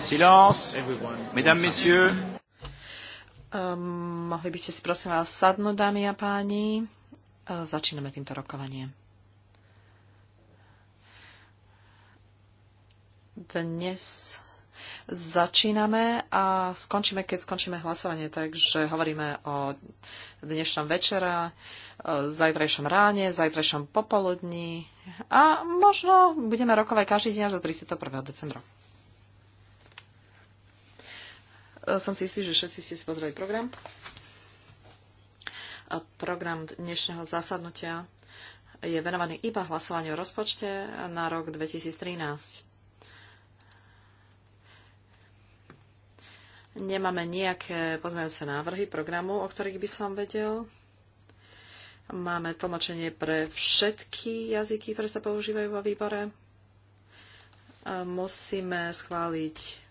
Silence, mesdames, messieurs. Ehm, mohli by ste si prosím vás sadnúť, dámy a páni. Ehm, začíname týmto rokovanie. Dnes Začíname a skončíme, keď skončíme hlasovanie. Takže hovoríme o dnešnom večera, zajtrajšom ráne, zajtrajšom popoludní a možno budeme rokovať každý deň až do 31. decembra. E, som si istý, že všetci ste si pozreli program. A program dnešného zasadnutia je venovaný iba hlasovaniu o rozpočte na rok 2013. Nemáme nejaké pozmeňujúce návrhy programu, o ktorých by som vedel. Máme tlmočenie pre všetky jazyky, ktoré sa používajú vo výbore. Musíme schváliť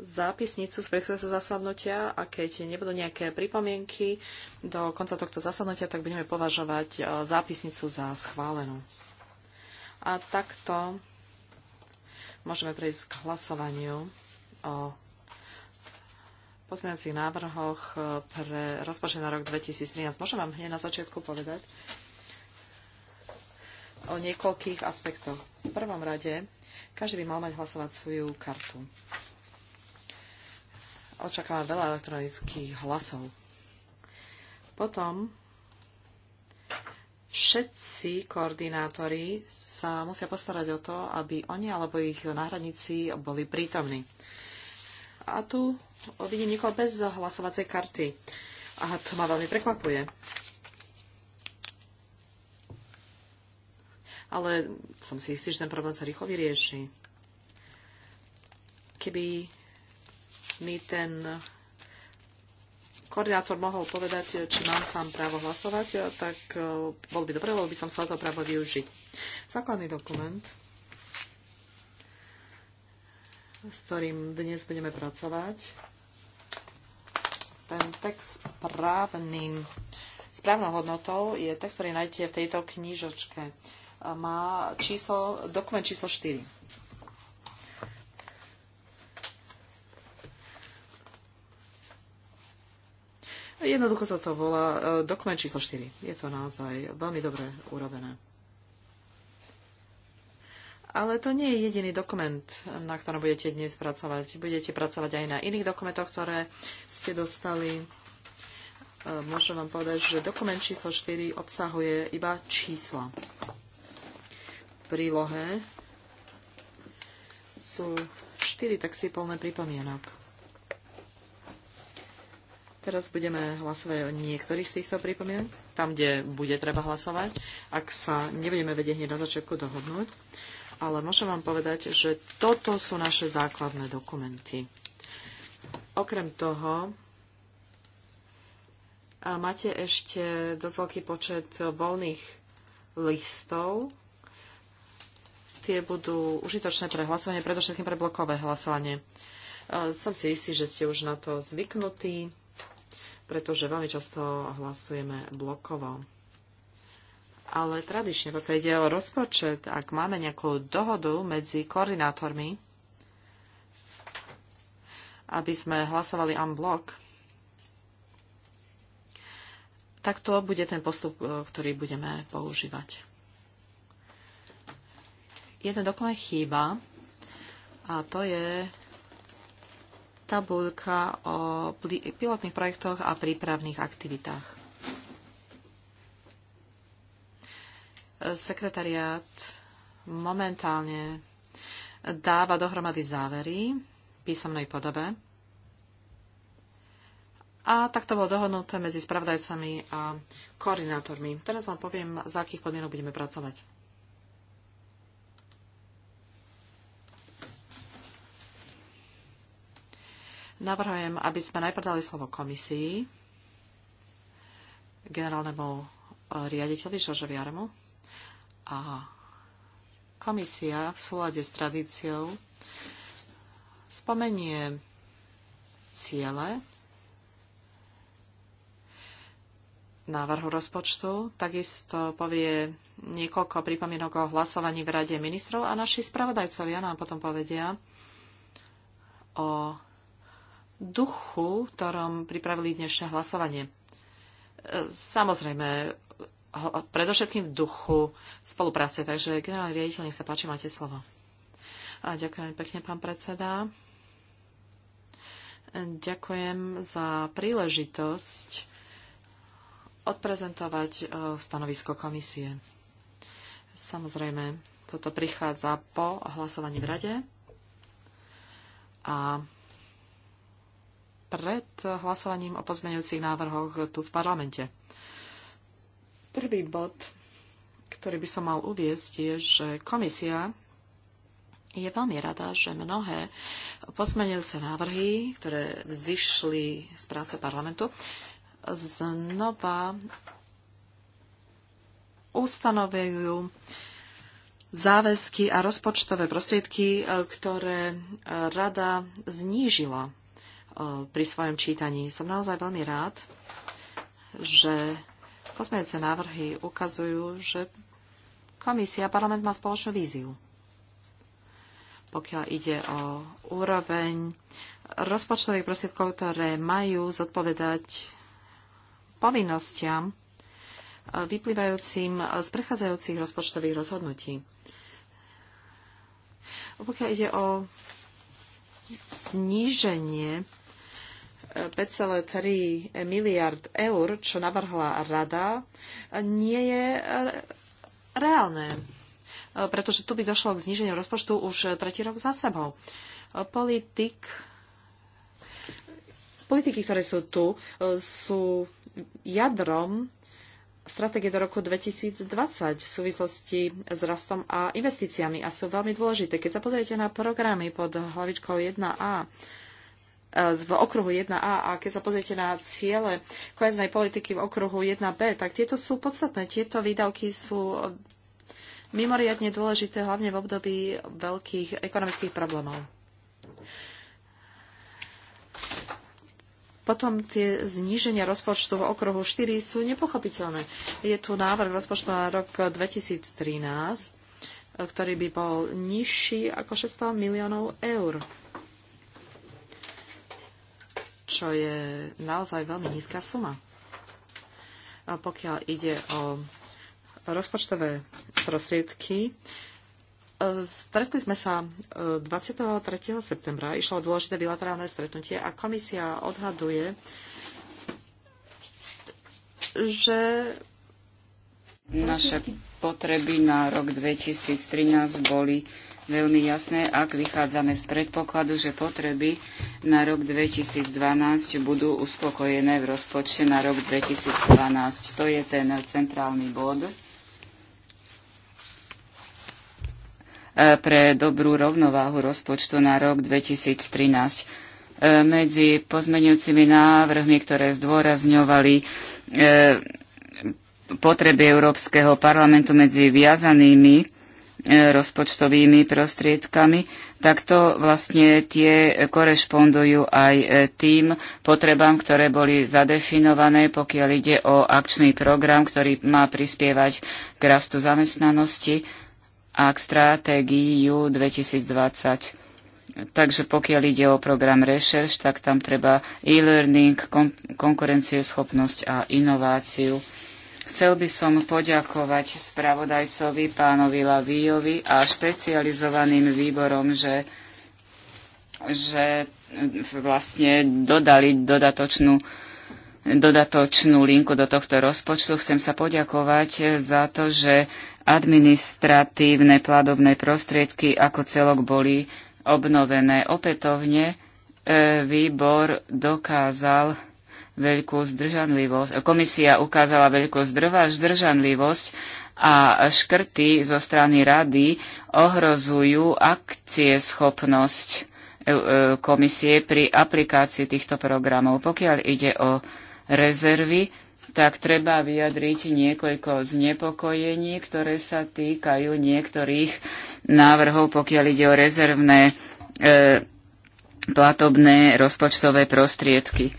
zápisnicu z predchádzajúceho zasadnutia a keď nebudú nejaké pripomienky do konca tohto zasadnutia, tak budeme považovať e, zápisnicu za schválenú. A takto môžeme prejsť k hlasovaniu o pozmeňacích návrhoch e, pre rozpočet na rok 2013. Môžem vám hneď na začiatku povedať o niekoľkých aspektoch. V prvom rade, každý by mal mať hlasovať svoju kartu. Očakávam veľa elektronických hlasov. Potom všetci koordinátori sa musia postarať o to, aby oni alebo ich náhradníci boli prítomní. A tu vidím niekoho bez hlasovacej karty. A to ma veľmi prekvapuje. Ale som si istý, že ten problém sa rýchlo vyrieši. Keby mi ten koordinátor mohol povedať, či mám sám právo hlasovať, tak bol by dobre, lebo by som chcel to právo využiť. Základný dokument s ktorým dnes budeme pracovať. Ten text správnym, správnou hodnotou je text, ktorý nájdete v tejto knižočke. Má číslo, dokument číslo 4. Jednoducho sa to volá e, dokument číslo 4. Je to naozaj veľmi dobre urobené. Ale to nie je jediný dokument, na ktorom budete dnes pracovať. Budete pracovať aj na iných dokumentoch, ktoré ste dostali. E, môžem vám povedať, že dokument číslo 4 obsahuje iba čísla. V prílohe sú 4 texty plné pripomienok. Teraz budeme hlasovať o niektorých z týchto pripomienok, tam, kde bude treba hlasovať, ak sa nebudeme vedieť hneď na začiatku dohodnúť ale môžem vám povedať, že toto sú naše základné dokumenty. Okrem toho, a máte ešte dosť veľký počet voľných listov. Tie budú užitočné pre hlasovanie, predovšetkým pre blokové hlasovanie. Som si istý, že ste už na to zvyknutí, pretože veľmi často hlasujeme blokovo. Ale tradične, pokiaľ ide o rozpočet, ak máme nejakú dohodu medzi koordinátormi, aby sme hlasovali en bloc, tak to bude ten postup, e, ktorý budeme používať. Jeden dokument chýba a to je tabulka o pilotných projektoch a prípravných aktivitách. Sekretariát momentálne dáva dohromady závery v písomnej podobe. A tak to bolo dohodnuté medzi spravodajcami a koordinátormi. Teraz vám poviem, za akých podmienok budeme pracovať. Navrhujem, aby sme najprv dali slovo komisii, generálnemu riaditeľovi Žoržovi Jaremu. A komisia v súlade s tradíciou spomenie ciele návrhu rozpočtu. Takisto povie niekoľko pripomienok o hlasovaní v Rade ministrov a naši spravodajcovia nám potom povedia o duchu, ktorom pripravili dnešné hlasovanie. E, samozrejme, predovšetkým v duchu spolupráce. Takže, generálny riaditeľ, nech sa páči, máte slovo. A ďakujem pekne, pán predseda. Ďakujem za príležitosť odprezentovať e, stanovisko komisie. Samozrejme, toto prichádza po hlasovaní v rade a pred hlasovaním o pozmeňujúcich návrhoch tu v parlamente. Prvý bod, ktorý by som mal uviezť, je, že komisia je veľmi rada, že mnohé posmenilce návrhy, ktoré vzýšli z práce parlamentu, znova ustanovujú záväzky a rozpočtové prostriedky, e, ktoré e, rada znížila e, pri svojom čítaní. Som naozaj veľmi rád, že Pozmeňujúce návrhy ukazujú, že komisia a parlament má spoločnú víziu. Pokiaľ ide o úroveň rozpočtových prostriedkov, ktoré majú zodpovedať povinnostiam e, vyplývajúcim z prechádzajúcich rozpočtových rozhodnutí. Pokiaľ ide o zníženie 5,3 miliard eur, čo navrhla rada, nie je reálne, pretože tu by došlo k zníženiu rozpočtu už tretí rok za sebou. Politik, politiky, ktoré sú tu, sú jadrom stratégie do roku 2020 v súvislosti s rastom a investíciami a sú veľmi dôležité. Keď sa pozriete na programy pod hlavičkou 1a, v okruhu 1A a keď sa pozriete na ciele koheznej politiky v okruhu 1B, tak tieto sú podstatné. Tieto výdavky sú mimoriadne dôležité, hlavne v období veľkých ekonomických problémov. Potom tie zníženia rozpočtu v okruhu 4 sú nepochopiteľné. Je tu návrh rozpočtu na rok 2013, ktorý by bol nižší ako 600 miliónov eur čo je naozaj veľmi nízka suma. A pokiaľ ide o rozpočtové prostriedky, e, Stretli sme sa 23. E, septembra, išlo o dôležité bilaterálne stretnutie a komisia odhaduje, že naše potreby na rok 2013 boli veľmi jasné, ak vychádzame z predpokladu, že potreby na rok 2012 budú uspokojené v rozpočte na rok 2012. To je ten centrálny bod e, pre dobrú rovnováhu rozpočtu na rok 2013 e, medzi pozmenujúcimi návrhmi, ktoré zdôrazňovali e, potreby Európskeho parlamentu medzi viazanými E, rozpočtovými prostriedkami, tak to vlastne tie korešpondujú aj e, tým potrebám, ktoré boli zadefinované, pokiaľ ide o akčný program, ktorý má prispievať k rastu zamestnanosti a k stratégii 2020. Takže pokiaľ ide o program research, tak tam treba e-learning, konkurencieschopnosť a inováciu. Chcel by som poďakovať spravodajcovi pánovi Lavíjovi a špecializovaným výborom, že, že vlastne dodali dodatočnú, dodatočnú linku do tohto rozpočtu. Chcem sa poďakovať za to, že administratívne platobné prostriedky ako celok boli obnovené. Opätovne e, výbor dokázal veľkú zdržanlivosť, komisia ukázala veľkú zdržanlivosť a škrty zo strany rady ohrozujú akcieschopnosť e, e, komisie pri aplikácii týchto programov. Pokiaľ ide o rezervy, tak treba vyjadriť niekoľko znepokojení, ktoré sa týkajú niektorých návrhov, pokiaľ ide o rezervné e, platobné rozpočtové prostriedky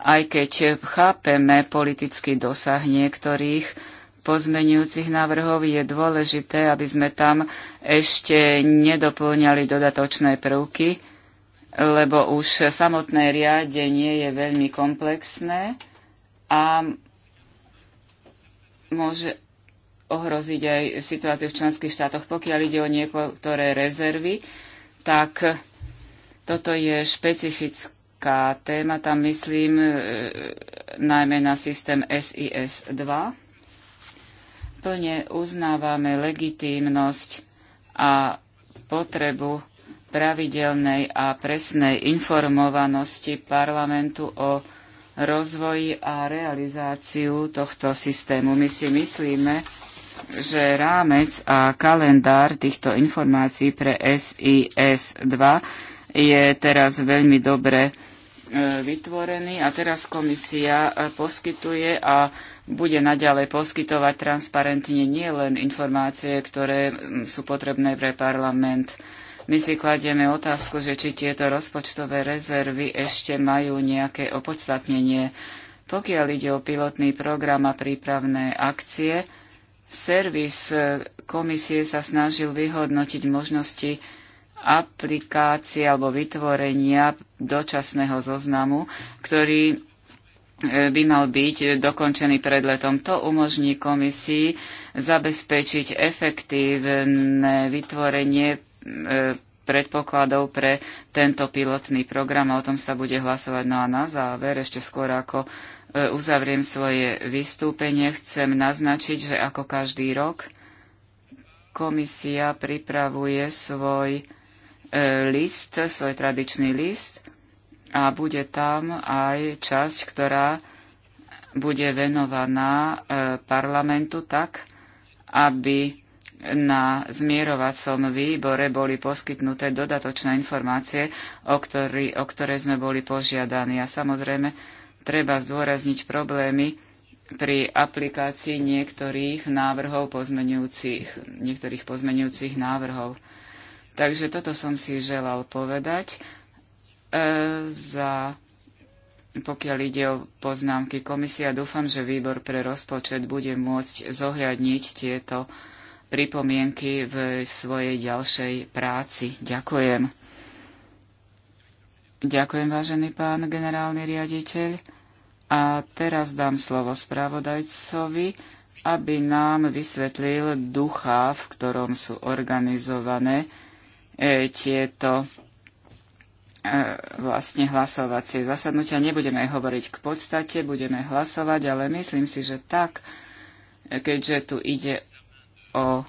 aj keď chápeme politický dosah niektorých pozmenujúcich návrhov, je dôležité, aby sme tam ešte nedoplňali dodatočné prvky, lebo už samotné riadenie je veľmi komplexné a môže ohroziť aj situáciu v členských štátoch. Pokiaľ ide o niektoré rezervy, tak toto je špecifické veľká téma. Tam myslím e, najmä na systém SIS-2. Plne uznávame legitímnosť a potrebu pravidelnej a presnej informovanosti parlamentu o rozvoji a realizáciu tohto systému. My si myslíme, že rámec a kalendár týchto informácií pre SIS-2 je teraz veľmi dobre E, vytvorený a teraz komisia e, poskytuje a bude naďalej poskytovať transparentne nielen informácie, ktoré sú potrebné pre parlament. My si kladieme otázku, že či tieto rozpočtové rezervy ešte majú nejaké opodstatnenie. Pokiaľ ide o pilotný program a prípravné akcie, servis e, komisie sa snažil vyhodnotiť možnosti aplikácie alebo vytvorenia dočasného zoznamu, ktorý e, by mal byť dokončený pred letom. To umožní komisii zabezpečiť efektívne vytvorenie e, predpokladov pre tento pilotný program a o tom sa bude hlasovať. No a na záver, ešte skôr ako e, uzavriem svoje vystúpenie, chcem naznačiť, že ako každý rok komisia pripravuje svoj E, list, svoj tradičný list a bude tam aj časť, ktorá bude venovaná e, parlamentu tak, aby na zmierovacom výbore boli poskytnuté dodatočné informácie, o, ktorý, o ktoré sme boli požiadaní. A samozrejme, treba zdôrazniť problémy pri aplikácii niektorých návrhov pozmenujúcich, niektorých pozmenujúcich návrhov. Takže toto som si želal povedať. E, za, pokiaľ ide o poznámky komisia, dúfam, že výbor pre rozpočet bude môcť zohľadniť tieto pripomienky v svojej ďalšej práci. Ďakujem. Ďakujem, vážený pán generálny riaditeľ. A teraz dám slovo spravodajcovi, aby nám vysvetlil ducha, v ktorom sú organizované E, tieto e, vlastne hlasovacie zasadnutia. Nebudeme hovoriť k podstate, budeme hlasovať, ale myslím si, že tak, e, keďže tu ide o,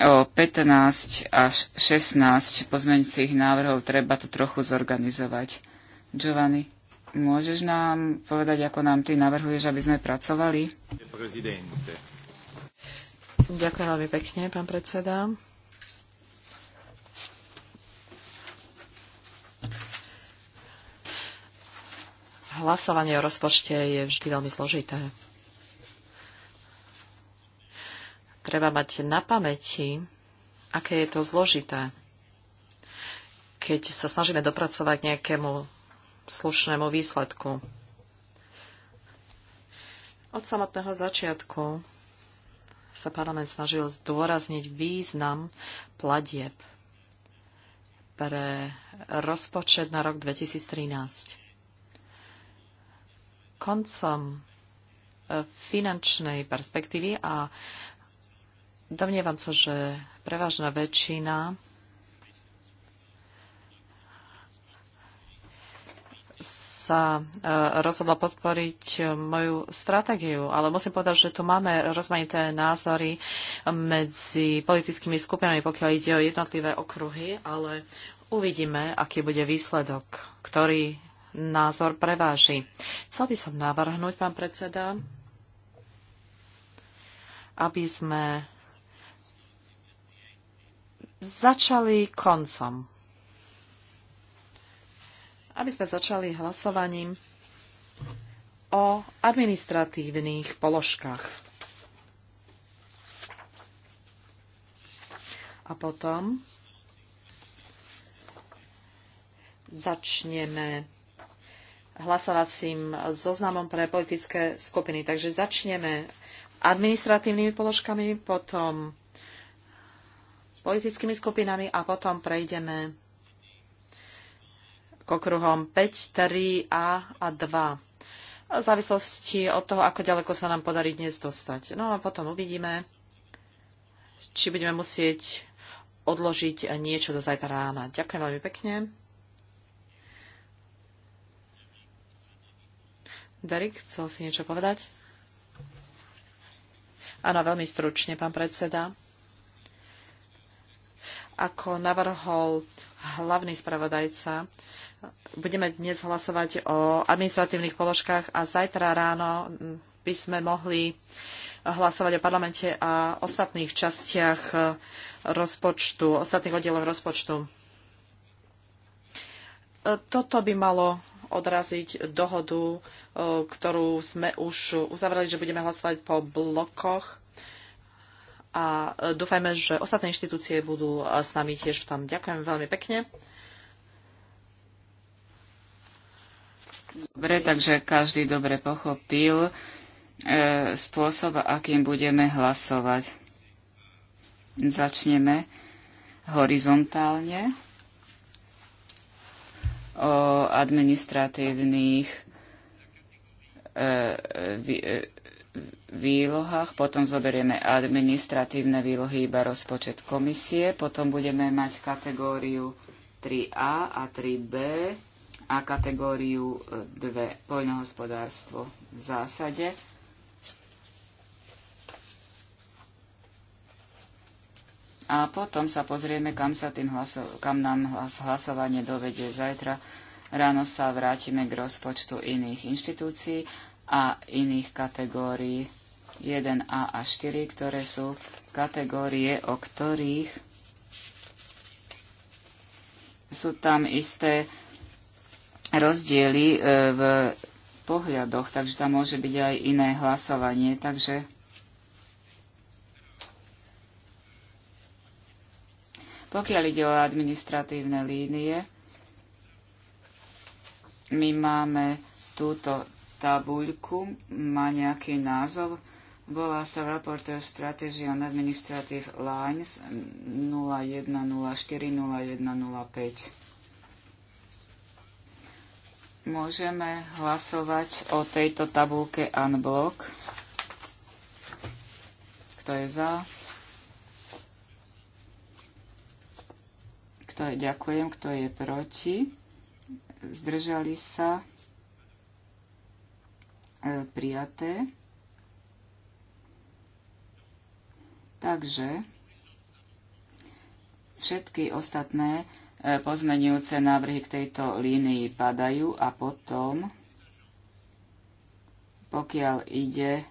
o 15 až 16 pozmeňcích návrhov, treba to trochu zorganizovať. Giovanni, môžeš nám povedať, ako nám ty navrhuješ, aby sme pracovali? Ďakujem veľmi pekne, pán predseda. hlasovanie o rozpočte je vždy veľmi zložité. Treba mať na pamäti, aké je to zložité, keď sa snažíme dopracovať nejakému slušnému výsledku. Od samotného začiatku sa parlament snažil zdôrazniť význam platieb pre rozpočet na rok 2013 koncom e, finančnej perspektívy a domnievam sa, že prevažná väčšina sa e, rozhodla podporiť e, moju stratégiu, ale musím povedať, že tu máme rozmanité názory medzi politickými skupinami, pokiaľ ide o jednotlivé okruhy, ale uvidíme, aký bude výsledok, ktorý názor preváži. Chcel by som navrhnúť, pán predseda, aby sme začali koncom. Aby sme začali hlasovaním o administratívnych položkách. A potom začneme hlasovacím zoznamom pre politické skupiny. Takže začneme administratívnymi položkami, potom politickými skupinami a potom prejdeme k okruhom 5, 3, A a 2. V závislosti od toho, ako ďaleko sa nám podarí dnes dostať. No a potom uvidíme, či budeme musieť odložiť niečo do zajtra rána. Ďakujem veľmi pekne. Derek, chcel si niečo povedať? Áno, veľmi stručne, pán predseda. Ako navrhol hlavný spravodajca, budeme dnes hlasovať o administratívnych položkách a zajtra ráno by sme mohli hlasovať o parlamente a ostatných častiach rozpočtu, ostatných oddieloch rozpočtu. Toto by malo odraziť dohodu, ktorú sme už uzavreli, že budeme hlasovať po blokoch a e, dúfajme, že ostatné inštitúcie budú e, s nami tiež v tom. Ďakujem veľmi pekne. Dobre, takže každý dobre pochopil e, spôsob, akým budeme hlasovať. Začneme horizontálne o administratívnych e, e, výlohách, potom zoberieme administratívne výlohy iba rozpočet komisie, potom budeme mať kategóriu 3A a 3B a kategóriu 2 e, poľnohospodárstvo v zásade. a potom sa pozrieme, kam, sa tým hlaso- kam nám hlas- hlasovanie dovedie zajtra. Ráno sa vrátime k rozpočtu iných inštitúcií a iných kategórií 1A a 4, ktoré sú kategórie, o ktorých sú tam isté rozdiely e, v pohľadoch, takže tam môže byť aj iné hlasovanie. Takže Pokiaľ ide o administratívne línie, my máme túto tabuľku, má nejaký názov, volá sa Reporter Strategy on Administrative Lines 0104-0105. Môžeme hlasovať o tejto tabulke unblock. Kto je za? Kto je ďakujem, kto je proti? Zdržali sa? E, prijaté. Takže všetky ostatné e, pozmenujúce návrhy k tejto línii padajú a potom, pokiaľ ide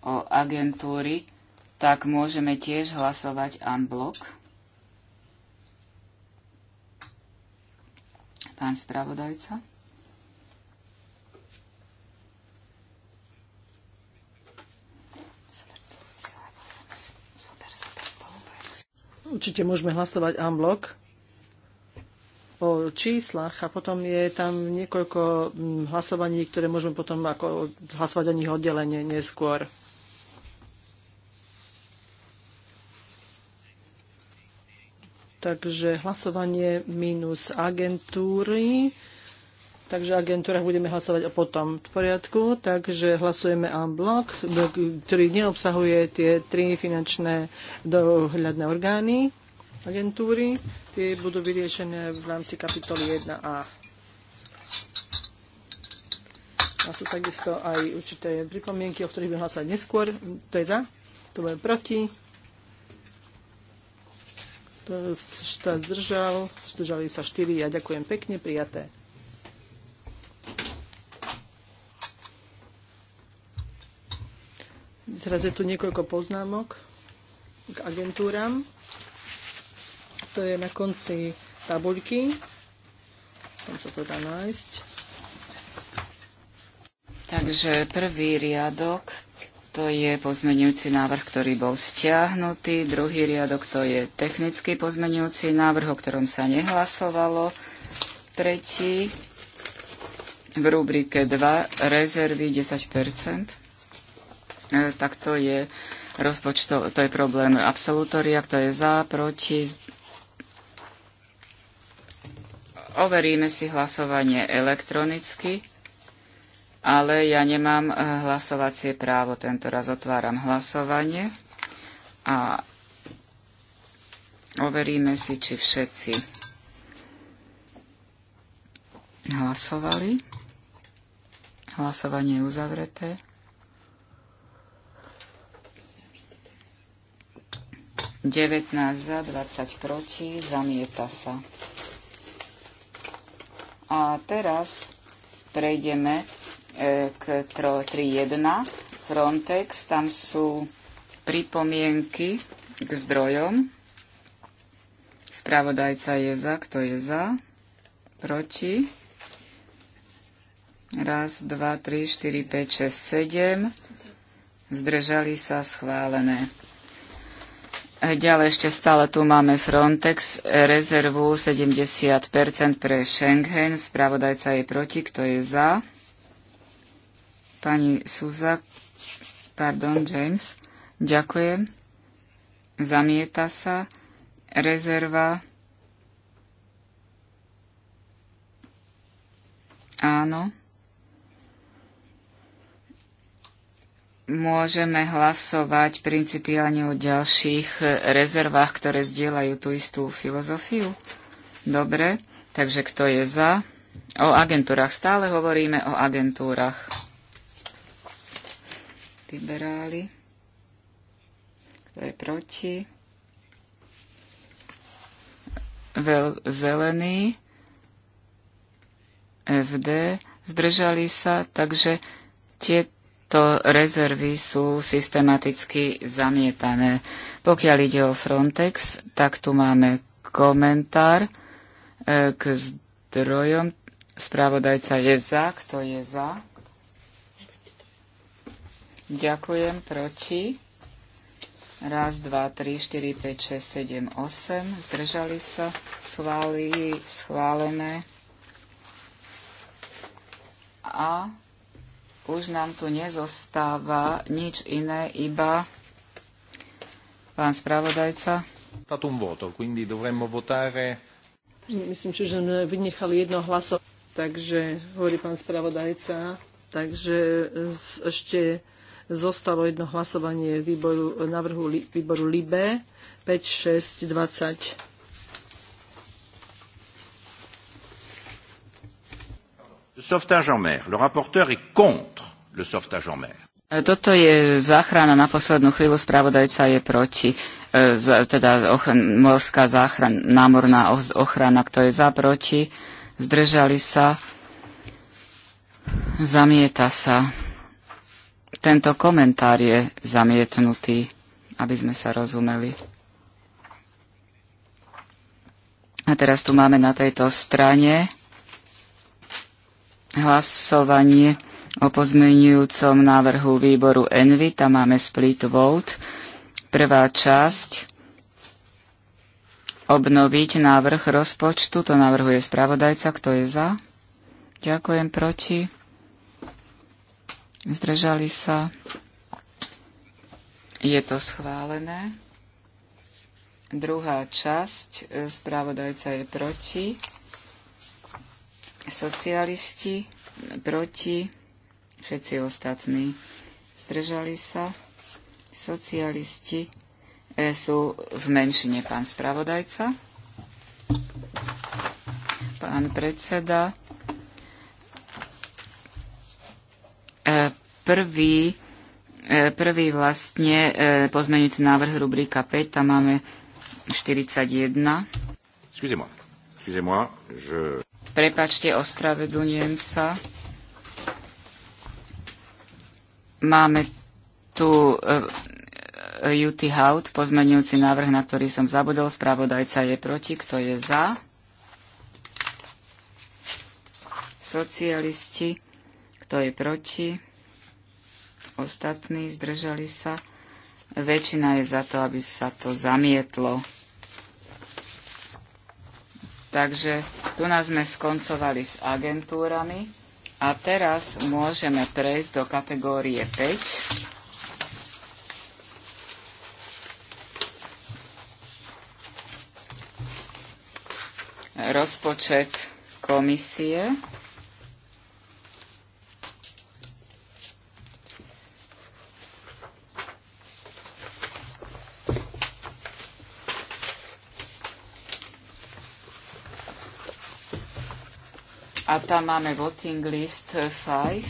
o agentúry, tak môžeme tiež hlasovať unblock. Pán spravodajca. Určite môžeme hlasovať unblock o číslach a potom je tam niekoľko mm, hlasovaní, ktoré môžeme potom ako hlasovať o nich oddelenie neskôr. Takže hlasovanie minus agentúry. Takže agentúra budeme hlasovať o potom v poriadku. Takže hlasujeme en blok, ktorý neobsahuje tie tri finančné dohľadné orgány agentúry. Tie budú vyriešené v rámci kapitoly 1a. A sú takisto aj určité pripomienky, o ktorých budem hlasovať neskôr. To je za, to bude proti sa zdržal, zdržali sa 4. Ja ďakujem pekne, prijaté. Teraz je tu niekoľko poznámok k agentúram. To je na konci tabuľky. Tam sa to dá nájsť. Takže prvý riadok, to je pozmenujúci návrh, ktorý bol stiahnutý. Druhý riadok to je technický pozmenujúci návrh, o ktorom sa nehlasovalo. Tretí v rubrike 2 rezervy 10 e, tak to je rozpočto, to je problém absolutória, kto je za, proti. Overíme si hlasovanie elektronicky ale ja nemám eh, hlasovacie právo. Tento raz otváram hlasovanie a overíme si, či všetci hlasovali. Hlasovanie je uzavreté. Devätnásť za, 20 proti, zamieta sa. A teraz prejdeme E, k 3.1 Frontex. Tam sú pripomienky k zdrojom. Spravodajca je za, kto je za, proti. Raz, dva, tri, štyri, päť, šesť, sedem. Zdržali sa schválené. E, ďalej ešte stále tu máme Frontex, e, rezervu 70% pre Schengen. Spravodajca je proti, kto je za? Pani Suza, pardon, James, ďakujem. Zamieta sa. Rezerva. Áno. Môžeme hlasovať principiálne o ďalších rezervách, ktoré zdieľajú tú istú filozofiu. Dobre, takže kto je za? O agentúrach stále hovoríme o agentúrach liberáli. Kto je proti? Veľ zelený. FD. Zdržali sa, takže tieto rezervy sú systematicky zamietané. Pokiaľ ide o Frontex, tak tu máme komentár e, k zdrojom. Spravodajca je za. Kto je za? Ďakujem. Proti? Raz, dva, tri, štyri, päť, šesť, sedem, osem. Zdržali sa. Schváli, schválené. A už nám tu nezostáva nič iné, iba pán spravodajca. Tatum voto, quindi dovremmo votare... Myslím, že sme vynechali jedno hlaso, takže hovorí pán spravodajca, takže ešte Zostalo jedno hlasovanie výboru, návrhu výboru LIBE 5, 6, 20. Le sauvetage en mer. Le rapporteur est contre le sauvetage en mer. E, toto je záchrana na poslednú chvíľu, spravodajca je proti, e, teda och, morská záchrana, námorná ochrana, kto je za, proti, zdržali sa, zamieta sa. Tento komentár je zamietnutý, aby sme sa rozumeli. A teraz tu máme na tejto strane hlasovanie o pozmenujúcom návrhu výboru Envy. Tam máme split vote. Prvá časť obnoviť návrh rozpočtu. To navrhuje spravodajca. Kto je za? Ďakujem proti. Zdržali sa. Je to schválené. Druhá časť. Správodajca je proti. Socialisti proti. Všetci ostatní. Zdržali sa. Socialisti eh, sú v menšine pán spravodajca, pán predseda. E, prvý, e, prvý vlastne e, pozmeňujúci návrh rubrika 5, tam máme 41. moi moi Prepačte, ospravedlňujem sa. Máme tu Juty Haut, pozmenujúci návrh, na ktorý som zabudol. Spravodajca je proti. Kto je za? Socialisti. Kto je proti? Ostatní zdržali sa. Väčšina je za to, aby sa to zamietlo. Takže tu nás sme skoncovali s agentúrami a teraz môžeme prejsť do kategórie 5. Rozpočet komisie. A tam máme voting list 5.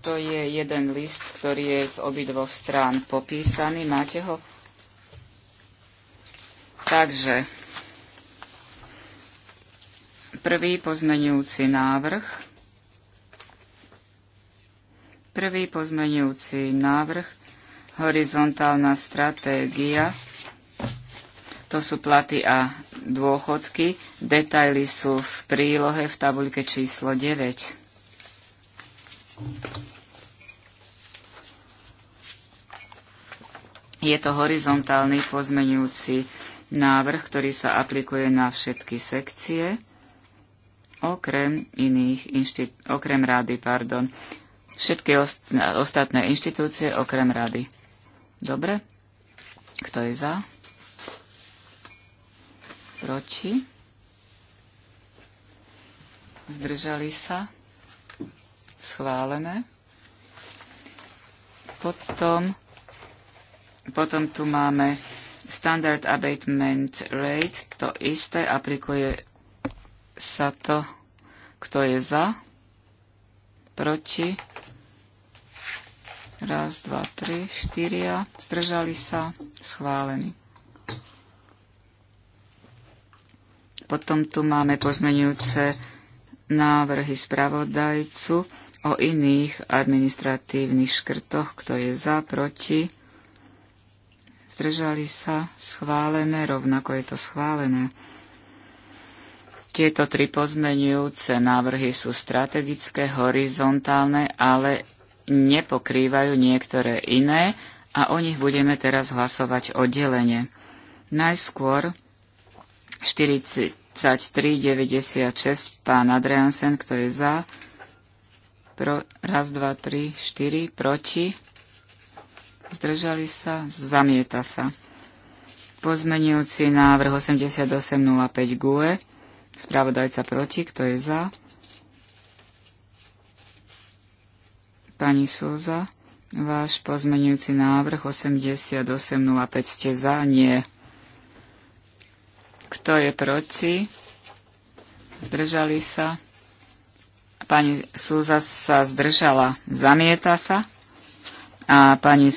To je jeden list, ktorý je z obidvoch strán popísaný. Máte ho? Takže prvý pozmenujúci návrh. Prvý pozmenujúci návrh, horizontálna stratégia, to sú platy a dôchodky. Detaily sú v prílohe v tabuľke číslo 9. Je to horizontálny pozmenujúci návrh, ktorý sa aplikuje na všetky sekcie, okrem iných, okrem rady, pardon. Všetky ost ostatné inštitúcie, okrem rady. Dobre? Kto je za? proti, zdržali sa, schválené. Potom, potom tu máme Standard Abatement Rate, to isté, aplikuje sa to, kto je za, proti, raz, dva, tri, štyria, zdržali sa, schválený. Potom tu máme pozmenujúce návrhy spravodajcu o iných administratívnych škrtoch, kto je za, proti. Zdržali sa schválené, rovnako je to schválené. Tieto tri pozmenujúce návrhy sú strategické, horizontálne, ale nepokrývajú niektoré iné a o nich budeme teraz hlasovať oddelenie. Najskôr 40, 3396, pán Adriansen, kto je za, pro, raz, dva, tri, štyri, proti, zdržali sa, zamieta sa. Pozmenujúci návrh 8805 GUE, spravodajca proti, kto je za, pani Súza, váš pozmenujúci návrh 8805 ste za, nie. Kto je proti? Zdržali sa. Pani Súza sa zdržala. Zamieta sa. A pani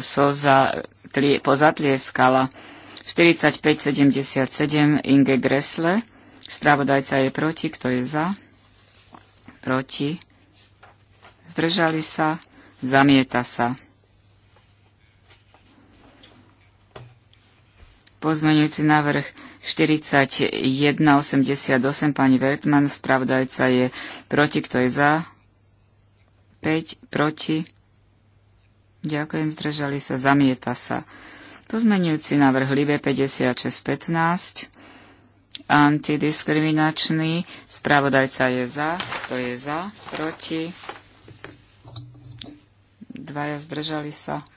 Soza pozatlieskala. 4577 Inge Gressle. Spravodajca je proti. Kto je za? Proti. Zdržali sa. Zamieta sa. Pozmeňujúci návrh 41, 88, pani Vertman, spravodajca je proti, kto je za? 5, proti. Ďakujem, zdržali sa, zamieta sa. Pozmenujúci návrh Libe 5615, antidiskriminačný, spravodajca je za, kto je za, proti, dvaja zdržali sa,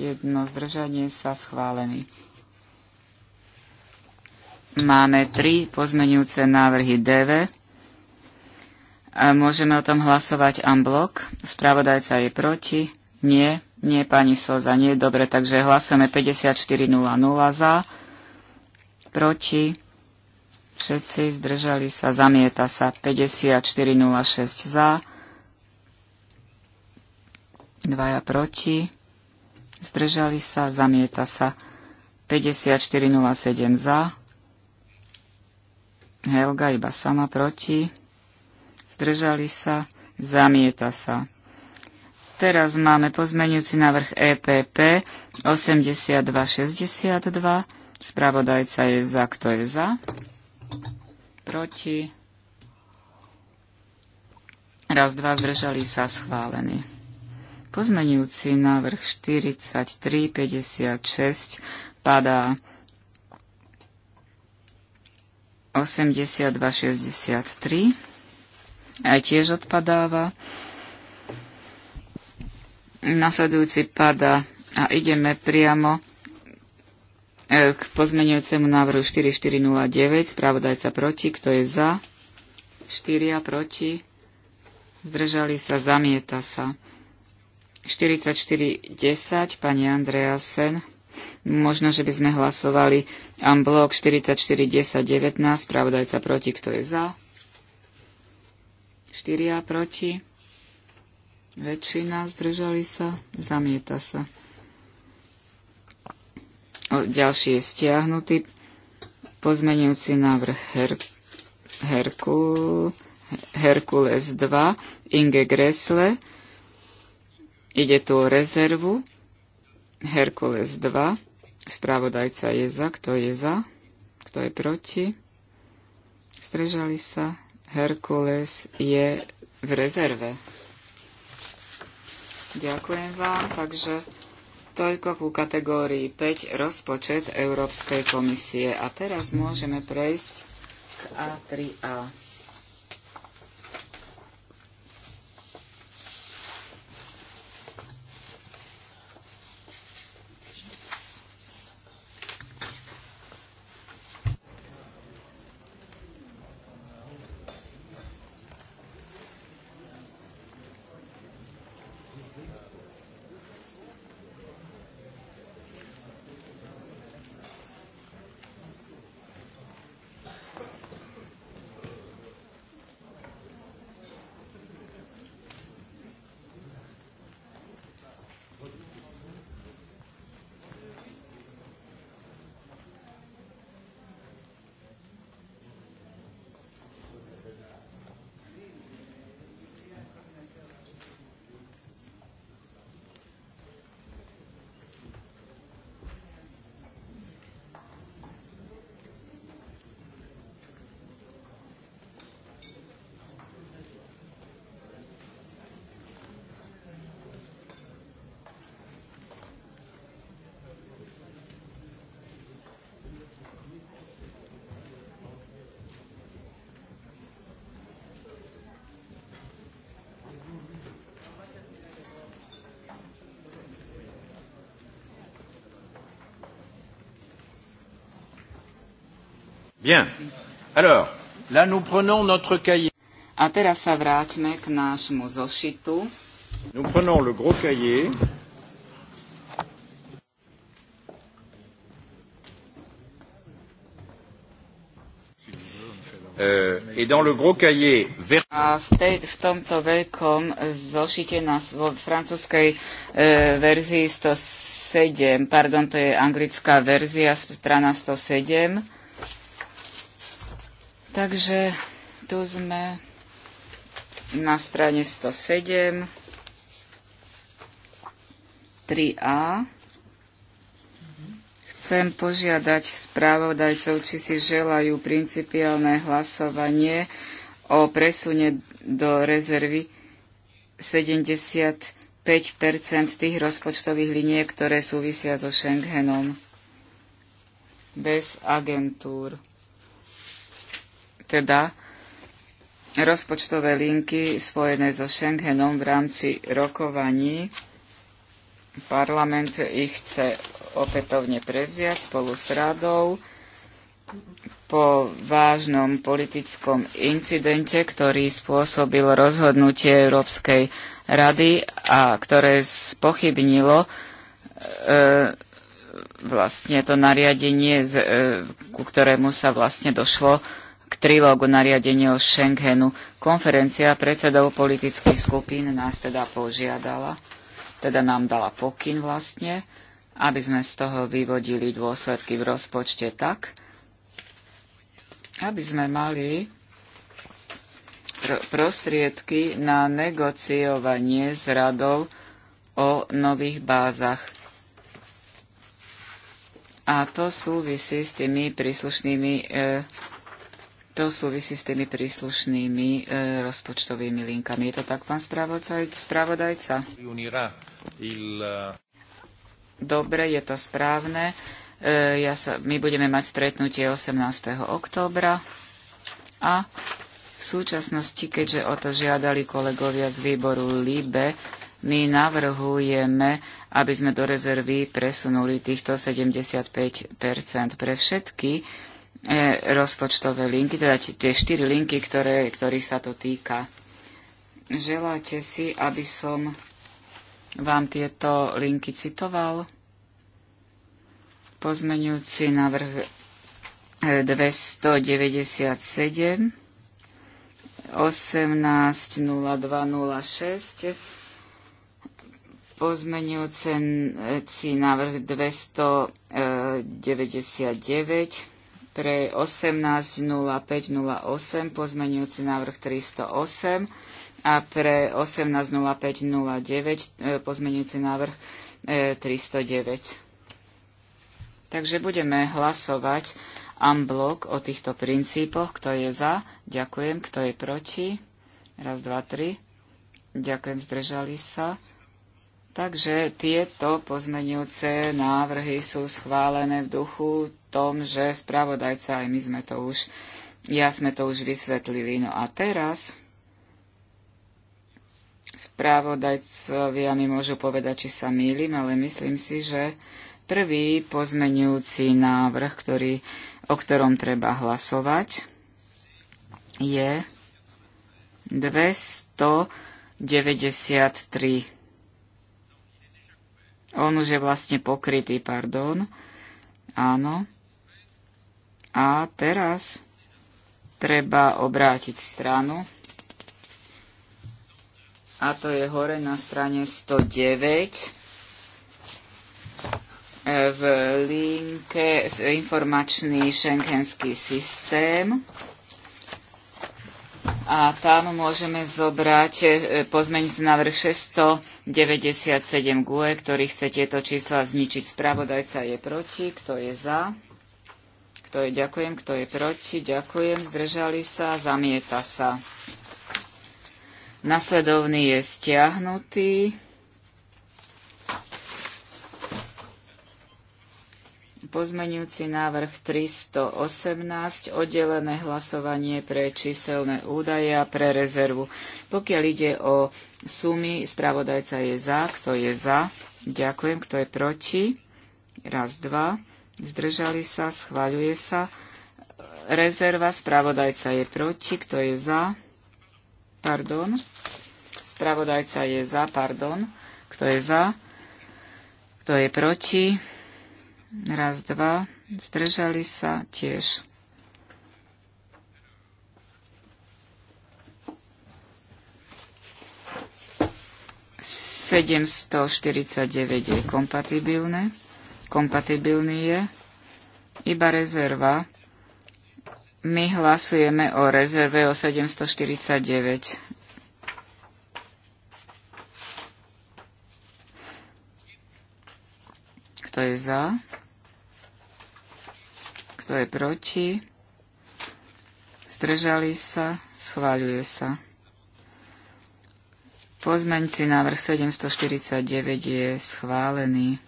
jedno zdržanie sa schválený. Máme tri pozmenujúce návrhy DV. A môžeme o tom hlasovať unblock. Spravodajca je proti. Nie. Nie, pani Soza, nie. Dobre, takže hlasujeme 54.00 za. Proti. Všetci zdržali sa. Zamieta sa. 54.06 za. Dvaja proti. Zdržali sa. Zamieta sa. 54.07 za. Helga iba sama proti. Zdržali sa. Zamieta sa. Teraz máme pozmenujúci návrh EPP 8262. Spravodajca je za. Kto je za? Proti. Raz, dva, zdržali sa schválení. Pozmenujúci návrh 4356 padá. 8263 aj tiež odpadáva. Nasledujúci pada a ideme priamo e, k pozmenujúcemu návrhu 4409. Spravodajca proti. Kto je za? 4 proti. Zdržali sa. Zamieta sa. 4410. Pani Sen, Možno, že by sme hlasovali unblock 44, 10, 19, spravodajca proti, kto je za. 4 proti. Väčšina zdržali sa, zamieta sa. O, ďalší je stiahnutý pozmenujúci návrh Her- Herku- Herkules 2 Inge Gressle. Ide tu o rezervu Herkules 2. Spravodajca je za, kto je za, kto je proti. Strežali sa. Herkules je v rezerve. Ďakujem vám, takže toľko ku kategórii 5 rozpočet Európskej komisie. A teraz môžeme prejsť k A3A. Bien. Alors, là nous prenons notre cahier. A teraz sa vráťme k nášmu zošitu. Nous prenons le gros cahier. Euh, et dans le gros cahier ver... A v, tej, v tomto veľkom zošite na vo francúzskej e, verzii 107, pardon, to je anglická verzia, strana 107, Takže tu sme na strane 107 3a. Chcem požiadať správodajcov, či si želajú principiálne hlasovanie o presune do rezervy 75 tých rozpočtových liniek, ktoré súvisia so Schengenom bez agentúr teda rozpočtové linky spojené so Schengenom v rámci rokovaní. Parlament ich chce opätovne prevziať spolu s radou po vážnom politickom incidente, ktorý spôsobil rozhodnutie Európskej rady a ktoré spochybnilo e, vlastne to nariadenie, z, e, ku ktorému sa vlastne došlo k trilógu nariadení o Schengenu. Konferencia predsedov politických skupín nás teda požiadala, teda nám dala pokyn vlastne, aby sme z toho vyvodili dôsledky v rozpočte tak, aby sme mali pr prostriedky na negociovanie s radou o nových bázach. A to súvisí s tými príslušnými e, to súvisí s tými príslušnými e, rozpočtovými linkami. Je to tak, pán spravodajca? E, Dobre, je to správne. E, ja sa, my budeme mať stretnutie 18. októbra a v súčasnosti, keďže o to žiadali kolegovia z výboru LIBE, my navrhujeme, aby sme do rezervy presunuli týchto 75 pre všetky E, rozpočtové linky, teda tie štyri linky, ktoré, ktorých sa to týka. Želáte si, aby som vám tieto linky citoval? Pozmeňujúci návrh 297 18.02.06 pozmenujúci návrh 299 pre 18.05.08 pozmenujúci návrh 308 a pre 18.05.09 e, pozmenujúci návrh 309. E, Takže budeme hlasovať unblock o týchto princípoch. Kto je za? Ďakujem. Kto je proti? Raz, dva, tri. Ďakujem. Zdržali sa. Takže tieto pozmenujúce návrhy sú schválené v duchu tom, že spravodajca aj my sme to už, ja sme to už vysvetlili. No a teraz spravodajcovia mi môžu povedať, či sa mýlim, ale myslím si, že prvý pozmenujúci návrh, ktorý, o ktorom treba hlasovať, je 293 on už je vlastne pokrytý, pardon. Áno. A teraz treba obrátiť stranu. A to je hore na strane 109 e, v linke informačný šenkenský systém a tam môžeme zobrať e, pozmeňujúci návrh 697 GUE, ktorý chce tieto čísla zničiť. Spravodajca je proti, kto je za? Kto je ďakujem, kto je proti? Ďakujem, zdržali sa, zamieta sa. Nasledovný je stiahnutý. Pozmenujúci návrh 318, oddelené hlasovanie pre číselné údaje a pre rezervu. Pokiaľ ide o sumy, spravodajca je za, kto je za, ďakujem, kto je proti, raz, dva, zdržali sa, schváľuje sa. Rezerva, spravodajca je proti, kto je za, pardon, spravodajca je za, pardon, kto je za, kto je proti, Raz, dva. Zdržali sa tiež. Sedemsto štyridsaťdeväť je kompatibilné. Kompatibilný je iba rezerva. My hlasujeme o rezerve o 749. kto je za, kto je proti, zdržali sa, schváľuje sa. Pozmeňci návrh 749 je schválený.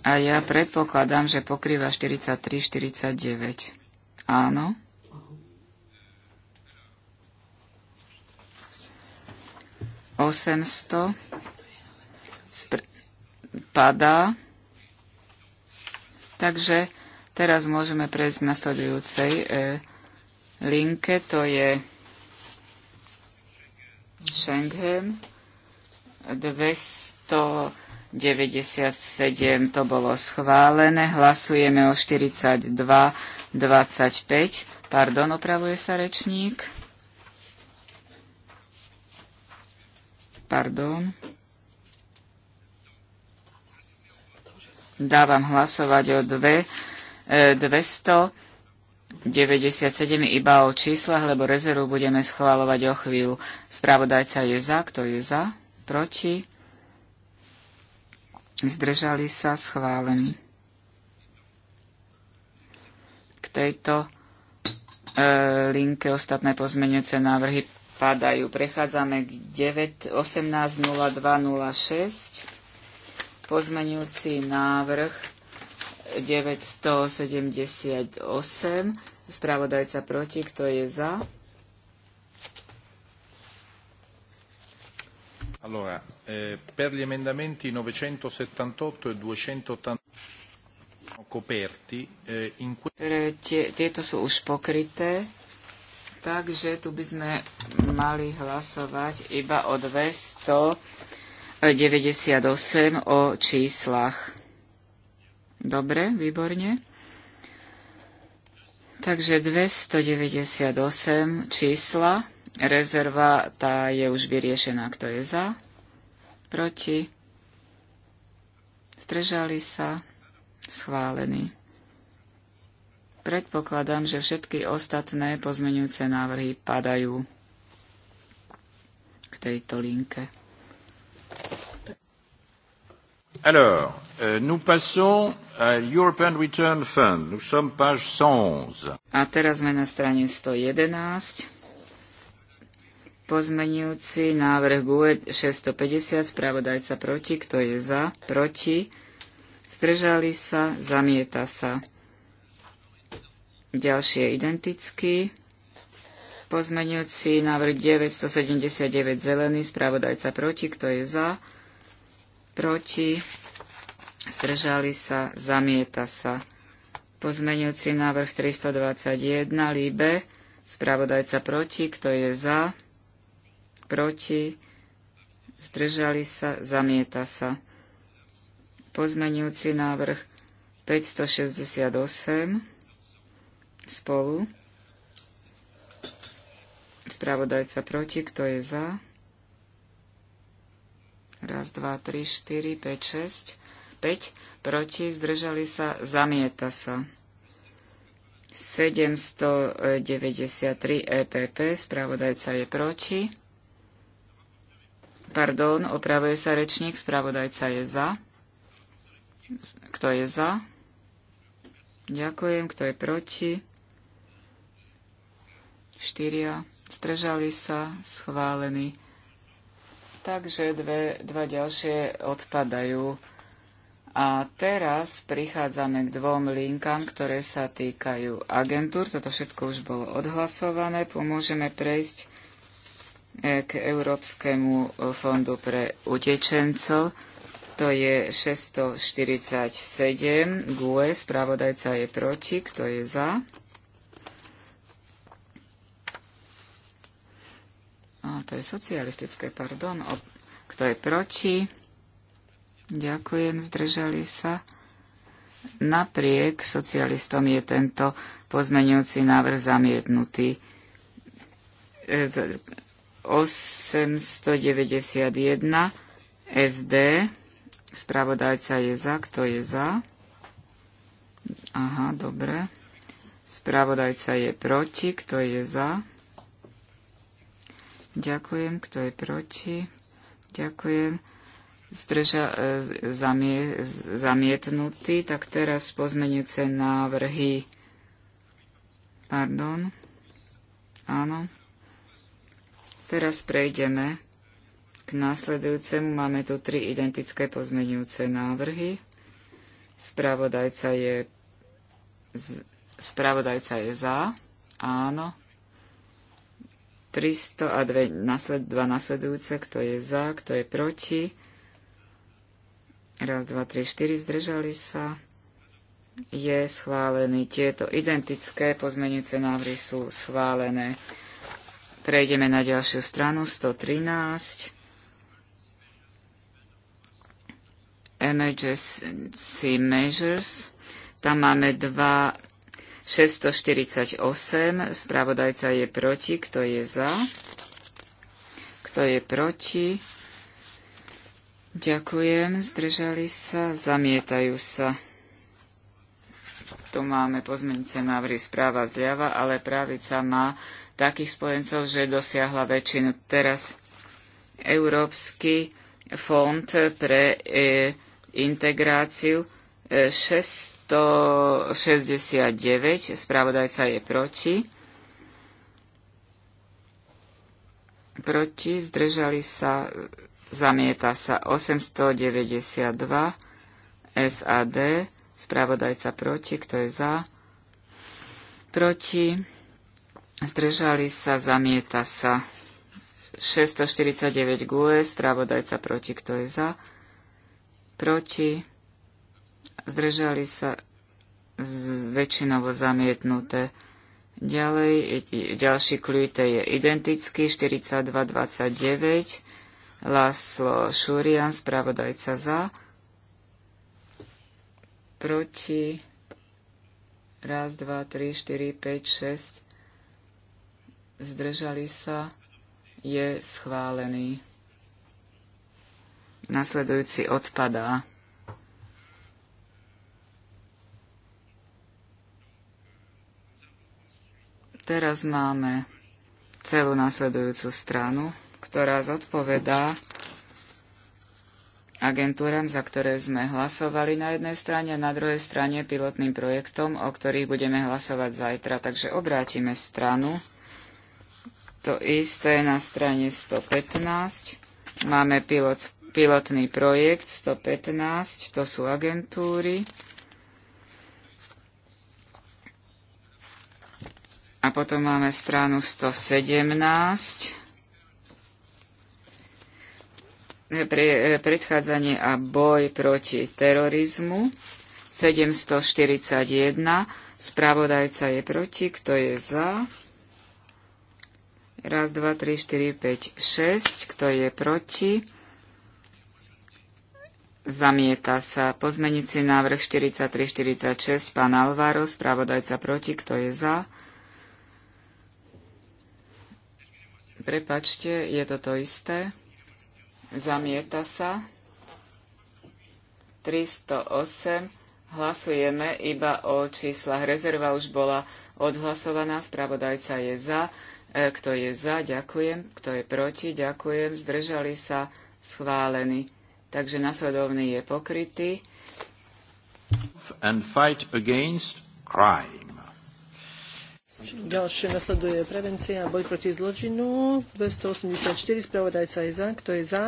A ja predpokladám, že pokrýva 43-49. Áno. Osemsto padá. Takže teraz môžeme prejsť k nasledujúcej e, linke, to je Schengen 297, to bolo schválené, hlasujeme o 42, 25, pardon, opravuje sa rečník. Pardon. dávam hlasovať o 297 e, iba o číslach, lebo rezervu budeme schválovať o chvíľu. Spravodajca je za, kto je za, proti, zdržali sa, schválení. K tejto e, linke ostatné pozmenujúce návrhy padajú. Prechádzame k 9, 18.02.06. Pozmenujúci návrh 978. Spravodajca proti. Kto je za? Allora, eh, per gli emendamenti 978 e 280 coperti, eh, in que... tieto sú už pokryté, takže tu by sme mali hlasovať iba o 200 98 o číslach. Dobre, výborne. Takže 298 čísla. Rezerva tá je už vyriešená. Kto je za? Proti? Strežali sa? Schválený. Predpokladám, že všetky ostatné pozmenujúce návrhy padajú k tejto linke. Alors, euh, nous passons à European Return Fund. Nous sommes page 111. A teraz sme na strane 111. Pozmenujúci návrh GUE 650, spravodajca proti, kto je za, proti, zdržali sa, zamieta sa. Ďalšie identický. Pozmenujúci návrh 979 zelený, spravodajca proti, kto je za, proti, zdržali sa, zamieta sa. Pozmeňujúci návrh 321, Líbe, spravodajca proti, kto je za, proti, zdržali sa, zamieta sa. Pozmeňujúci návrh 568 spolu. Spravodajca proti, kto je za? Raz, dva, tri, štyri, päť, šesť. 5. Proti. Zdržali sa. Zamieta sa. 793 EPP. Spravodajca je proti. Pardon, opravuje sa rečník. Spravodajca je za. Kto je za? Ďakujem. Kto je proti? Štyria, Zdržali sa. Schválený takže dve, dva ďalšie odpadajú. A teraz prichádzame k dvom linkám, ktoré sa týkajú agentúr. Toto všetko už bolo odhlasované. Pomôžeme prejsť e, k Európskemu e, fondu pre utečencov. To je 647. GUE, spravodajca je proti, kto je za? A to je socialistické, pardon. O, kto je proti? Ďakujem, zdržali sa. Napriek socialistom je tento pozmenujúci návrh zamietnutý. 891 e, SD. Spravodajca je za. Kto je za? Aha, dobre. Spravodajca je proti. Kto je za? Ďakujem. Kto je proti? Ďakujem. Zdrža, e, zamie, zamietnutý. Tak teraz pozmenujúce návrhy. Pardon. Áno. Teraz prejdeme k následujúcemu. Máme tu tri identické pozmenujúce návrhy. Spravodajca je, z, spravodajca je za. Áno. 300 a dve, nasled, dva nasledujúce, kto je za, kto je proti. Raz, dva, tri, štyri, zdržali sa. Je schválený. Tieto identické pozmenujúce návrhy sú schválené. Prejdeme na ďalšiu stranu, 113. Emergency measures. Tam máme dva 648. Spravodajca je proti. Kto je za? Kto je proti? Ďakujem. Zdržali sa. Zamietajú sa. Tu máme pozmenice návrhy správa zľava, ale právica má takých spojencov, že dosiahla väčšinu. Teraz Európsky fond pre e, integráciu 669, spravodajca je proti. Proti, zdržali sa, zamieta sa 892, SAD, spravodajca proti, kto je za, proti, zdržali sa, zamieta sa 649 GUE, spravodajca proti, kto je za, proti, zdržali sa väčšinovo zamietnuté. Ďalej, ďalší kľúte je identický, 4229, Laslo Šurian, spravodajca za, proti, raz, dva, tri, štyri, päť, šesť, zdržali sa, je schválený. Nasledujúci odpadá. Teraz máme celú následujúcu stranu, ktorá zodpovedá agentúram, za ktoré sme hlasovali na jednej strane a na druhej strane pilotným projektom, o ktorých budeme hlasovať zajtra. Takže obrátime stranu. To isté na strane 115. Máme pilot, pilotný projekt 115, to sú agentúry. A potom máme stranu 117. Pre, predchádzanie a boj proti terorizmu. 741. Spravodajca je proti. Kto je za? Raz, dva, tri, štyri, päť, šesť. Kto je proti? Zamieta sa. Pozmenici návrh 4346. Pán Alvaro. Spravodajca proti. Kto je za? Prepačte, je to to isté. Zamieta sa. 308. Hlasujeme iba o číslach. Rezerva už bola odhlasovaná. Spravodajca je za. E, kto je za, ďakujem. Kto je proti, ďakujem. Zdržali sa, schválený. Takže nasledovný je pokrytý. And fight against crime. Ďalšie nasleduje prevencia a boj proti zločinu. 284, spravodajca je za. Kto je za?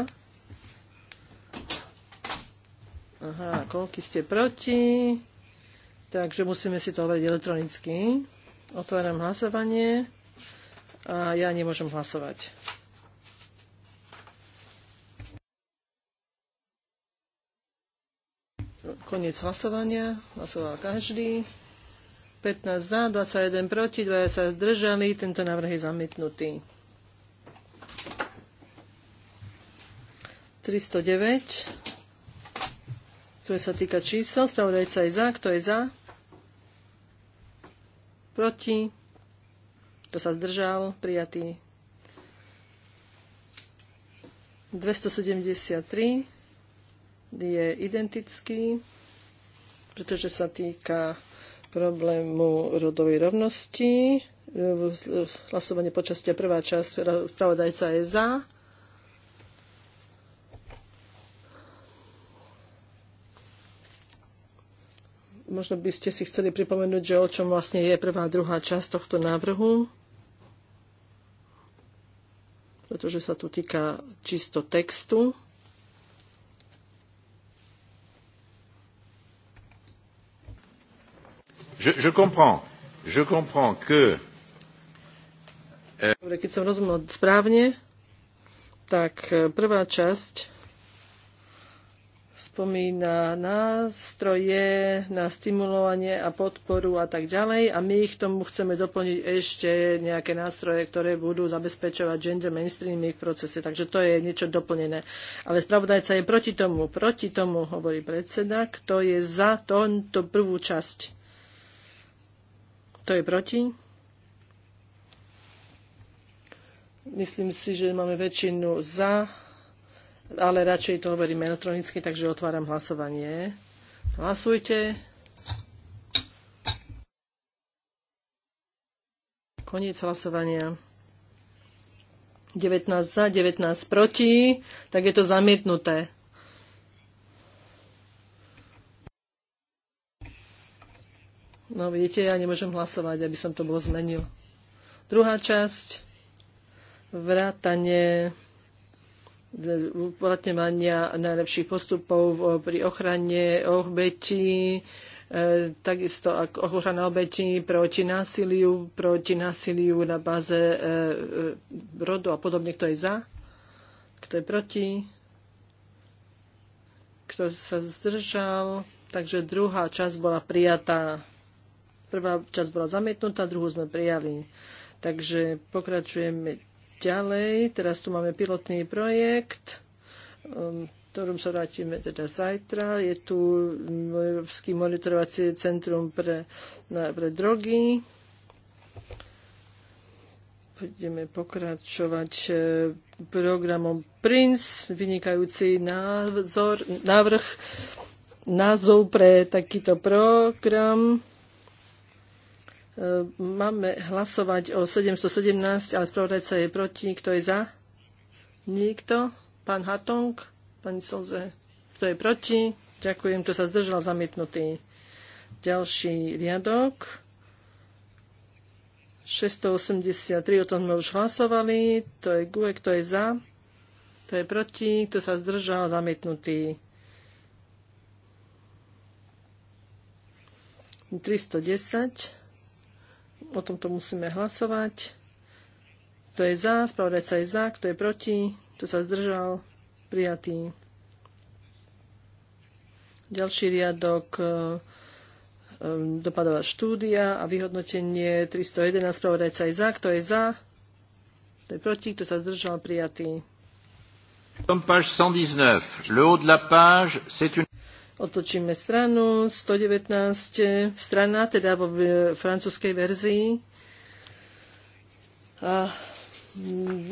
Aha, koľky ste proti? Takže musíme si to overiť elektronicky. Otváram hlasovanie a ja nemôžem hlasovať. Koniec hlasovania. Hlasoval každý. 15 za, 21 proti, 2 sa zdržali. Tento návrh je zamietnutý. 309, ktoré sa týka čísel. Spravodajca je za. Kto je za? Proti? Kto sa zdržal? Prijatý. 273 je identický, pretože sa týka problému rodovej rovnosti. Hlasovanie počastia prvá časť, spravodajca je za. Možno by ste si chceli pripomenúť, že o čom vlastne je prvá a druhá časť tohto návrhu, pretože sa tu týka čisto textu. je, comprends, je comprends que... Euh, Dobre, keď som rozumel správne, tak e, prvá časť spomína nástroje na stimulovanie a podporu a tak ďalej. A my k tomu chceme doplniť ešte nejaké nástroje, ktoré budú zabezpečovať gender mainstreaming v procese. Takže to je niečo doplnené. Ale spravodajca je proti tomu. Proti tomu, hovorí predseda, kto je za to, prvú časť. Kto je proti? Myslím si, že máme väčšinu za, ale radšej to overím elektronicky, takže otváram hlasovanie. Hlasujte. Koniec hlasovania. 19 za, 19 proti, tak je to zamietnuté. No vidíte, ja nemôžem hlasovať, aby som to bol zmenil. Druhá časť, vrátanie uplatňovania najlepších postupov pri ochrane obetí, e, takisto ako ochrana obetí proti násiliu, proti násiliu na báze e, e, rodu a podobne. Kto je za? Kto je proti? Kto sa zdržal? Takže druhá časť bola prijatá. Prvá časť bola zamietnutá, druhú sme prijali. Takže pokračujeme ďalej. Teraz tu máme pilotný projekt, um, ktorom sa vrátime teda zajtra. Je tu Európsky monitorovacie centrum pre, na, pre drogy. Budeme pokračovať eh, programom PRINCE, vynikajúci názor, návrh, názov pre takýto program. E, máme hlasovať o 717, ale spravodajca je proti. Kto je za? Nikto. Pán Hatong? Pani Solze? Kto je proti? Ďakujem, kto sa zdržal zamietnutý. Ďalší riadok. 683, o tom sme už hlasovali. To je GUE, kto je za, kto je proti, kto sa zdržal, zamietnutý. 310. O tomto musíme hlasovať. Kto je za, spravodajca je za, kto je proti, kto sa zdržal, prijatý. Ďalší riadok e, e, dopadová štúdia a vyhodnotenie 311 spravodajca je za, kto je za, kto je proti, kto sa zdržal, prijatý. Page 119. Le haut de la page, c'est une otočíme stranu 119 strana, teda vo francúzskej verzii. A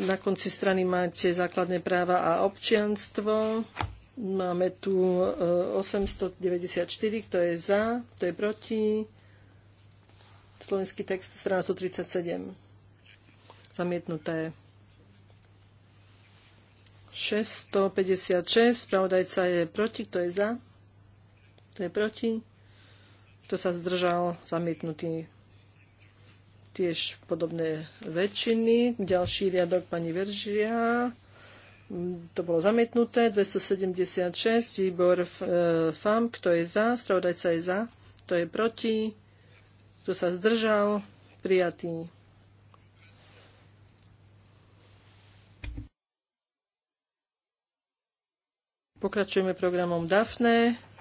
na konci strany máte základné práva a občianstvo. Máme tu 894, e, kto je za, kto je proti. Slovenský text strana 137. Zamietnuté. 656, spravodajca je proti, kto je za? Kto je proti? Kto sa zdržal? Zamietnutý. Tiež podobné väčšiny. Ďalší riadok pani Veržia. To bolo zamietnuté. 276. Výbor eh, FAM. Kto je za? Spravodajca je za. Kto je proti? Kto sa zdržal? Prijatý. Pokračujeme programom DAFNE.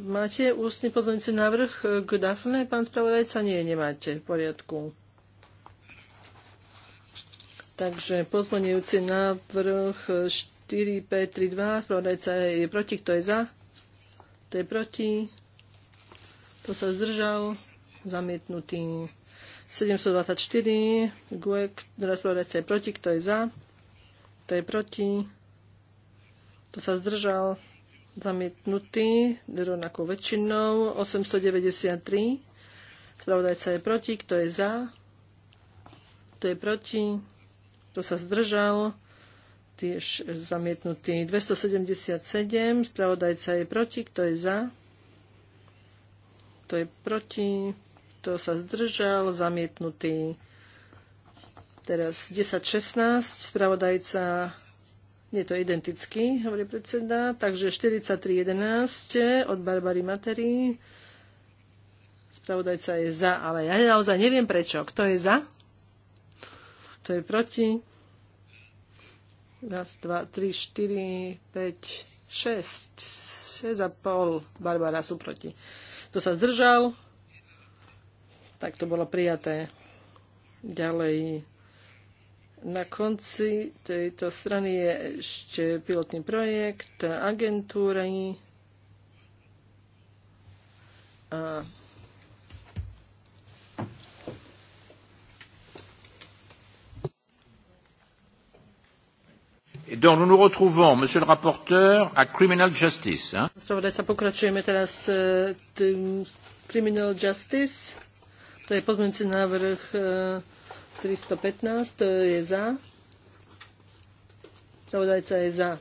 Máte ústny pozornici návrh k Dafne, pán spravodajca? Nie, nemáte. V poriadku. Takže pozmenujúci návrh 4, 5, 3, 2. Spravodajca je proti. Kto je za? Kto je proti? Kto sa zdržal? Zamietnutý. 724. GUEK, teda spravodajca je proti. Kto je za? Kto je proti? Kto sa zdržal? zamietnutý rovnakou väčšinou. 893. Spravodajca je proti. Kto je za? Kto je proti? Kto sa zdržal? Tiež zamietnutý. 277. Spravodajca je proti. Kto je za? Kto je proti? Kto sa zdržal? Zamietnutý. Teraz 10.16. Spravodajca je to identický, hovorí predseda. Takže 43.11 od Barbary Matery. Spravodajca je za, ale ja naozaj neviem prečo. Kto je za? Kto je proti? Raz, dva, tri, štyri, päť, šesť. Šesť a pol. Barbara sú proti. Kto sa zdržal? Tak to bolo prijaté. Ďalej na konci tejto strany je ešte pilotný projekt agentúry a Donc nous nous retrouvons, Monsieur le rapporteur, à Criminal Justice. Hein? Spravodajca, pokračujeme teraz e, Criminal Justice. To je návrh e, 315, to je za. Spravodajca je za.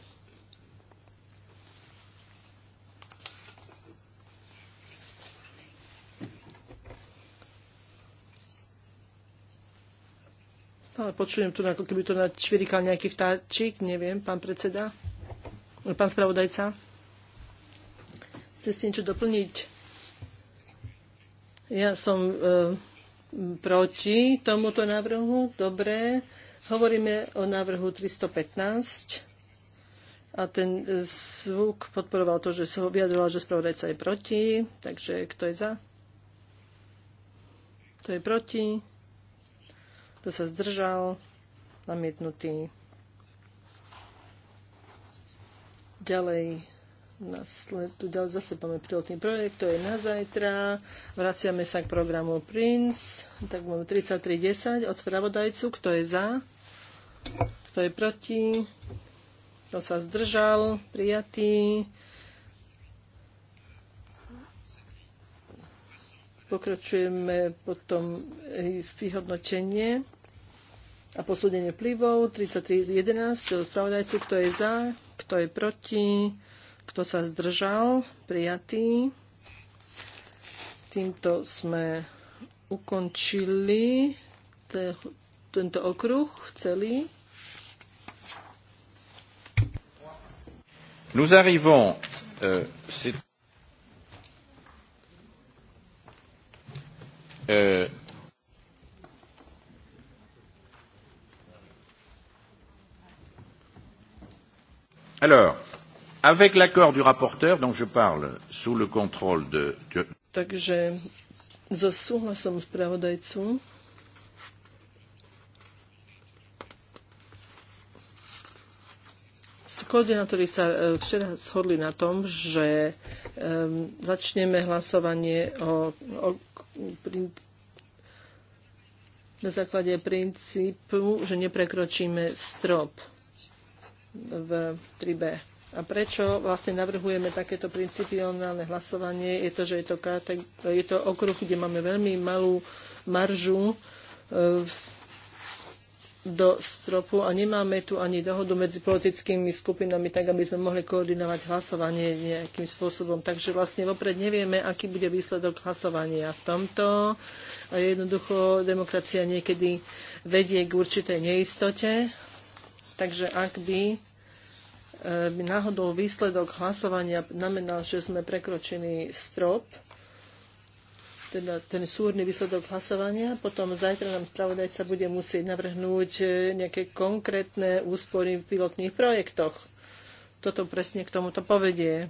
Stále počujem tu, ako keby to načvirikal nejaký vtáčik, neviem, pán predseda, pán spravodajca. Chce si niečo doplniť? Ja som e, proti tomuto návrhu. Dobre. Hovoríme o návrhu 315 a ten zvuk podporoval to, že sa vyjadroval, že spravodajca je proti. Takže kto je za? Kto je proti? Kto sa zdržal? Namietnutý. Ďalej nasledu, zase máme pilotný projekt, to je na zajtra. Vraciame sa k programu PRINCE, tak máme 3310 od spravodajcu, kto je za, kto je proti, kto sa zdržal, prijatý. Pokračujeme potom vyhodnotenie a posúdenie vplyvov 3311 od spravodajcu, kto je za, kto je proti, kto sa zdržal? Prijatý. Týmto sme ukončili te, tento okruh celý. Nous arrivons, euh, euh, alors, avec l'accord du rapporteur dont je parle, sous le contrôle de... Takže so súhlasom spravodajcu koordinátori sa e, včera shodli na tom, že um, začneme hlasovanie o, o prin, na základe princípu, že neprekročíme strop v 3B. A prečo vlastne navrhujeme takéto principiálne hlasovanie? Je to, že je to, je to okruh, kde máme veľmi malú maržu e, do stropu a nemáme tu ani dohodu medzi politickými skupinami, tak aby sme mohli koordinovať hlasovanie nejakým spôsobom. Takže vlastne vopred nevieme, aký bude výsledok hlasovania v tomto. A jednoducho demokracia niekedy vedie k určitej neistote. Takže ak by náhodou výsledok hlasovania znamenal, že sme prekročili strop, teda ten súrny výsledok hlasovania. Potom zajtra nám spravodajca bude musieť navrhnúť e, nejaké konkrétne úspory v pilotných projektoch. Toto presne k tomuto povedie.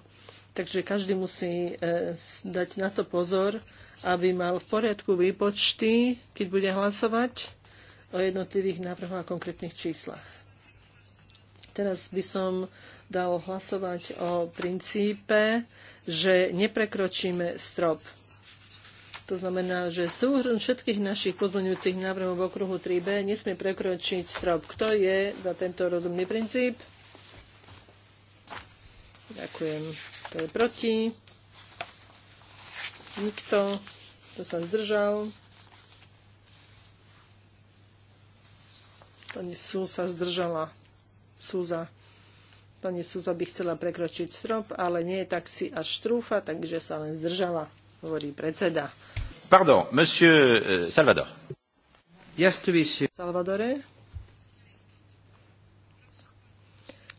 Takže každý musí e, dať na to pozor, aby mal v poriadku výpočty, keď bude hlasovať o jednotlivých návrhoch a konkrétnych číslach teraz by som dal hlasovať o princípe, že neprekročíme strop. To znamená, že súhrn všetkých našich pozmeňujúcich návrhov v okruhu 3b nesmie prekročiť strop. Kto je za tento rozumný princíp? Ďakujem. Kto je proti? Nikto. Kto sa zdržal? Pani Sú sa zdržala. Súza. Pani Súza by chcela prekročiť strop, ale nie tak si až štrúfa, takže sa len zdržala, hovorí predseda. Pardon, monsieur eh, Salvador. Yes, to be sure. Salvadore.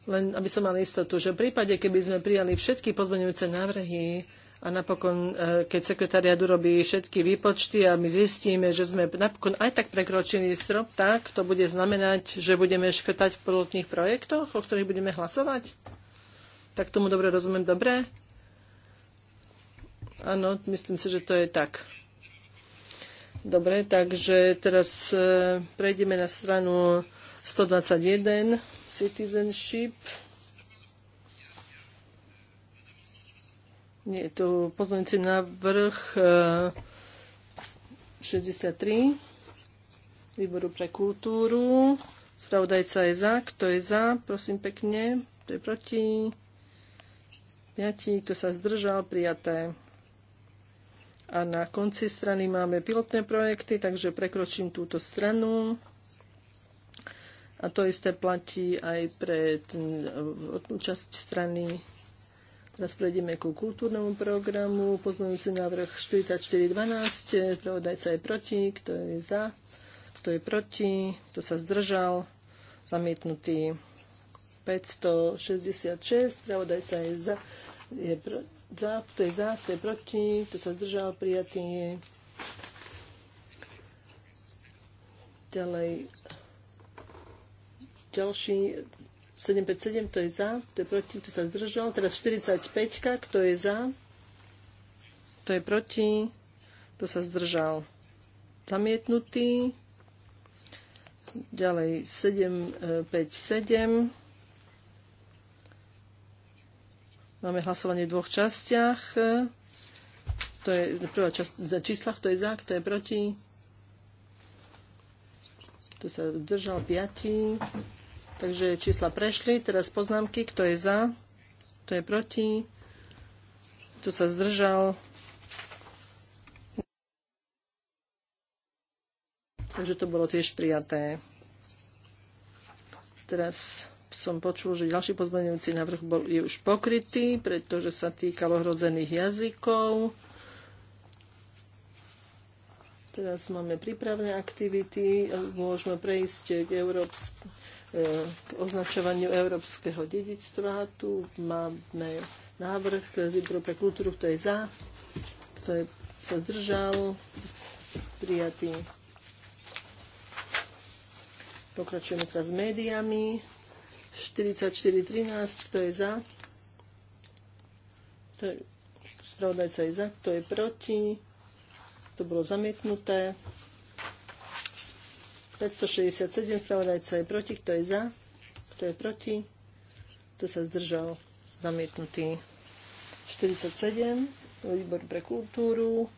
Len aby som mal istotu, že v prípade, keby sme prijali všetky pozmeňujúce návrhy, a napokon, e, keď sekretariat urobí všetky výpočty a my zistíme, že sme napokon aj tak prekročili strop, tak to bude znamenať, že budeme škrtať v pilotných projektoch, o ktorých budeme hlasovať? Tak tomu dobre rozumiem, dobre? Áno, myslím si, že to je tak. Dobre, takže teraz e, prejdeme na stranu 121 Citizenship. Nie, je tu pozmeňujúci návrh 63 eh, výboru pre kultúru. Spravodajca je za. Kto je za? Prosím pekne. Kto je proti? 5. Kto sa zdržal? Prijaté. A na konci strany máme pilotné projekty, takže prekročím túto stranu. A to isté platí aj pre ten, eh, časť strany Teraz prejdeme ku kultúrnemu programu. Pozmeňujúci návrh 4412. Pravodajca je proti. Kto je za? Kto je proti? Kto sa zdržal? Zamietnutý 566. Pravodajca je za. Je pro, za. Kto je za? Kto je proti? Kto sa zdržal? Prijatý je. Ďalej. Ďalší 757, kto je za, kto je proti, kto sa zdržal. Teraz 45, kto je za, kto je proti, kto sa zdržal. Zamietnutý. Ďalej 757. Máme hlasovanie v dvoch častiach. To je prvá časť na číslach, to je za, kto je proti. To sa zdržal 5. Takže čísla prešli, teraz poznámky, kto je za, kto je proti, kto sa zdržal. Takže to bolo tiež prijaté. Teraz som počul, že ďalší pozmeňujúci návrh bol, je už pokrytý, pretože sa týkalo hrodzených jazykov. Teraz máme prípravné aktivity, môžeme prejsť k európskym k označovaniu európskeho dedictva. Tu máme návrh z výboru pre kultúru, kto je za, kto je sa zdržal, prijatý. Pokračujeme teraz s médiami. 44.13, kto je za? Kto je, je za, kto je proti? To bolo zamietnuté. 567, spravodajca je proti, kto je za, kto je proti, kto sa zdržal, zamietnutý. 47, výbor pre kultúru.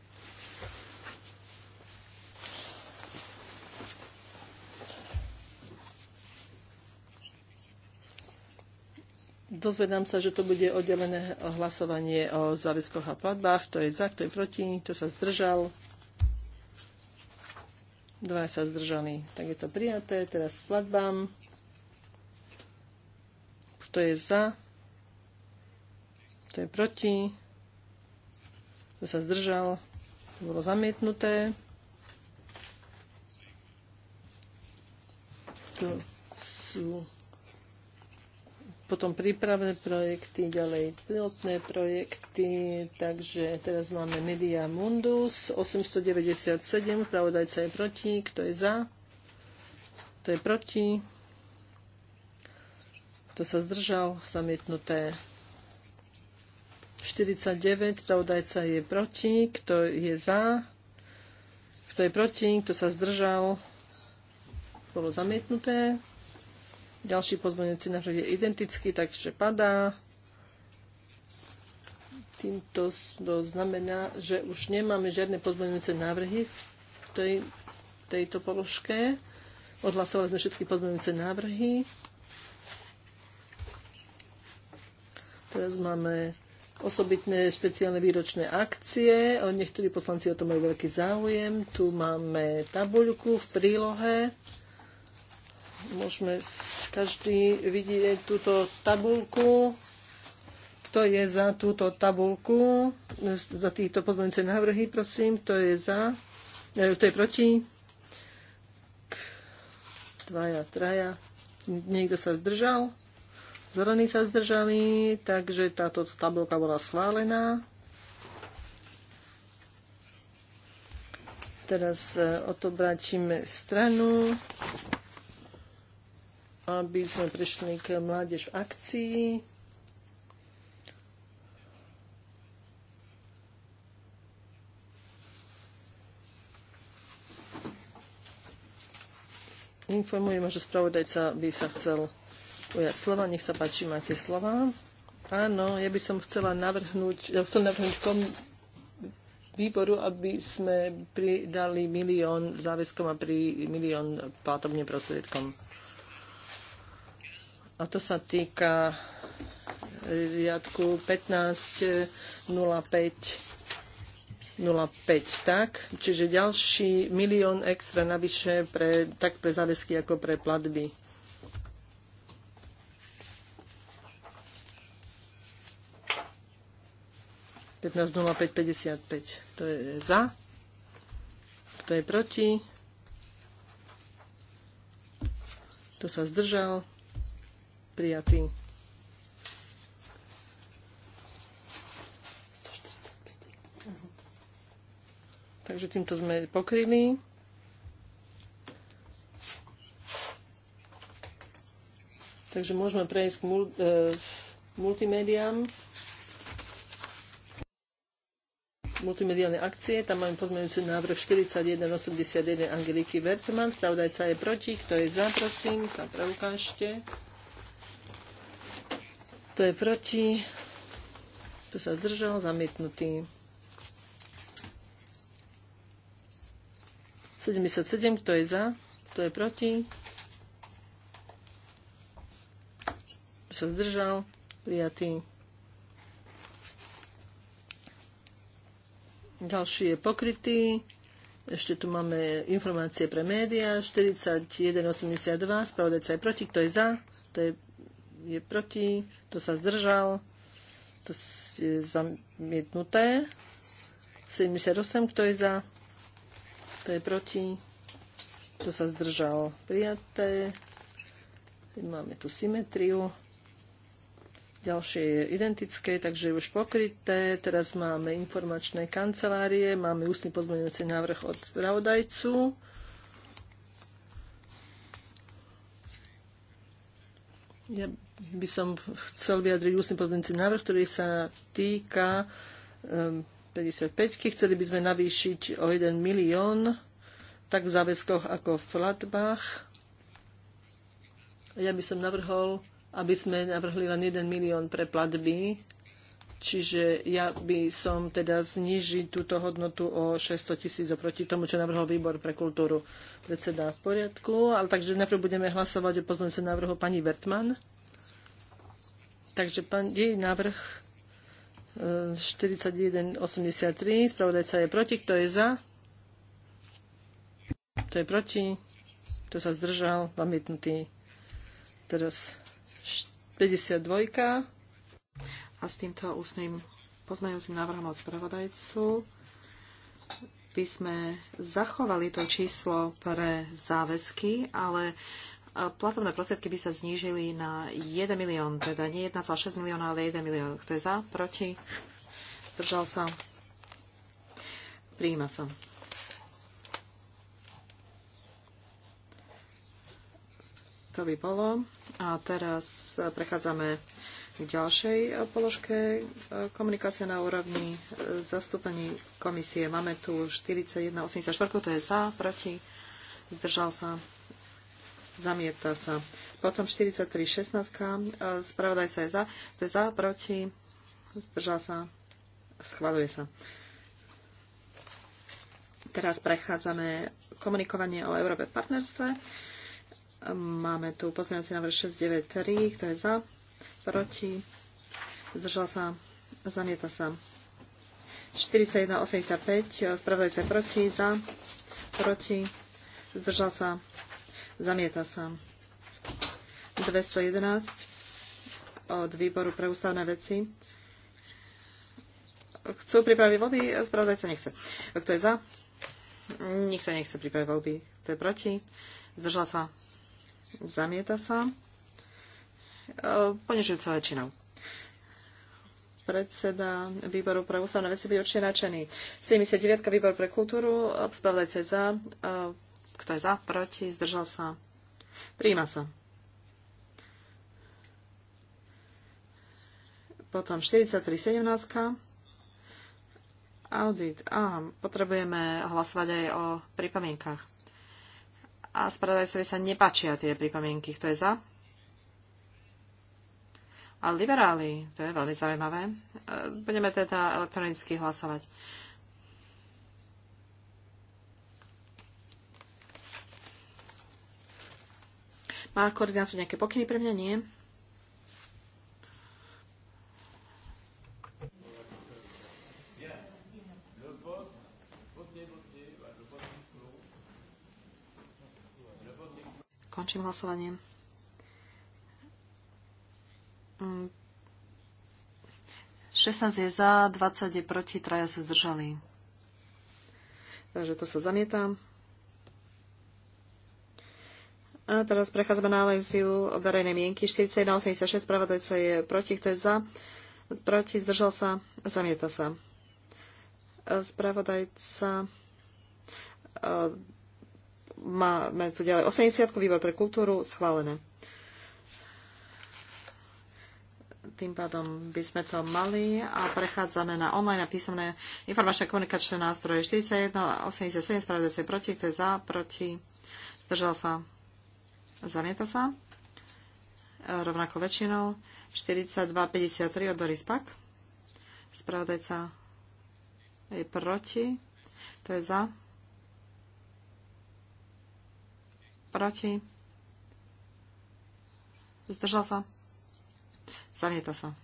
Dozvedám sa, že to bude oddelené hlasovanie o záväzkoch a platbách. To je za, kto je proti, kto sa zdržal dva sa zdržaní. Tak je to prijaté. Teraz skladbám. Kto je za? Kto je proti? Kto sa zdržal? To bolo zamietnuté. Tu sú potom prípravné projekty, ďalej pilotné projekty, takže teraz máme Media Mundus 897, pravodajca je proti, kto je za, kto je proti, kto sa zdržal, zamietnuté. 49, pravodajca je proti, kto je za, kto je proti, kto sa zdržal, bolo zamietnuté. Ďalší pozmeňujúci návrh je identický, takže padá. Týmto to znamená, že už nemáme žiadne pozmeňujúce návrhy v tej, tejto položke. Odhlasovali sme všetky pozmeňujúce návrhy. Teraz máme osobitné špeciálne výročné akcie. Niektorí poslanci o tom majú veľký záujem. Tu máme tabuľku v prílohe. Môžeme každý vidieť túto tabulku. Kto je za túto tabulku? Za týchto pozmeňujúce návrhy, prosím. Kto je za? E, kto je proti? Dvaja, traja. Niekto sa zdržal? Zelení sa zdržali, takže táto tabulka bola schválená. Teraz e, odobrátime stranu aby sme prešli k mládež v akcii. Informujem, že spravodajca by sa chcel ujať slova. Nech sa páči, máte slova. Áno, ja by som chcela navrhnúť, ja chcem navrhnúť kom, výboru, aby sme pridali milión záväzkom a pri milión platobným prostriedkom. A to sa týka e, riadku 15.05.05, tak? Čiže ďalší milión extra navyše pre, tak pre záväzky ako pre platby. päť. To je za. Kto je proti? Kto sa zdržal? prijatý. 145. Takže týmto sme pokryli. Takže môžeme prejsť k mul- e, multimédiám. Multimediálne akcie. Tam máme pozmeňujúci návrh 4181 Angeliky Vertman. Spravodajca je proti. Kto je za, prosím, sa preukážte. Kto je proti? Kto sa zdržal? Zamietnutý. 77. Kto je za? Kto je proti? Kto sa zdržal? Prijatý. Ďalší je pokrytý. Ešte tu máme informácie pre médiá. 41.82. Spravodajca je proti. Kto je za? Kto je je proti, to sa zdržal, to je zamietnuté. 78, kto je za, kto je proti, kto sa zdržal, prijaté. Máme tu symetriu. Ďalšie je identické, takže je už pokryté. Teraz máme informačné kancelárie, máme ústny pozmeňujúci návrh od pravodajcu. Ja by som chcel vyjadriť ústny pozmeňujúci návrh, ktorý sa týka 55. Ehm, -ky. Chceli by sme navýšiť o 1 milión, tak v záväzkoch ako v platbách. Ja by som navrhol, aby sme navrhli len 1 milión pre platby, čiže ja by som teda znižil túto hodnotu o 600 tisíc oproti tomu, čo navrhol výbor pre kultúru predseda v poriadku. Ale takže najprv budeme hlasovať o pozmeňujúcom návrhu pani Vertman. Takže pán, jej návrh 41.83. E, Spravodajca je proti. Kto je za? Kto je proti? Kto sa zdržal? Zamietnutý. Teraz 52. A s týmto ústnym pozmeňujúcim návrhom od spravodajcu by sme zachovali to číslo pre záväzky, ale uh, platovné prostriedky by sa znížili na 1 milión, teda nie 1,6 milióna, ale 1 milión. Kto je za? Proti? Zdržal sa? Prijíma sa. To by bolo. A teraz prechádzame k ďalšej položke komunikácia na úrovni zastúpení komisie. Máme tu 41,84, to je za, proti, zdržal sa, Zamieta sa. Potom 43.16. E, spravodajca je za. To je za, proti. Zdržal sa. Schvaluje sa. Teraz prechádzame komunikovanie o Európe partnerstve. Máme tu pozmeňovací návrh 693, kto je za, proti, zdržal sa, zamieta sa. 41,85, spravodajca je proti, za, proti, zdržal sa, Zamieta sa. 211 od výboru pre ústavné veci. Chcú pripraviť voľby? sa nechce. Kto je za? Nikto nechce pripraviť voľby. Kto je proti? Zdržala sa. Zamieta sa. sa väčšinou predseda výboru pre ústavné veci bude určite načený. 79. výbor pre kultúru, spravodajce za, kto je za? Proti? Zdržal sa? Príjma sa. Potom 43.17. Audit. a potrebujeme hlasovať aj o pripomienkach. A spravodajcovi sa nepáčia tie pripomienky. Kto je za? A liberáli, to je veľmi zaujímavé. Budeme teda elektronicky hlasovať. Má koordinátor nejaké pokyny pre mňa? Nie. Končím hlasovanie. Mm. 16 je za, 20 je proti, traja sa zdržali. Takže to sa zamietam. A teraz prechádzame na analýziu verejnej mienky. 41,86 spravodajca je proti, kto je za, proti, zdržal sa, zamieta sa. Spravodajca e, máme tu ďalej 80, výbor pre kultúru, schválené. Tým pádom by sme to mali a prechádzame na online a písomné informačné komunikačné nástroje 41, 87, spravodajca je proti, kto je za, proti, zdržal sa, Zamieta sa. Rovnako väčšinou. 42,53 od Doris Pak. Spravodajca je proti. To je za. Proti. Zdržal sa. Zamieta sa.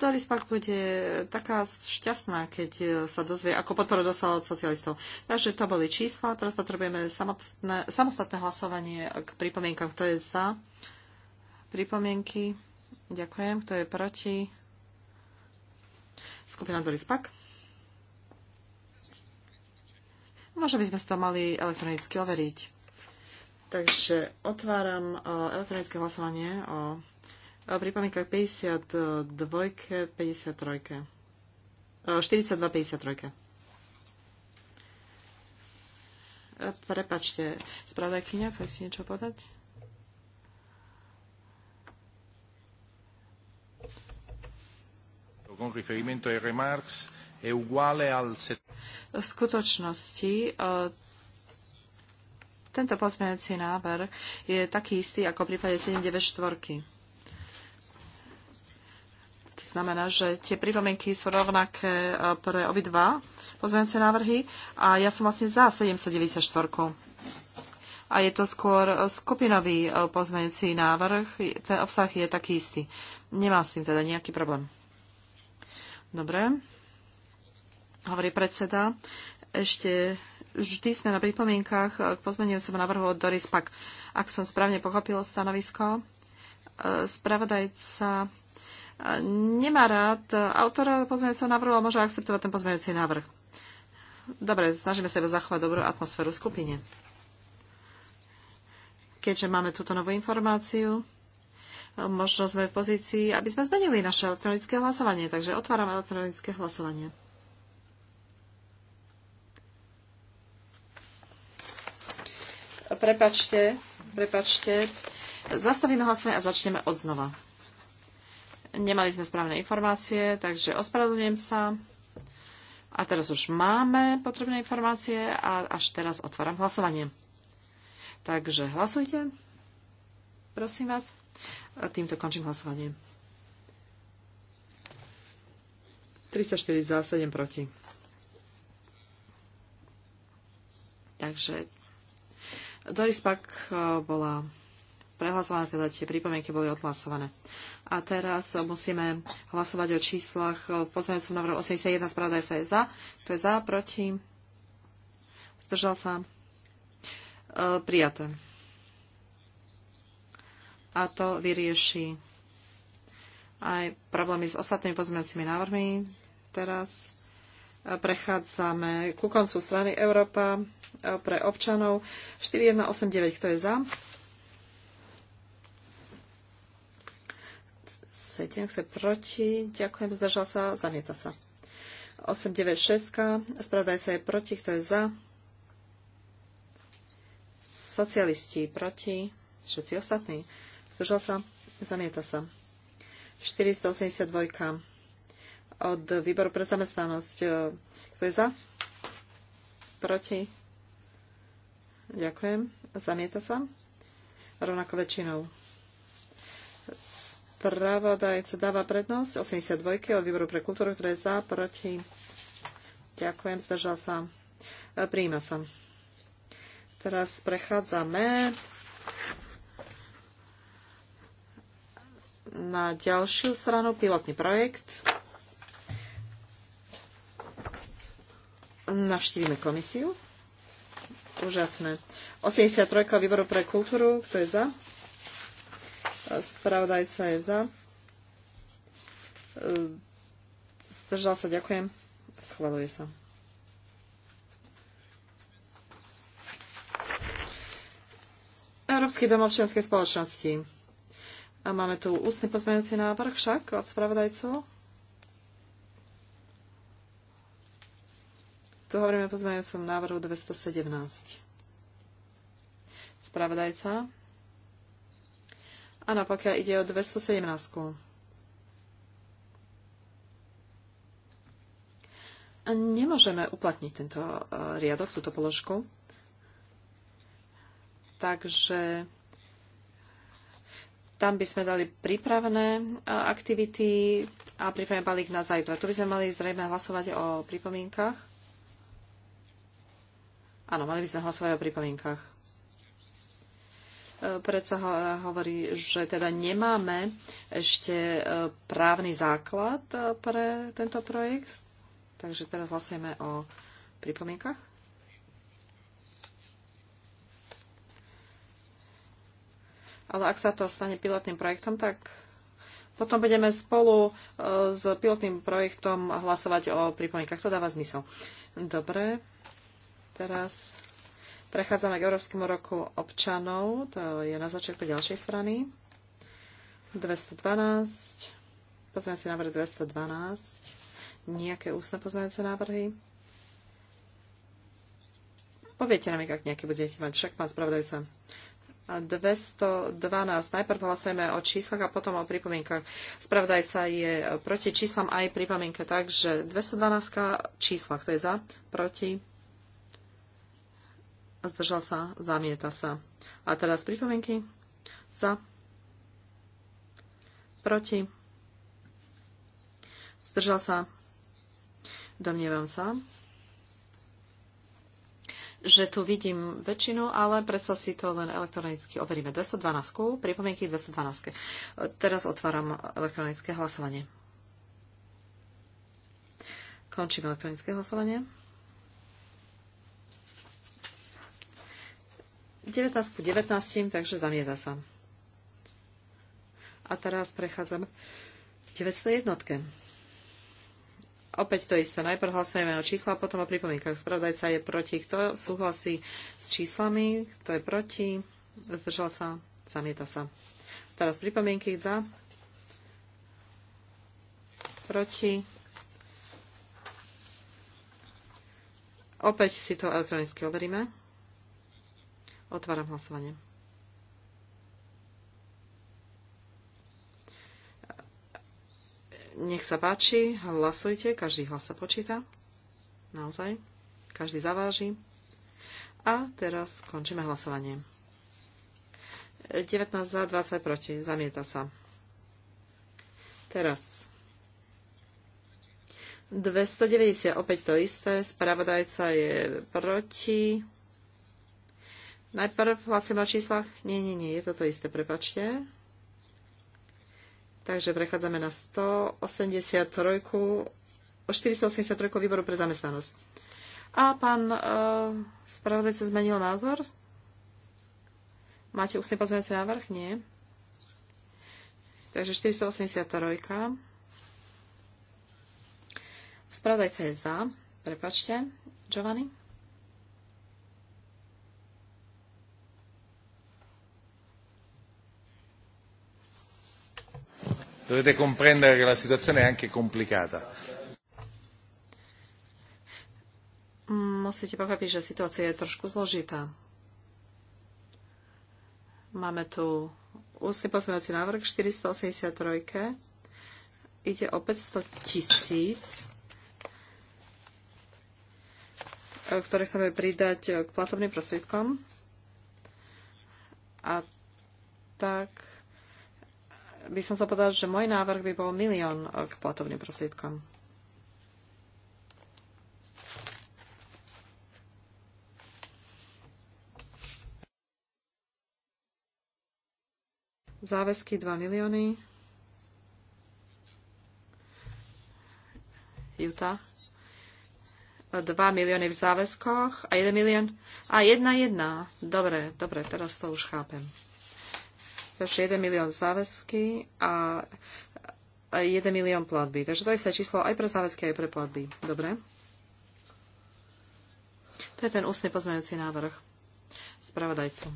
Park bude taká šťastná, keď e, sa dozvie, ako podporu dostala od socialistov. Takže to boli čísla, teraz potrebujeme samostatné, samostatné hlasovanie k pripomienkam. Kto je za pripomienky? Ďakujem. Kto je proti? Skupina Park. Možno by sme si to mali elektronicky overiť. Takže otváram e, elektronické hlasovanie o pripomienkach 52, 53. 42, 53. Prepačte, spravodajkynia, chcem si niečo povedať? Con riferimento ai remarks è uguale al... V skutočnosti e, tento pozmeňujúci návrh je taký istý ako v prípade 794. Znamená, že tie pripomienky sú rovnaké e, pre obidva pozmeňujúce návrhy a ja som vlastne za 794. A je to skôr skupinový e, pozmeňujúci návrh. Ten obsah je taký istý. Nemám s tým teda nejaký problém. Dobre. Hovorí predseda. Ešte vždy sme na pripomienkach e, k pozmeňujúcemu návrhu od Doris Pak. Ak som správne pochopil stanovisko, spravodajca nemá rád autor pozmeňujúceho návrhu a môže akceptovať ten pozmeňujúci návrh. Dobre, snažíme sa zachovať dobrú atmosféru v skupine. Keďže máme túto novú informáciu, možno sme v pozícii, aby sme zmenili naše elektronické hlasovanie. Takže otváram elektronické hlasovanie. Prepačte, prepačte. Zastavíme hlasovanie a začneme od znova. Nemali sme správne informácie, takže ospravedlňujem sa. A teraz už máme potrebné informácie a až teraz otváram hlasovanie. Takže hlasujte. Prosím vás. A týmto končím hlasovanie. 34 za, 7 proti. Takže Doris Pak eh, bola prehlasované, teda tie pripomienky boli odhlasované. A teraz musíme hlasovať o číslach pozmeňujúcom návrhu 81, Pravda sa je za, to je za, proti, zdržal sa, e, prijaté. A to vyrieši aj problémy s ostatnými pozmeňujúcimi návrhmi. Teraz e, prechádzame ku koncu strany Európa e, pre občanov 4189, kto je za, 197, kto je proti, ďakujem, zdržal sa, zamieta sa. 896, spravodajca je proti, kto je za. Socialisti proti, všetci ostatní. Zdržal sa, zamieta sa. 482 od výboru pre zamestnanosť. E, kto je za? Proti? Ďakujem. Zamieta sa. Rovnako väčšinou spravodajca dáva prednosť 82 od výboru pre kultúru, ktoré je za, proti. Ďakujem, zdržal sa. E, Príjima sa. Teraz prechádzame na ďalšiu stranu, pilotný projekt. Navštívime komisiu. Úžasné. 83. výboru pre kultúru, kto je za? Spravodajca je za. E, zdržal sa, ďakujem. Schvaluje sa. Európsky dom občianskej spoločnosti. A máme tu ústny pozmeňujúci návrh však od spravodajcov. Tu hovoríme o pozmeňujúcom návrhu 217. Spravodajca Áno, pokiaľ ide o 217. Nemôžeme uplatniť tento eh, riadok, túto položku. Takže tam by sme dali prípravné eh, aktivity a prípravný balík na zajtra. Tu by sme mali zrejme hlasovať o pripomienkach. Áno, mali by sme hlasovať o pripomienkach. E, predsa hovorí, že teda nemáme ešte e, právny základ e, pre tento projekt. Takže teraz hlasujeme o pripomienkach. Ale ak sa to stane pilotným projektom, tak potom budeme spolu s pilotným projektom hlasovať o pripomienkach. To dáva zmysel. Dobre, teraz Prechádzame k Európskemu roku občanov, to je na začiatku ďalšej strany. 212, pozmeňujúci návrh 212, nejaké ústne pozmeňujúce návrhy. Poviete nám, ak nejaké budete mať, však pán sa 212. Najprv hlasujeme o číslach a potom o pripomienkach. Spravodajca je proti číslam aj pripomienke, takže 212 čísla, Kto je za? Proti? zdržal sa, zamieta sa. A teraz pripomienky za, proti, zdržal sa, domnievam sa, že tu vidím väčšinu, ale predsa si to len elektronicky overíme. 212, pripomienky 212. Teraz otváram elektronické hlasovanie. Končím elektronické hlasovanie. 19 ku 19, takže zamieta sa. A teraz prechádzam. k 901. Opäť to isté. Najprv hlasujeme o čísla, potom o pripomienkach. Spravdajca je proti. Kto súhlasí s číslami? Kto je proti? Zdržal sa? Zamieta sa. Teraz pripomienky za. Proti. Opäť si to elektronicky overíme. Otváram hlasovanie. Nech sa páči, hlasujte, každý hlas sa počíta. Naozaj. Každý zaváži. A teraz končíme hlasovanie. 19 za, 20 proti. Zamieta sa. Teraz. 290, opäť to isté. Spravodajca je proti. Najprv hlasujeme o číslach? Nie, nie, nie, je to to isté, prepačte. Takže prechádzame na 183, 483 výboru pre zamestnanosť. A pán uh, e, spravodajca zmenil názor? Máte ústny pozmeňujúci návrh? Nie. Takže 483. Spravodajca je za. Prepačte. Giovanni? dovete comprendere che la situazione è anche complicata. Musíte pochopiť, že situácia je trošku zložitá. Máme tu ústny pozmeňovací návrh 483. Ide o 500 tisíc, ktoré chceme pridať k platobným prostriedkom. A tak by som sa povedal, že môj návrh by bol milión k platovným prostriedkom. Záväzky 2 milióny. Juta. 2 milióny v záväzkoch a 1 milión. A 1,1. Dobre, dobre, teraz to už chápem. Takže 1 milión záväzky a 1 milión platby. Takže to sa číslo aj pre záväzky, aj pre platby. Dobre? To je ten ústny pozmeňujúci návrh spravodajcu.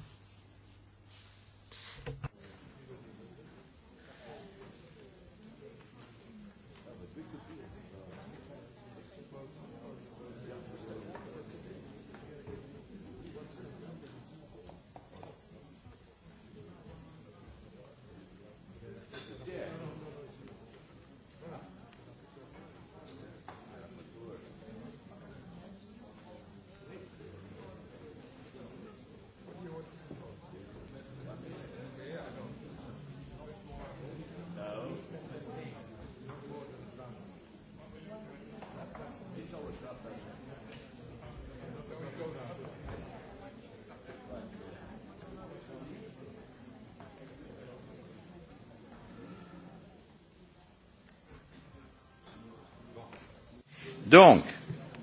Donc,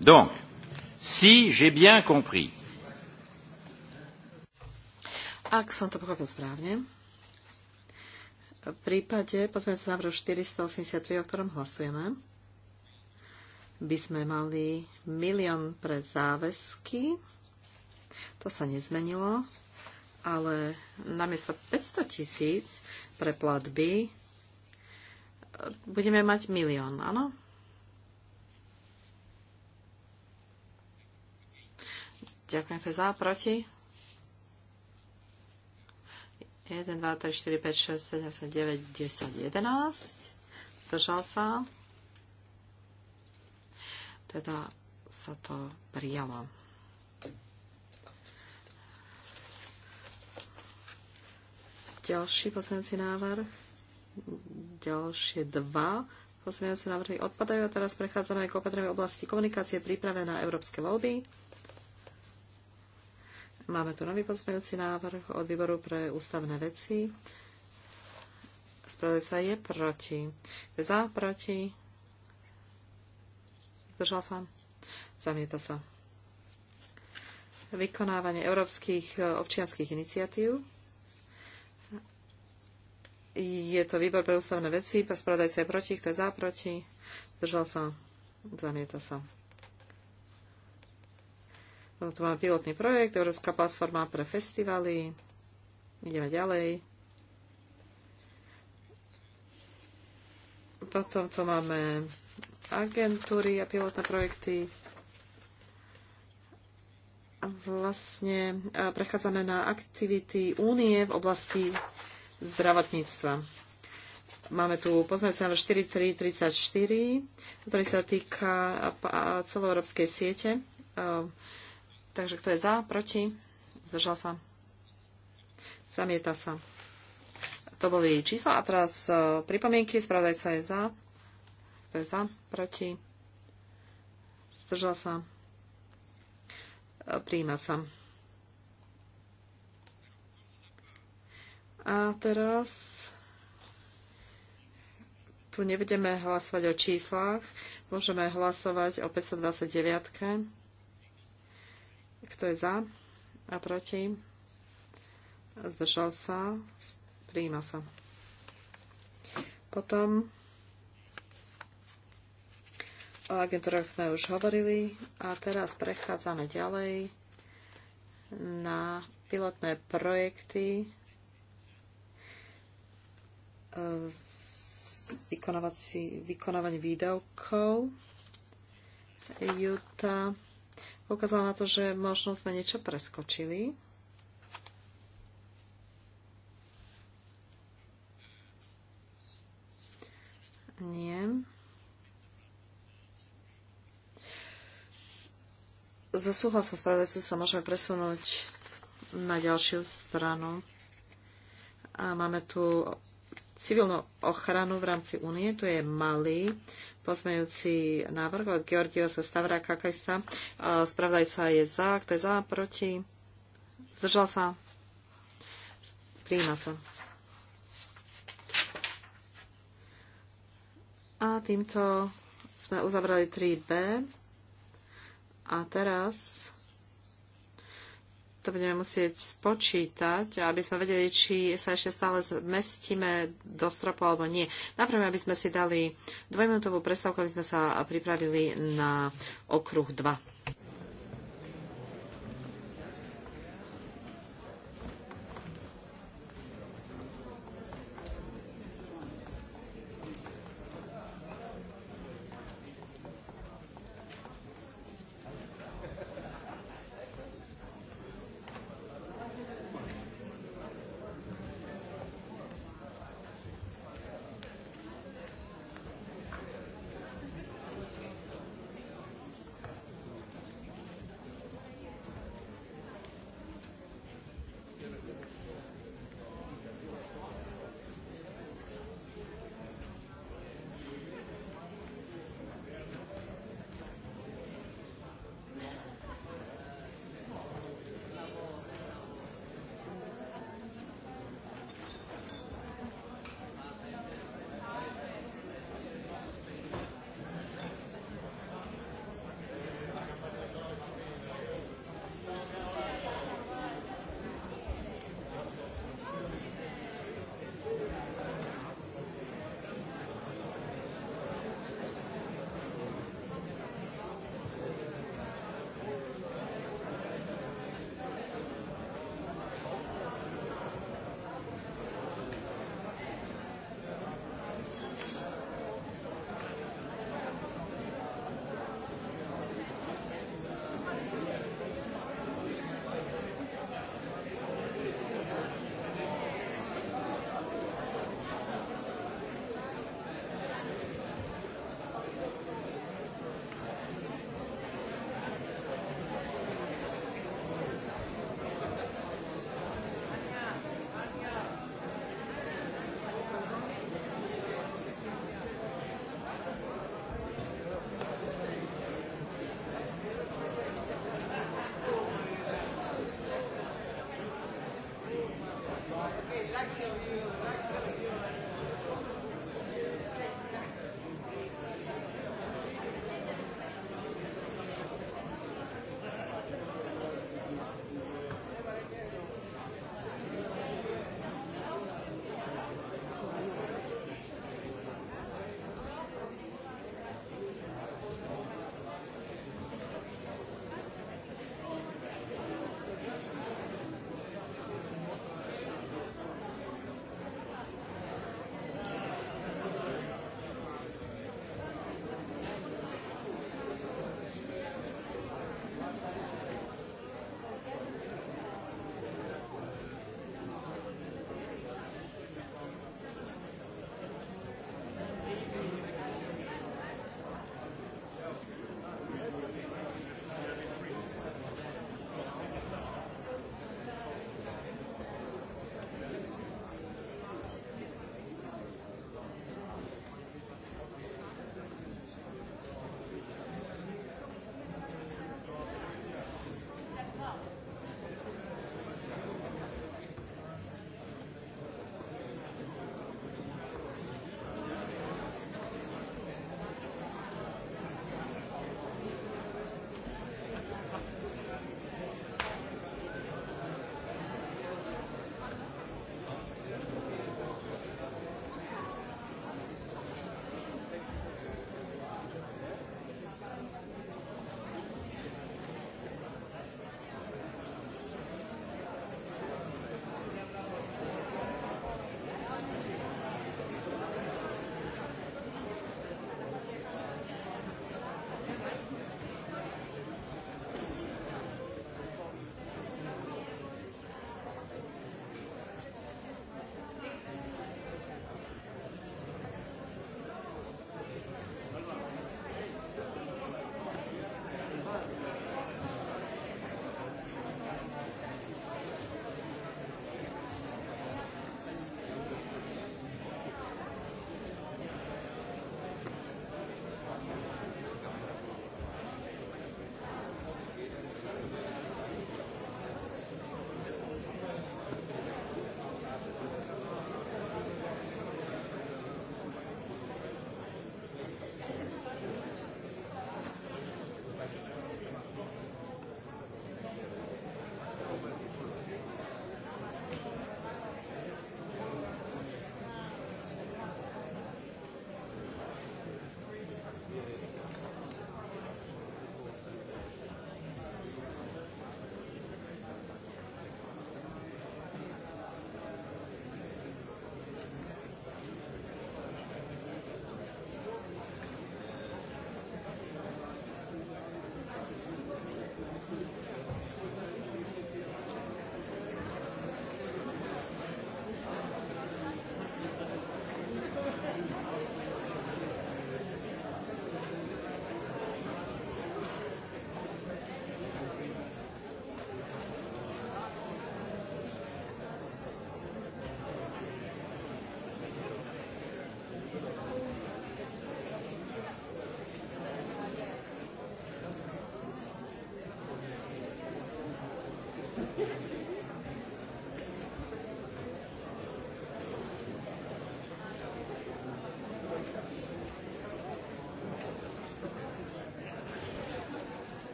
donc si j'ai bien compris. Ak som to pochopil správne, v prípade pozmeňujúceho návrhu 483, o ktorom hlasujeme, by sme mali milión pre záväzky. To sa nezmenilo, ale namiesto 500 tisíc pre platby budeme mať milión, áno? Ďakujem, to za, proti. 1, 2, 3, 4, 5, 6, 7, 8, 9, 10, 11. Zdržal sa. Teda sa to prijalo. Ďalší poslanecí návrh. Ďalšie dva poslanecí návrhy odpadajú a teraz prechádzame k opatreniu oblasti komunikácie príprave na európske voľby. Máme tu nový pozmeňujúci návrh od výboru pre ústavné veci. sa je proti. Za, proti. Zdržal sa? Zamieta sa. Vykonávanie európskych e, občianských iniciatív. Je to výbor pre ústavné veci. sa je proti. Kto je za, proti? Zdržal sa? Zamieta sa. Tu máme pilotný projekt, Európska platforma pre festivaly. Ideme ďalej. Potom tu máme agentúry a pilotné projekty. Vlastne e, prechádzame na aktivity únie v oblasti zdravotníctva. Máme tu pozmeňujúci na 4334, ktorý sa týka celoeurópskej siete e, Takže kto je za, proti, zdržal sa, zamieta sa. To boli čísla a teraz e, pripomienky. Spravodajca je za. Kto je za, proti, zdržal sa, e, príjima sa. A teraz tu nebudeme hlasovať o číslach, môžeme hlasovať o 529. Kto je za a proti? Zdržal sa. Prijíma sa. Potom o agentúrach sme už hovorili a teraz prechádzame ďalej na pilotné projekty vykonávanie výdavkov. Juta poukázala na to, že možno sme niečo preskočili. Nie. Za súhlasom spravodajcu sa môžeme presunúť na ďalšiu stranu. A máme tu civilnú ochranu v rámci únie, to je Mali pozmejúci návrh od Georgiosa Stavra Kakajsa. Spravdajca je za. Kto je za? Proti? Zdržal sa? Príjma sa. A týmto sme uzavrali 3B. A teraz to budeme musieť spočítať, aby sme vedeli, či sa ešte stále zmestíme do stropu alebo nie. Napriek, aby sme si dali dvojminútovú prestávku, aby sme sa pripravili na okruh 2.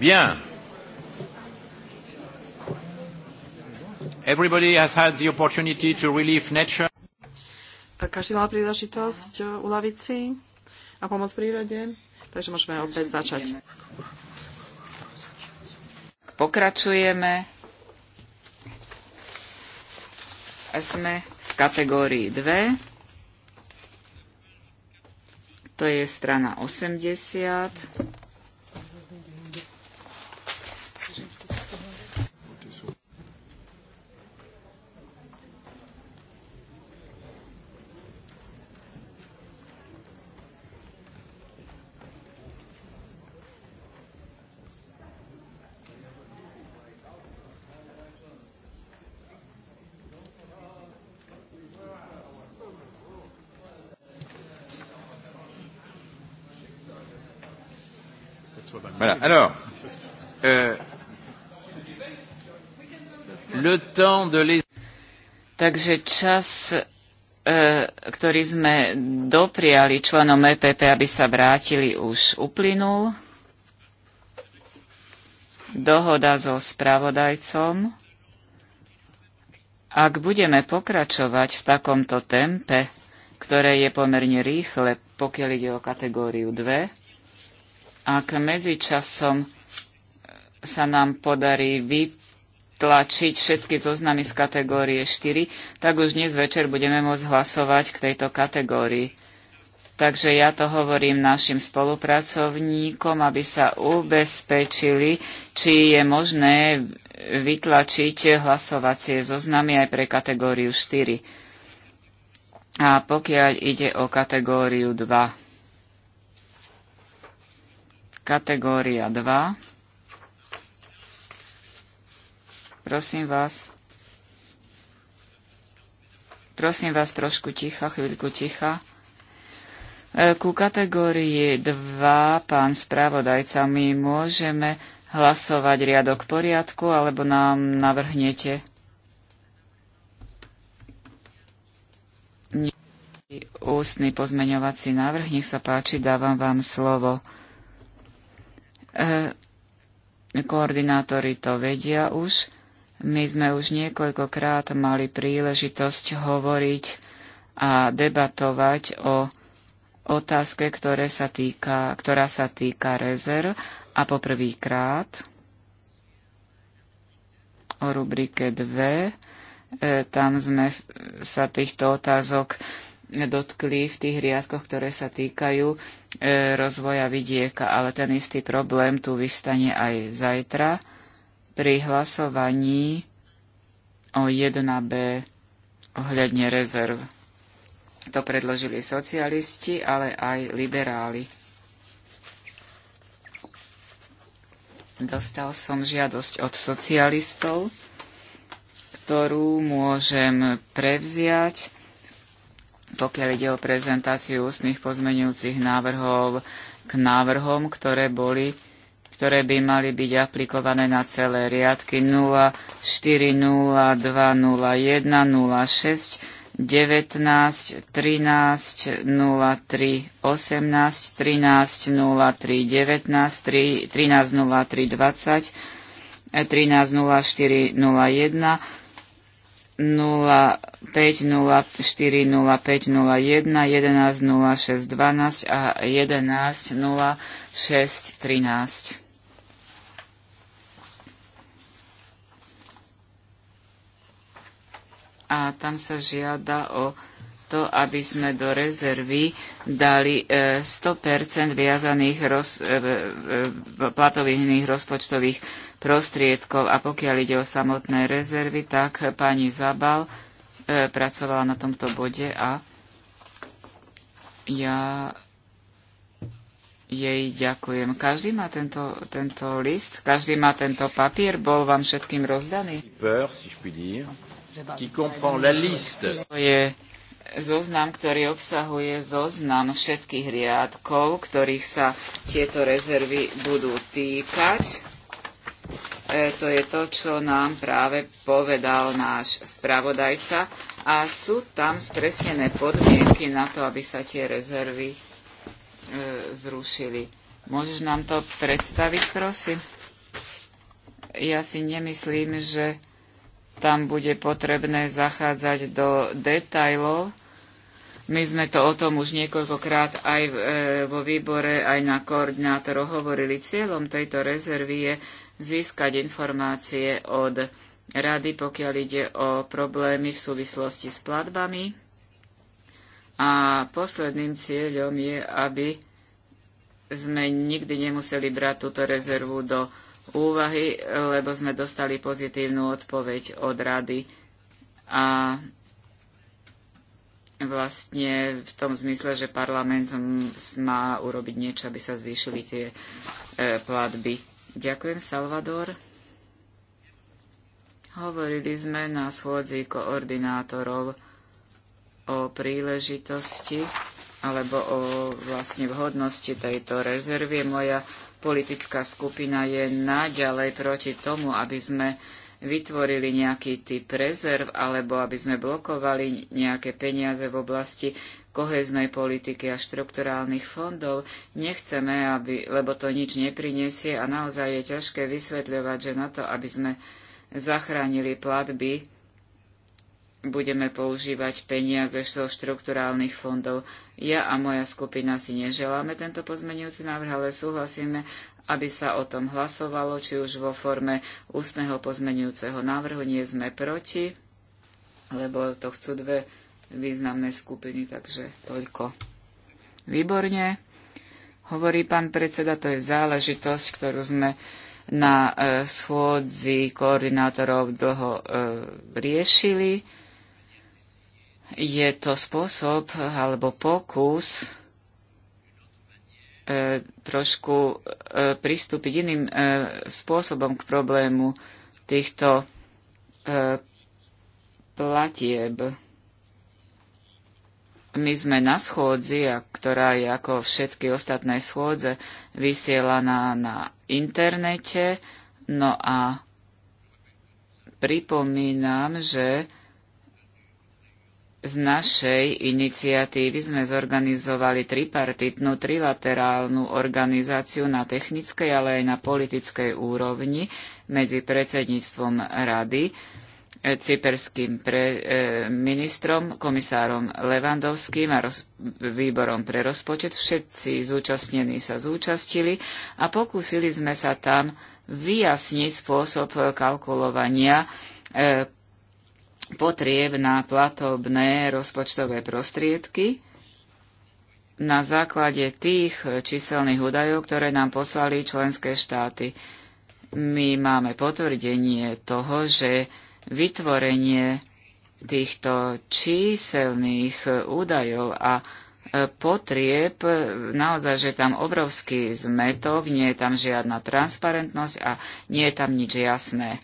Bien. Everybody has had the opportunity to relieve nature. každý mal príležitosť e, uľaviť si a pomôcť prírode, takže môžeme opäť začať. Pokračujeme. A sme v kategórii 2. To je strana 80. Voilà. Alors, euh, le temps de les... Takže čas, e, ktorý sme dopriali členom EPP, aby sa vrátili, už uplynul. Dohoda so spravodajcom. Ak budeme pokračovať v takomto tempe, ktoré je pomerne rýchle, pokiaľ ide o kategóriu 2, ak medzičasom sa nám podarí vytlačiť všetky zoznamy z kategórie 4, tak už dnes večer budeme môcť hlasovať k tejto kategórii. Takže ja to hovorím našim spolupracovníkom, aby sa ubezpečili, či je možné vytlačiť hlasovacie zoznamy aj pre kategóriu 4. A pokiaľ ide o kategóriu 2. Kategória 2. Prosím vás. Prosím vás trošku ticha, chvíľku ticha. E, ku kategórii 2, pán spravodajca, my môžeme hlasovať riadok poriadku, alebo nám navrhnete ústny pozmeňovací návrh. Nech sa páči, dávam vám slovo. E, koordinátori to vedia už. My sme už niekoľkokrát mali príležitosť hovoriť a debatovať o otázke, ktoré sa týka, ktorá sa týka rezerv a poprvýkrát o rubrike 2 e, tam sme sa týchto otázok dotkli v tých riadkoch, ktoré sa týkajú e, rozvoja vidieka, ale ten istý problém tu vystane aj zajtra pri hlasovaní o 1B ohľadne rezerv. To predložili socialisti, ale aj liberáli. Dostal som žiadosť od socialistov, ktorú môžem prevziať pokiaľ ide o prezentáciu ústnych pozmenujúcich návrhov k návrhom, ktoré boli ktoré by mali byť aplikované na celé riadky 0, 4, 0, 2, 0, 1, 0, 6, 19, 13, 0, 3, 18, 13, 0, 3, 19, 3, 13, 0, 3, 20, 13, 0, 4, 0, 1, 05040501, 110612 a 110613. A tam sa žiada o to, aby sme do rezervy dali 100% e, viazaných roz, e, e, platových rozpočtových prostriedkov. A pokiaľ ide o samotné rezervy, tak pani Zabal e, pracovala na tomto bode a ja jej ďakujem. Každý má tento, tento list, každý má tento papier, bol vám všetkým rozdaný. To je zoznam, ktorý obsahuje zoznam všetkých riadkov, ktorých sa tieto rezervy budú týkať. E, to je to, čo nám práve povedal náš spravodajca a sú tam spresnené podmienky na to, aby sa tie rezervy e, zrušili. Môžeš nám to predstaviť, prosím? Ja si nemyslím, že tam bude potrebné zachádzať do detajlov. My sme to o tom už niekoľkokrát aj e, vo výbore, aj na koordinátoroch hovorili. Cieľom tejto rezervy je získať informácie od rady, pokiaľ ide o problémy v súvislosti s platbami. A posledným cieľom je, aby sme nikdy nemuseli brať túto rezervu do úvahy, lebo sme dostali pozitívnu odpoveď od rady. A vlastne v tom zmysle, že parlament má urobiť niečo, aby sa zvýšili tie e, platby. Ďakujem, Salvador. Hovorili sme na schôdzi koordinátorov o príležitosti alebo o vlastne vhodnosti tejto rezervy. Moja politická skupina je naďalej proti tomu, aby sme vytvorili nejaký typ rezerv alebo aby sme blokovali nejaké peniaze v oblasti koheznej politiky a štrukturálnych fondov. Nechceme, aby, lebo to nič neprinesie a naozaj je ťažké vysvetľovať, že na to, aby sme zachránili platby, budeme používať peniaze zo štrukturálnych fondov. Ja a moja skupina si neželáme tento pozmenujúci návrh, ale súhlasíme, aby sa o tom hlasovalo, či už vo forme ústneho pozmenujúceho návrhu. Nie sme proti, lebo to chcú dve významnej skupiny, takže toľko. Výborne. Hovorí pán predseda, to je záležitosť, ktorú sme na e, schôdzi koordinátorov dlho e, riešili. Je to spôsob alebo pokus e, trošku pristúpiť iným spôsobom k problému týchto platieb my sme na schôdzi, a ktorá je ako všetky ostatné schôdze vysielaná na internete. No a pripomínam, že z našej iniciatívy sme zorganizovali tripartitnú, trilaterálnu organizáciu na technickej, ale aj na politickej úrovni medzi predsedníctvom rady E, cyperským pre, e, ministrom, komisárom Levandovským a roz, výborom pre rozpočet. Všetci zúčastnení sa zúčastili a pokúsili sme sa tam vyjasniť spôsob kalkulovania e, potrieb na platobné rozpočtové prostriedky na základe tých číselných údajov, ktoré nám poslali členské štáty. My máme potvrdenie toho, že vytvorenie týchto číselných údajov a e, potrieb, naozaj, že tam obrovský zmetok, nie je tam žiadna transparentnosť a nie je tam nič jasné.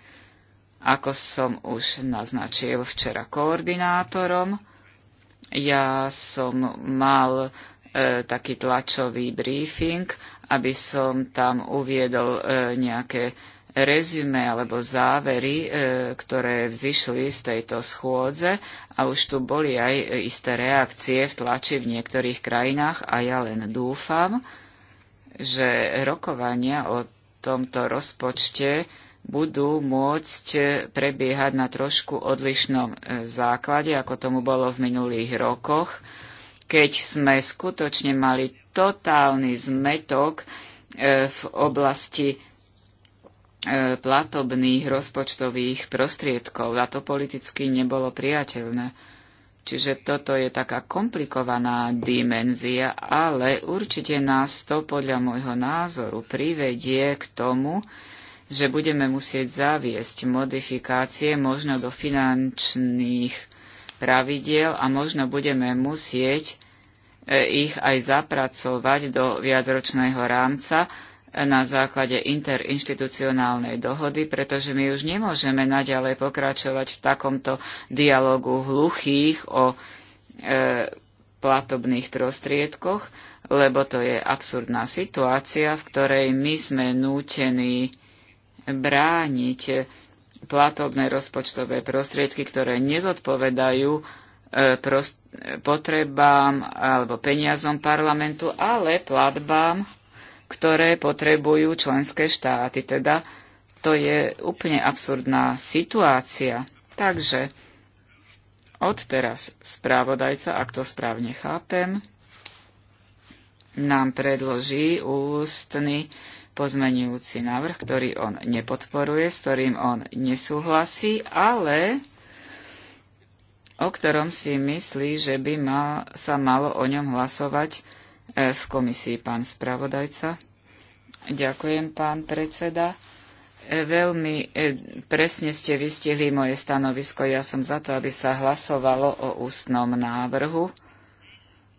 Ako som už naznačil včera koordinátorom, ja som mal e, taký tlačový briefing, aby som tam uviedol e, nejaké rezume alebo závery, e, ktoré vzýšli z tejto schôdze a už tu boli aj isté reakcie v tlači v niektorých krajinách a ja len dúfam, že rokovania o tomto rozpočte budú môcť prebiehať na trošku odlišnom e, základe, ako tomu bolo v minulých rokoch, keď sme skutočne mali totálny zmetok e, v oblasti E, platobných rozpočtových prostriedkov a to politicky nebolo priateľné. Čiže toto je taká komplikovaná dimenzia, ale určite nás to podľa môjho názoru privedie k tomu, že budeme musieť zaviesť modifikácie možno do finančných pravidiel a možno budeme musieť e, ich aj zapracovať do viadročného rámca, na základe interinštitucionálnej dohody, pretože my už nemôžeme naďalej pokračovať v takomto dialogu hluchých o e, platobných prostriedkoch, lebo to je absurdná situácia, v ktorej my sme nútení brániť platobné rozpočtové prostriedky, ktoré nezodpovedajú e, potrebám alebo peniazom parlamentu, ale platbám ktoré potrebujú členské štáty. Teda to je úplne absurdná situácia. Takže odteraz správodajca, ak to správne chápem, nám predloží ústny pozmenujúci návrh, ktorý on nepodporuje, s ktorým on nesúhlasí, ale o ktorom si myslí, že by mal, sa malo o ňom hlasovať v komisii pán spravodajca. Ďakujem, pán predseda. E, veľmi e, presne ste vystihli moje stanovisko. Ja som za to, aby sa hlasovalo o ústnom návrhu,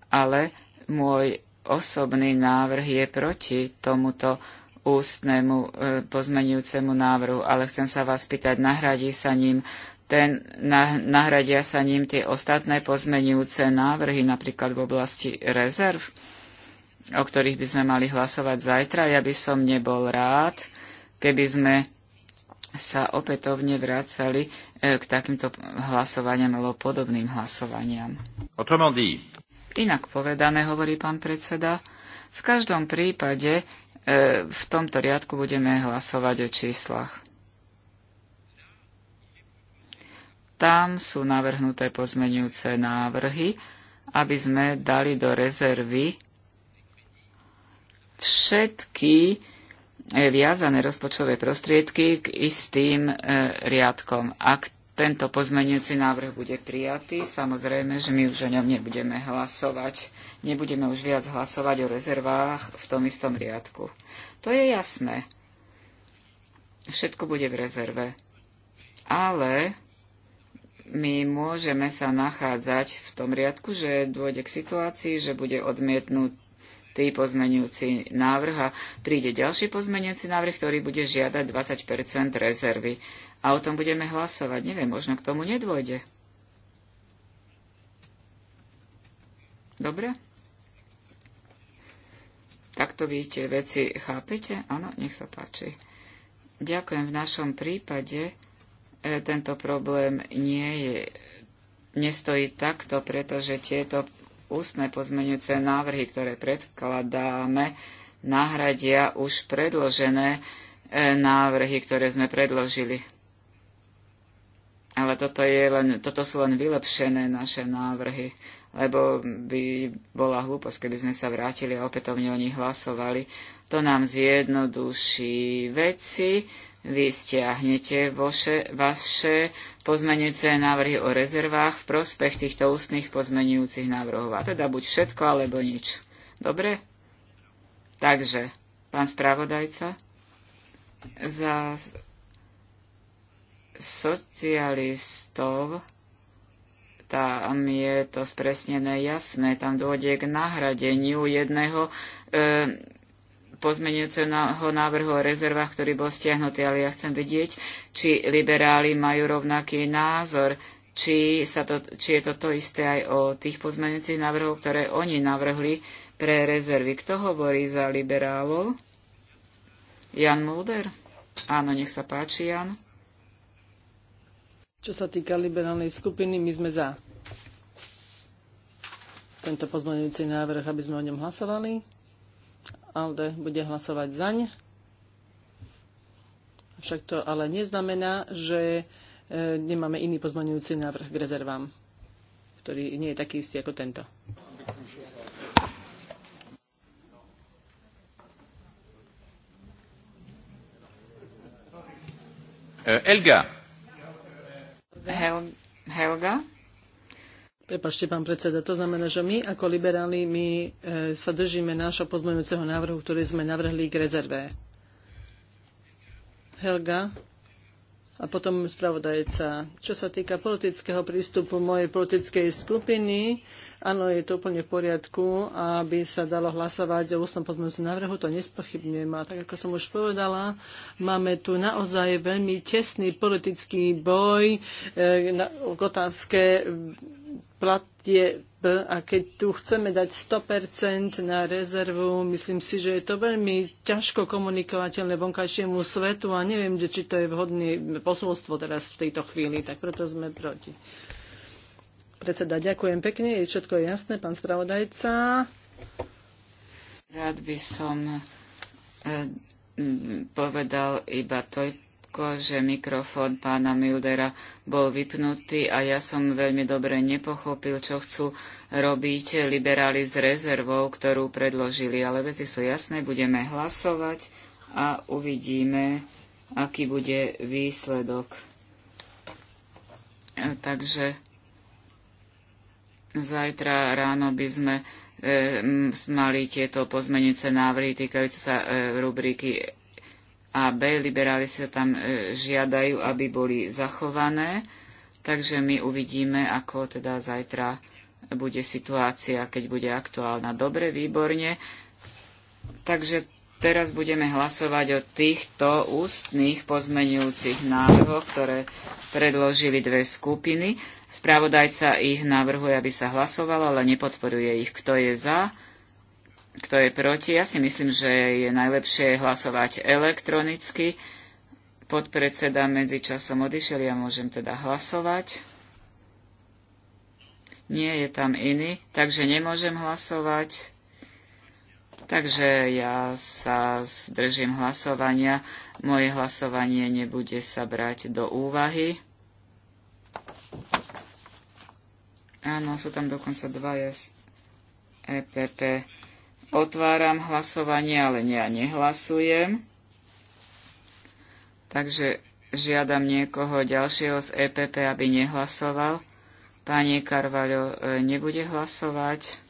ale môj osobný návrh je proti tomuto ústnemu e, pozmenujúcemu návrhu, ale chcem sa vás pýtať, nahradí sa ním ten, nahradia sa ním tie ostatné pozmenujúce návrhy, napríklad v oblasti rezerv? o ktorých by sme mali hlasovať zajtra. Ja by som nebol rád, keby sme sa opätovne vracali e, k takýmto hlasovaniam alebo podobným hlasovaniam. Inak povedané, hovorí pán predseda, v každom prípade e, v tomto riadku budeme hlasovať o číslach. Tam sú navrhnuté pozmenujúce návrhy, aby sme dali do rezervy všetky e, viazané rozpočtové prostriedky k istým e, riadkom. Ak tento pozmeniaci návrh bude prijatý, samozrejme, že my už o ňom nebudeme hlasovať. Nebudeme už viac hlasovať o rezervách v tom istom riadku. To je jasné. Všetko bude v rezerve. Ale my môžeme sa nachádzať v tom riadku, že dôjde k situácii, že bude odmietnutý tri pozmenujúci návrh a príde ďalší pozmenujúci návrh, ktorý bude žiadať 20 rezervy. A o tom budeme hlasovať. Neviem, možno k tomu nedôjde. Dobre? Takto vy tie veci chápete? Áno, nech sa páči. Ďakujem. V našom prípade e, tento problém nie je, nestojí takto, pretože tieto ústne pozmeňujúce návrhy, ktoré predkladáme, nahradia už predložené e, návrhy, ktoré sme predložili. Ale toto, je len, toto sú len vylepšené naše návrhy, lebo by bola hlúposť, keby sme sa vrátili a opätovne o nich hlasovali. To nám zjednoduší veci vy stiahnete vaše, vaše pozmenujúce návrhy o rezervách v prospech týchto ústnych pozmenujúcich návrhov. A teda buď všetko, alebo nič. Dobre? Takže, pán spravodajca, za socialistov tam je to spresnené jasné, tam dôjde k nahradeniu jedného e, pozmeňujúceho návrhu o rezervách, ktorý bol stiahnutý, ale ja chcem vedieť, či liberáli majú rovnaký názor, či, sa to, či je to to isté aj o tých pozmenujúcich návrhov, ktoré oni navrhli pre rezervy. Kto hovorí za liberálov? Jan Mulder? Áno, nech sa páči, Jan. Čo sa týka liberálnej skupiny, my sme za tento pozmeňujúci návrh, aby sme o ňom hlasovali. ALDE bude hlasovať zaň. Však to ale neznamená, že e, nemáme iný pozmaňujúci návrh k rezervám, ktorý nie je taký istý ako tento. E, Elga. Hel- Helga. Prepašte, pán predseda, to znamená, že my ako liberáli my e, sa držíme nášho pozmeňujúceho návrhu, ktorý sme navrhli k rezerve. Helga a potom spravodajca. Čo sa týka politického prístupu mojej politickej skupiny, áno, je to úplne v poriadku, aby sa dalo hlasovať o ústnom pozmeňujúcom návrhu, to nespochybnem. A tak ako som už povedala, máme tu naozaj veľmi tesný politický boj e, na, k otázke platie a keď tu chceme dať 100% na rezervu, myslím si, že je to veľmi ťažko komunikovateľné vonkajšiemu svetu a neviem, či to je vhodné posolstvo teraz v tejto chvíli, tak preto sme proti. Predseda, ďakujem pekne, je všetko jasné, pán spravodajca. Rád by som eh, povedal iba toľko, že mikrofón pána Mildera bol vypnutý a ja som veľmi dobre nepochopil, čo chcú robiť liberáli s rezervou, ktorú predložili. Ale veci sú jasné, budeme hlasovať a uvidíme, aký bude výsledok. E, takže zajtra ráno by sme e, mali tieto pozmenujúce návrhy týkajúce sa e, rubriky a B. Liberáli sa tam e, žiadajú, aby boli zachované. Takže my uvidíme, ako teda zajtra bude situácia, keď bude aktuálna. Dobre, výborne. Takže teraz budeme hlasovať o týchto ústnych pozmenujúcich návrhoch, ktoré predložili dve skupiny. Spravodajca ich navrhuje, aby sa hlasovalo, ale nepodporuje ich. Kto je za? kto je proti. Ja si myslím, že je najlepšie hlasovať elektronicky. Podpredseda medzičasom odišiel, ja môžem teda hlasovať. Nie je tam iný, takže nemôžem hlasovať. Takže ja sa zdržím hlasovania. Moje hlasovanie nebude sa brať do úvahy. Áno, sú tam dokonca dva z EPP. Otváram hlasovanie, ale ja nehlasujem. Takže žiadam niekoho ďalšieho z EPP, aby nehlasoval. Pani Karvaľo e, nebude hlasovať.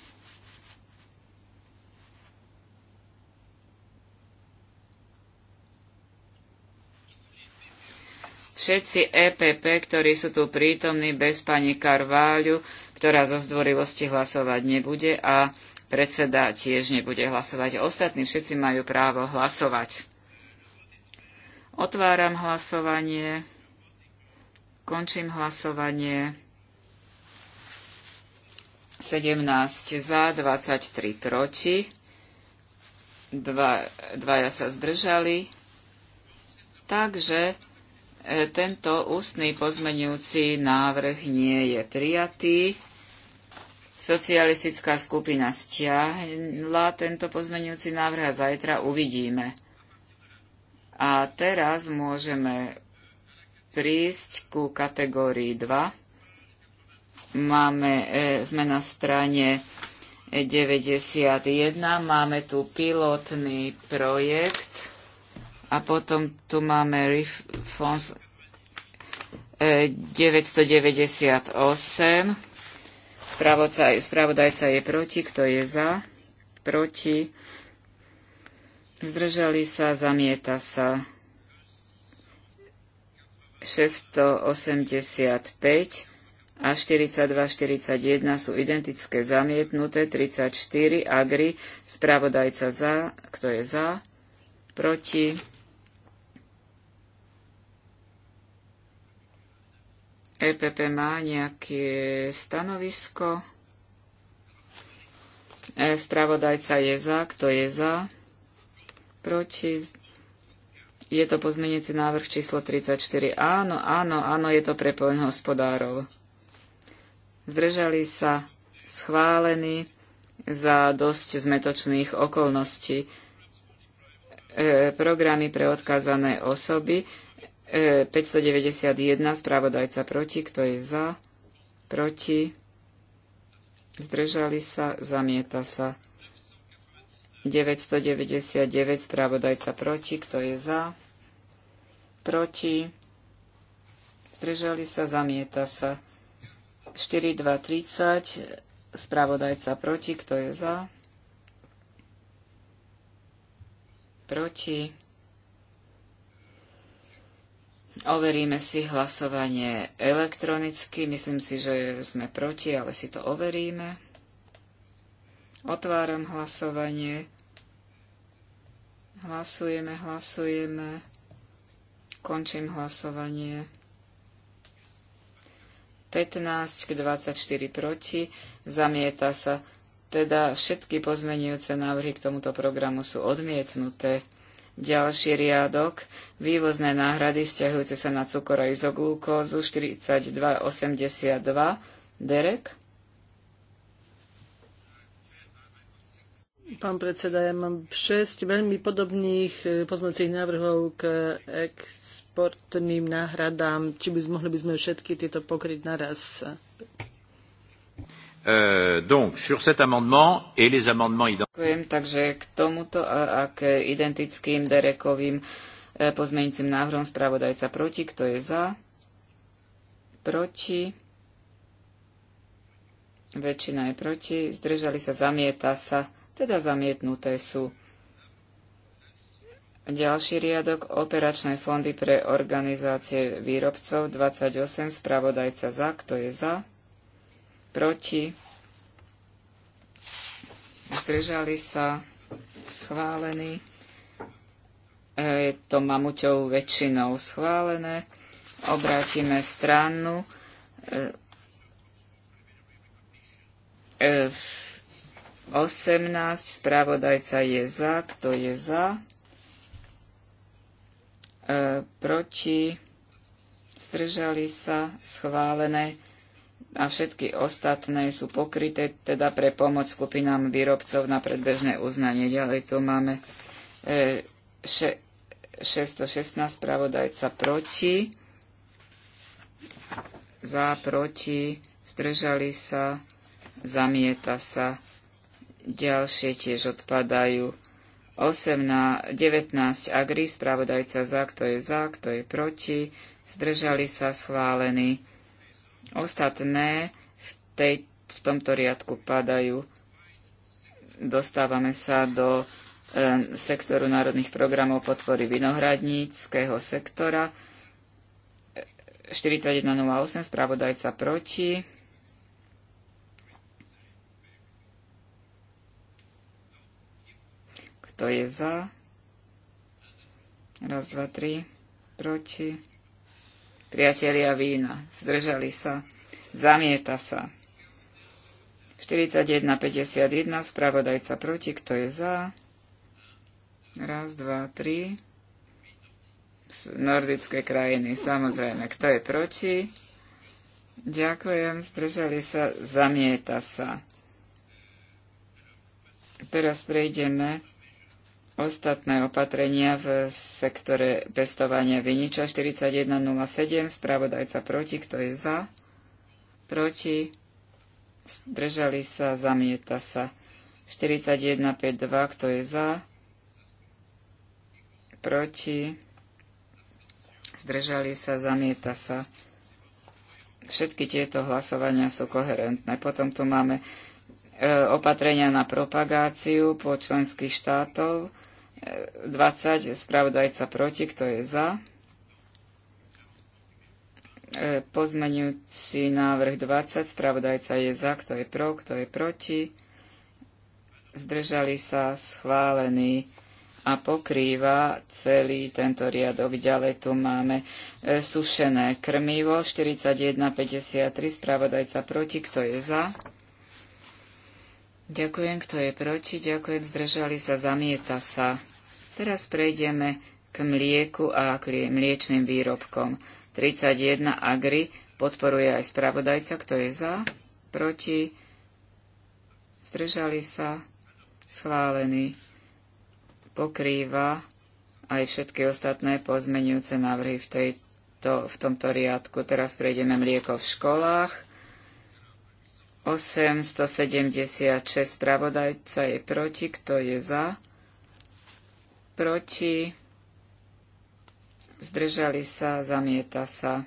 Všetci EPP, ktorí sú tu prítomní bez pani Karváľu, ktorá zo zdvorilosti hlasovať nebude a Predseda tiež nebude hlasovať. Ostatní všetci majú právo hlasovať. Otváram hlasovanie. Končím hlasovanie. 17 za, 23 proti. Dva, dvaja sa zdržali. Takže e, tento ústny pozmenujúci návrh nie je prijatý. Socialistická skupina stiahla tento pozmenujúci návrh a zajtra uvidíme. A teraz môžeme prísť ku kategórii 2. Máme, e, sme na strane 91, máme tu pilotný projekt a potom tu máme Rifons 998 e, Spravodajca je proti, kto je za, proti, zdržali sa, zamieta sa. 685 a 42-41 sú identické zamietnuté, 34 agri, spravodajca za, kto je za, proti, EPP má nejaké stanovisko. E, spravodajca je za. Kto je za? Proti? Je to pozmeniaci návrh číslo 34. Áno, áno, áno, je to pre poľnohospodárov. Zdržali sa schválení za dosť zmetočných okolností. E, programy pre odkázané osoby 591, správodajca proti, kto je za, proti, zdržali sa, zamieta sa. 999, spravodajca proti, kto je za, proti, zdržali sa, zamieta sa. 4230, spravodajca proti, kto je za, proti, Overíme si hlasovanie elektronicky. Myslím si, že sme proti, ale si to overíme. Otváram hlasovanie. Hlasujeme, hlasujeme. Končím hlasovanie. 15 k 24 proti. Zamieta sa. Teda všetky pozmenujúce návrhy k tomuto programu sú odmietnuté. Ďalší riadok, vývozné náhrady vzťahujúce sa na cukor a izoglukózu 4282, Derek. Pán predseda, ja mám 6 veľmi podobných e, pozmeňujúcich návrhov k exportným náhradám. Či by mohli by sme všetky tieto pokryť naraz? Euh, donc, sur cet amendement et les amendements identiques. takže k tomuto a, a k identickým Derekovým e, pozmeňujúcim návrhom spravodajca proti. Kto je za? Proti. Väčšina je proti. Zdržali sa, zamieta sa. Teda zamietnuté sú. Ďalší riadok operačné fondy pre organizácie výrobcov 28 spravodajca za. Kto je za? proti, zdržali sa, schválení. E, je to mamuťou väčšinou schválené. Obrátime stranu. E, 18, e, správodajca je za, kto je za, e, proti, zdržali sa, schválené, a všetky ostatné sú pokryté teda pre pomoc skupinám výrobcov na predbežné uznanie. Ďalej tu máme e, še, 616 spravodajca proti, za, proti, zdržali sa, zamieta sa, ďalšie tiež odpadajú. 18, 19 agri, spravodajca za, kto je za, kto je proti, zdržali sa schválení. Ostatné v, tej, v tomto riadku padajú. Dostávame sa do e, sektoru národných programov podpory vinohradníckého sektora. 4108, spravodajca proti. Kto je za? Raz, dva, tri. Proti priatelia vína. Zdržali sa. Zamieta sa. 41.51. Spravodajca proti. Kto je za? Raz, dva, tri. Nordické krajiny. Samozrejme. Kto je proti? Ďakujem. Zdržali sa. Zamieta sa. Teraz prejdeme ostatné opatrenia v sektore pestovania viniča 4107, spravodajca proti, kto je za, proti, zdržali sa, zamieta sa. 4152, kto je za, proti, zdržali sa, zamieta sa. Všetky tieto hlasovania sú koherentné. Potom tu máme e, opatrenia na propagáciu po členských štátov 20, spravodajca proti, kto je za. E, Pozmenujúci návrh 20, spravodajca je za, kto je pro, kto je proti. Zdržali sa schválený a pokrýva celý tento riadok. Ďalej tu máme e, sušené krmivo 41,53, spravodajca proti, kto je za, Ďakujem, kto je proti, ďakujem, zdržali sa, zamieta sa. Teraz prejdeme k mlieku a k mliečným výrobkom. 31 Agri podporuje aj spravodajca, kto je za, proti, zdržali sa, schválený. Pokrýva aj všetky ostatné pozmenujúce návrhy v, tejto, v tomto riadku. Teraz prejdeme mlieko v školách. 876 spravodajca je proti, kto je za, proti, zdržali sa, zamieta sa.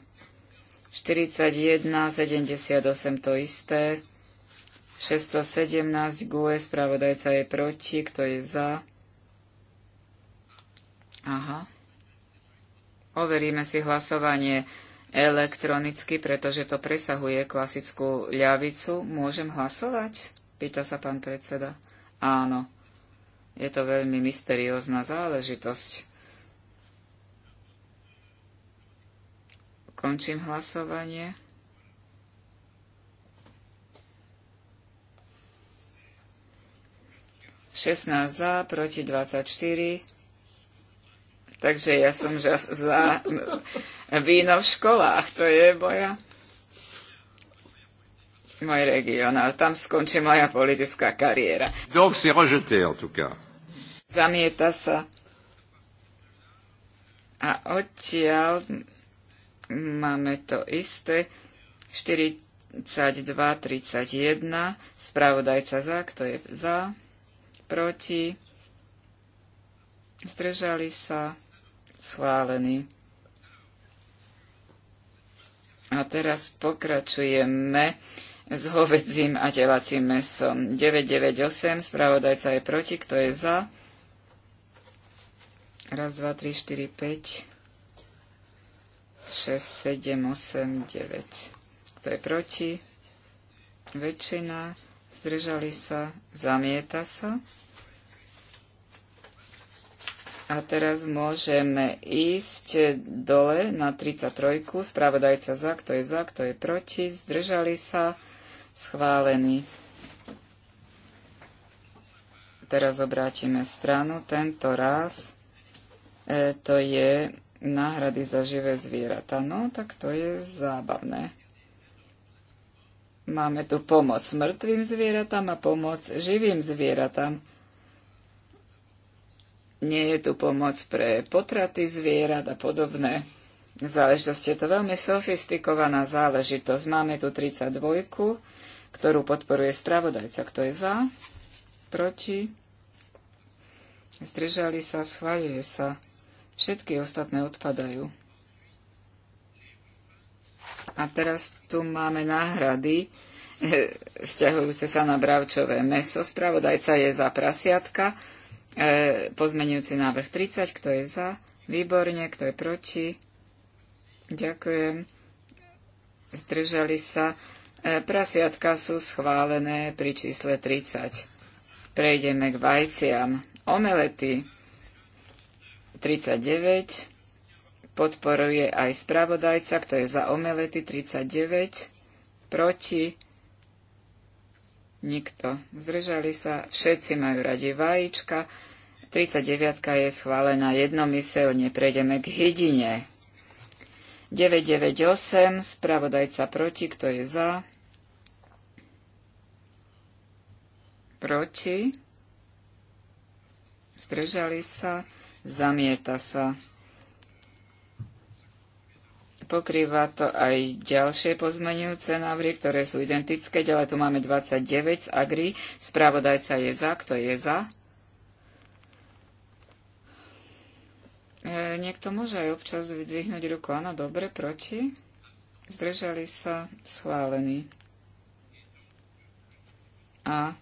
41, 78 to isté, 617 GUE, spravodajca je proti, kto je za. Aha. Overíme si hlasovanie elektronicky, pretože to presahuje klasickú ľavicu. Môžem hlasovať? Pýta sa pán predseda. Áno. Je to veľmi mysteriózna záležitosť. Končím hlasovanie. Šestnáct za, proti 24. Takže ja som že za víno v školách, to je moja môj region. ale tam skončí moja politická kariéra. Donc c'est rejeté en tout cas. Zamieta sa. A odtiaľ máme to isté. 42, 31. Spravodajca za, kto je za, proti. Zdržali sa. Schválený. A teraz pokračujeme s hovedzím a telacím mesom. 998, spravodajca je proti, kto je za? Raz, dva, tri, štyri, päť, šesť, sedem, osem, 9. Kto je proti? Väčšina. Zdržali sa. Zamieta sa. A teraz môžeme ísť dole na 33. Spravodajca za, kto je za, kto je proti. Zdržali sa. Schválený. Teraz obrátime stranu. Tento raz e, to je náhrady za živé zvieratá. No, tak to je zábavné. Máme tu pomoc mŕtvým zvieratám a pomoc živým zvieratám nie je tu pomoc pre potraty zvierat a podobné záležitosti. Je to veľmi sofistikovaná záležitosť. Máme tu 32, ktorú podporuje spravodajca. Kto je za? Proti? Zdržali sa, schváľuje sa. Všetky ostatné odpadajú. A teraz tu máme náhrady eh, vzťahujúce sa na bravčové meso. Spravodajca je za prasiatka E, pozmenujúci návrh 30, kto je za, výborne, kto je proti, ďakujem, zdržali sa, e, prasiatka sú schválené pri čísle 30. Prejdeme k vajciam. Omelety 39, podporuje aj spravodajca, kto je za omelety 39, proti, Nikto. Zdržali sa. Všetci majú radi vajíčka. 39 je schválená jednomyselne. Prejdeme k hydine. 998. Spravodajca proti. Kto je za? Proti. Zdržali sa. Zamieta sa pokrýva to aj ďalšie pozmeňujúce návrhy, ktoré sú identické. Ďalej tu máme 29 z Agri. Spravodajca je za. Kto je za? E, niekto môže aj občas vydvihnúť ruku. Áno, dobre, proti. Zdržali sa. Schválený. A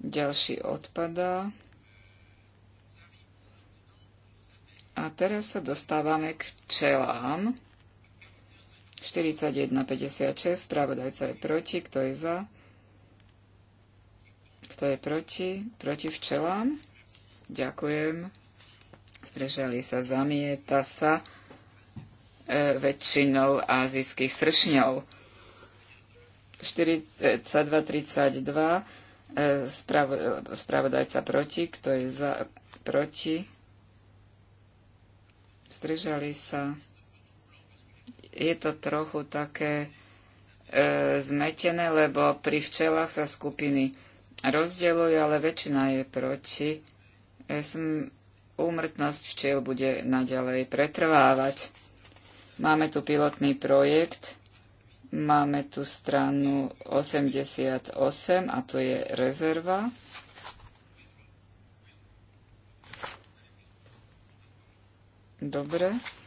ďalší odpadá. A teraz sa dostávame k čelám. 41,56. Spravodajca je proti. Kto je za? Kto je proti? Proti včelám? Ďakujem. Zdržali sa, zamieta sa e, väčšinou azijských sršňov. 42,32. E, spravo, spravodajca proti. Kto je za? Proti? Zdržali sa je to trochu také e, zmetené, lebo pri včelách sa skupiny rozdeľujú, ale väčšina je proti. E, sm, úmrtnosť včiel bude naďalej pretrvávať. Máme tu pilotný projekt, máme tu stranu 88 a tu je rezerva. Dobre.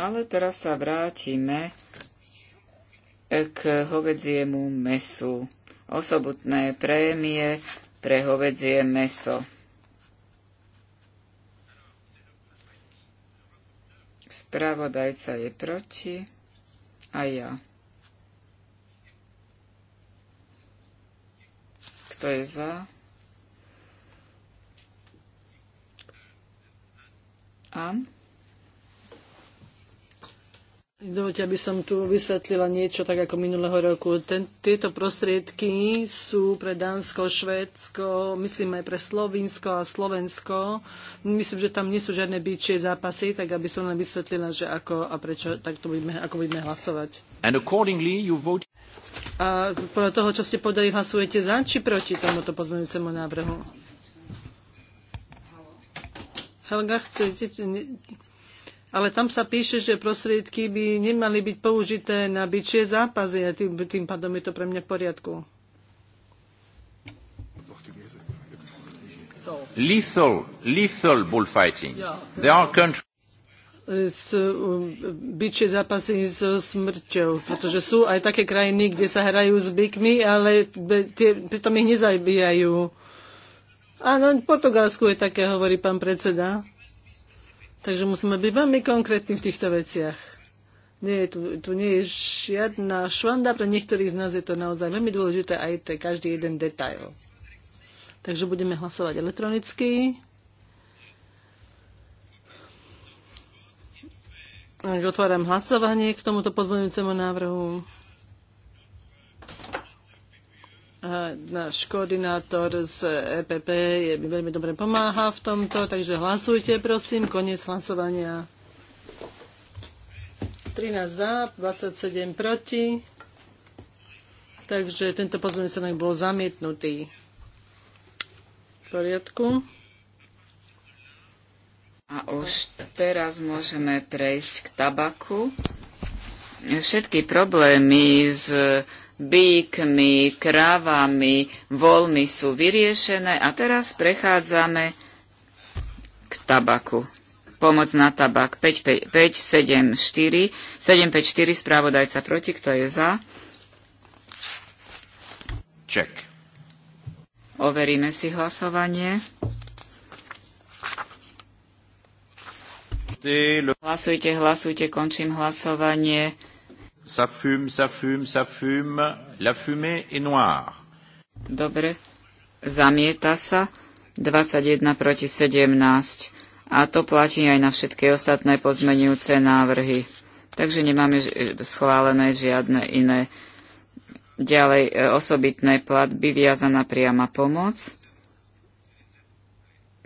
Ale teraz sa vrátime k hovedziemu mesu. Osobutné prémie pre hovedzie meso. Spravodajca je proti a ja. Kto je za? An? Dovoľte, aby som tu vysvetlila niečo tak ako minulého roku. Ten, tieto prostriedky sú pre Dánsko, Švédsko, myslím aj pre Slovinsko a Slovensko. Myslím, že tam nie sú žiadne býčie zápasy, tak aby som len vysvetlila, že ako a prečo to budeme, ako budeme hlasovať. And accordingly you vote... A podľa toho, čo ste podali, hlasujete za či proti tomuto pozmeňujúcemu návrhu? Helga, chcete ale tam sa píše, že prostriedky by nemali byť použité na byčie zápasy a tým, tým pádom je to pre mňa v poriadku. Lethal, lethal bullfighting. There are countries s, um, byčie zápasy so smrťou. Pretože sú aj také krajiny, kde sa hrajú s bykmi, ale tie, pritom ich nezabíjajú. Áno, v Portugalsku je také, hovorí pán predseda. Takže musíme byť veľmi konkrétni v týchto veciach. Nie, tu, tu nie je žiadna švanda, pre niektorých z nás je to naozaj veľmi dôležité, aj to každý jeden detail. Takže budeme hlasovať elektronicky. Otváram hlasovanie k tomuto pozmeňujúcemu návrhu. náš koordinátor z EPP je, mi veľmi dobre pomáha v tomto, takže hlasujte prosím, koniec hlasovania. 13 za, 27 proti. Takže tento pozornosť návrh bol zamietnutý. V poriadku. A už teraz môžeme prejsť k tabaku. Všetky problémy s bíkmi, kravami, voľmi sú vyriešené a teraz prechádzame k tabaku. Pomoc na tabak 5, 5, 4, správodajca proti, kto je za? Ček. Overíme si hlasovanie. Hlasujte, hlasujte, končím hlasovanie. Ça fume, ça fume, ça fume. La fumée est noire. Dobre. Zamieta sa. 21 proti 17. A to platí aj na všetky ostatné pozmenujúce návrhy. Takže nemáme schválené žiadne iné. Ďalej e, osobitné platby, viazaná priama pomoc.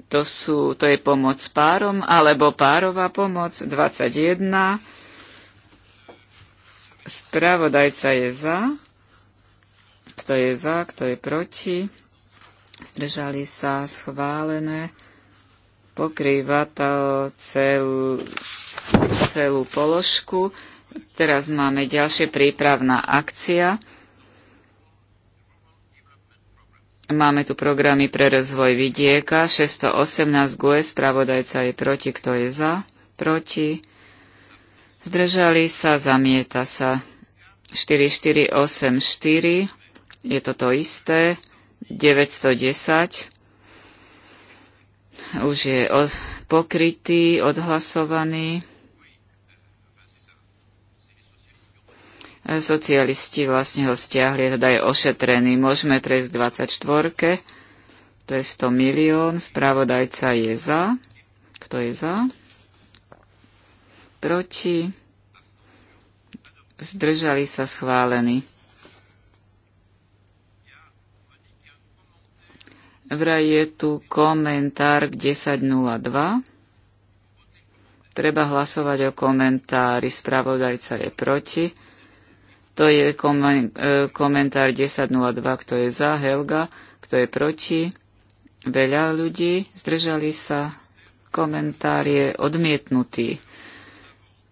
To, sú, to je pomoc párom alebo párová pomoc 21 Spravodajca je za. Kto je za, kto je proti. Zdržali sa schválené. Pokrýva to celú, celú položku. Teraz máme ďalšie prípravná akcia. Máme tu programy pre rozvoj vidieka. 618 GUE, spravodajca je proti, kto je za, proti zdržali sa, zamieta sa. 4484, je to to isté, 910, už je od, pokrytý, odhlasovaný. Socialisti vlastne ho stiahli, teda je ošetrený. Môžeme prejsť k 24. To je 100 milión. Spravodajca je za. Kto je za? proti, zdržali sa schválení. Vraj je tu komentár k 10.02. Treba hlasovať o komentári, spravodajca je proti. To je e, komentár 10.02, kto je za, Helga, kto je proti. Veľa ľudí zdržali sa, komentár je odmietnutý.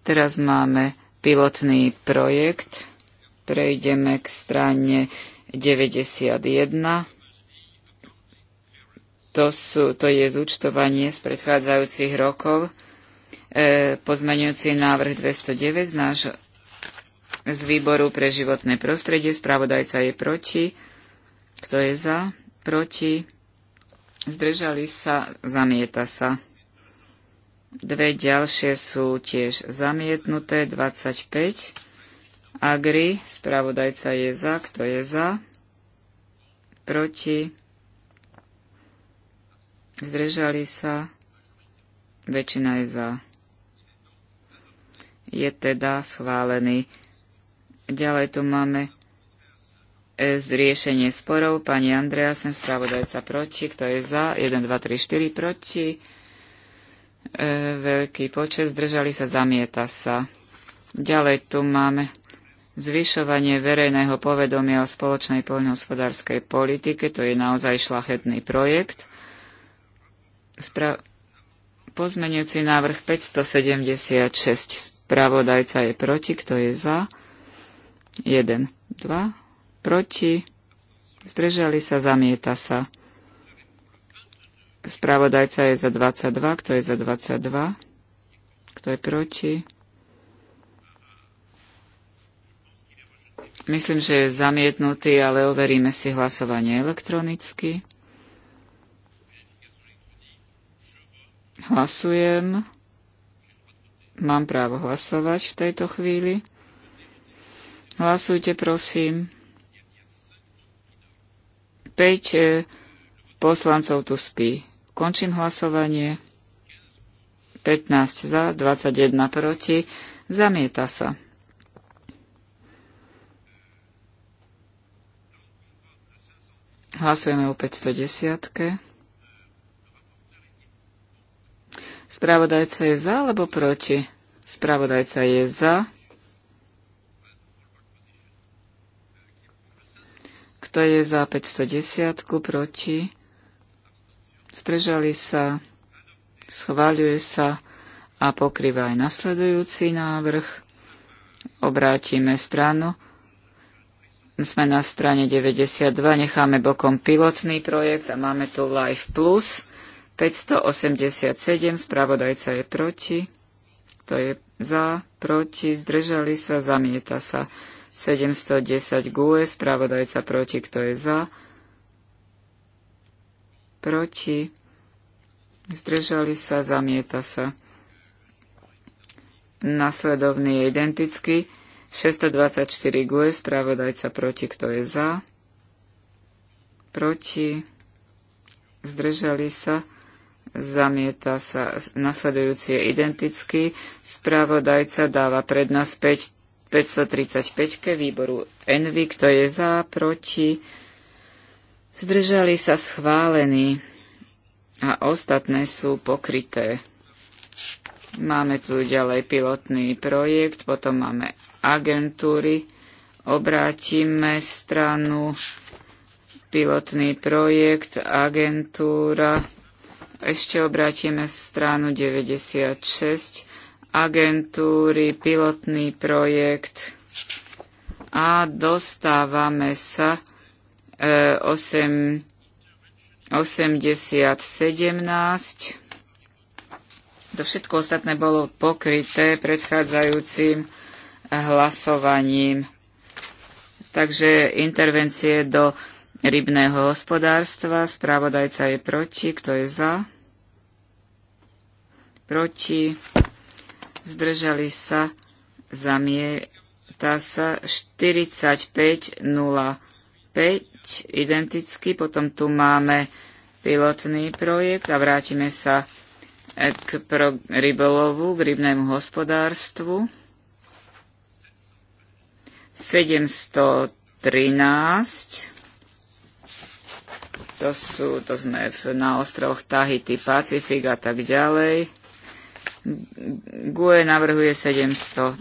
Teraz máme pilotný projekt. Prejdeme k strane 91. To, sú, to je zúčtovanie z predchádzajúcich rokov. E, pozmeňujúci návrh 209 z, náš, z výboru pre životné prostredie. Spravodajca je proti. Kto je za? Proti. Zdržali sa? Zamieta sa. Dve ďalšie sú tiež zamietnuté, 25. Agri, spravodajca je za, kto je za? Proti? Zdržali sa? Väčšina je za. Je teda schválený. Ďalej tu máme e, riešenie sporov. Pani Andreasen, spravodajca proti, kto je za? 1, 2, 3, 4 proti E, veľký počet, zdržali sa, zamieta sa. Ďalej tu máme zvyšovanie verejného povedomia o spoločnej poľnohospodárskej politike, to je naozaj šlachetný projekt. Spra- pozmenujúci návrh 576. Spravodajca je proti, kto je za? 1, 2, proti, zdržali sa, zamieta sa. Spravodajca je za 22. Kto je za 22? Kto je proti? Myslím, že je zamietnutý, ale overíme si hlasovanie elektronicky. Hlasujem. Mám právo hlasovať v tejto chvíli. Hlasujte, prosím. 5 eh, poslancov tu spí. Končím hlasovanie. 15 za, 21 proti. Zamieta sa. Hlasujeme o 510. Spravodajca je za alebo proti? Spravodajca je za. Kto je za 510 proti? Zdržali sa. Schváľuje sa a pokrýva aj nasledujúci návrh. Obrátime stranu. Sme na strane 92, necháme bokom pilotný projekt a máme tu Life Plus 587, spravodajca je proti, to je za, proti, zdržali sa, zamieta sa 710 GUE, spravodajca proti, kto je za, proti, zdržali sa, zamieta sa. Nasledovný je identický. 624 GUE, spravodajca proti, kto je za, proti, zdržali sa, zamieta sa. Nasledujúci je identický. spravodajca dáva prednosť 5, 535 výboru Envy, kto je za, proti, zdržali sa schválení a ostatné sú pokryté. Máme tu ďalej pilotný projekt, potom máme agentúry, obrátime stranu, pilotný projekt, agentúra, ešte obrátime stranu 96, agentúry, pilotný projekt a dostávame sa 8017. 80, To všetko ostatné bolo pokryté predchádzajúcim hlasovaním. Takže intervencie do rybného hospodárstva. Správodajca je proti. Kto je za? Proti. Zdržali sa. Zamieta sa 4505 identicky, potom tu máme pilotný projekt a vrátime sa e, k pro rybolovu, k rybnému hospodárstvu. 713 to, sú, to sme v, na ostrovoch Tahiti, Pacifik a tak ďalej. GUE navrhuje 713.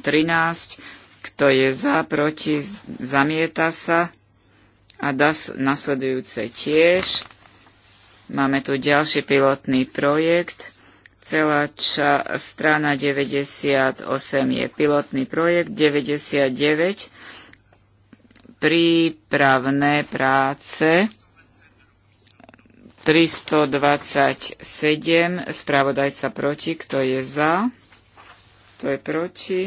Kto je za, proti, zamieta sa a das, nasledujúce tiež. Máme tu ďalší pilotný projekt. Celá ča, strana 98 je pilotný projekt, 99 prípravné práce. 327, spravodajca proti, kto je za, kto je proti.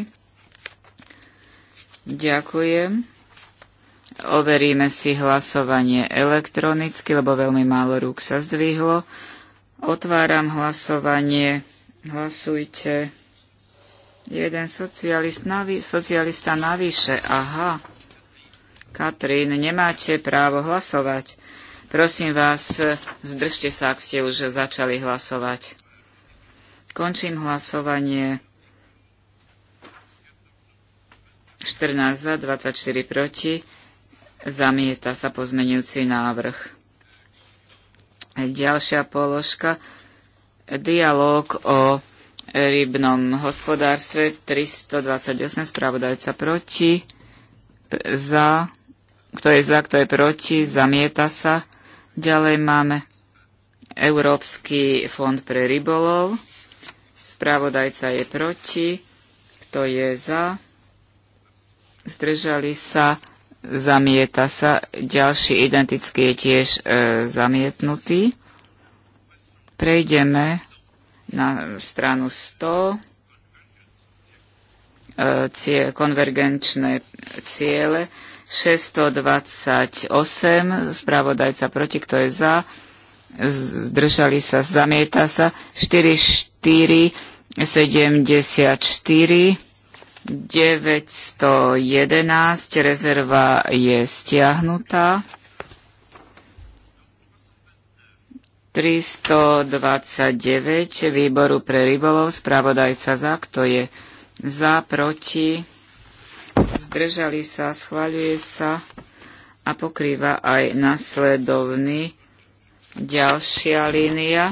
Ďakujem. Overíme si hlasovanie elektronicky, lebo veľmi málo rúk sa zdvihlo. Otváram hlasovanie. Hlasujte. Jeden socialist navi- socialista navyše. Aha. Katrín, nemáte právo hlasovať. Prosím vás, zdržte sa, ak ste už začali hlasovať. Končím hlasovanie. 14 za, 24 proti. Zamieta sa pozmenujúci návrh. Ďalšia položka. Dialóg o rybnom hospodárstve 328. Spravodajca proti. Za. Kto je za, kto je proti. Zamieta sa. Ďalej máme Európsky fond pre rybolov. Spravodajca je proti. Kto je za? Zdržali sa zamieta sa, ďalší identický je tiež e, zamietnutý. Prejdeme na stranu 100, e, cie, konvergenčné ciele, 628, spravodajca proti, kto je za, zdržali sa, zamieta sa, 44, 74, 911 rezerva je stiahnutá. 329 výboru pre rybolov, spravodajca za, kto je za, proti, zdržali sa, schváľuje sa a pokrýva aj nasledovný ďalšia línia,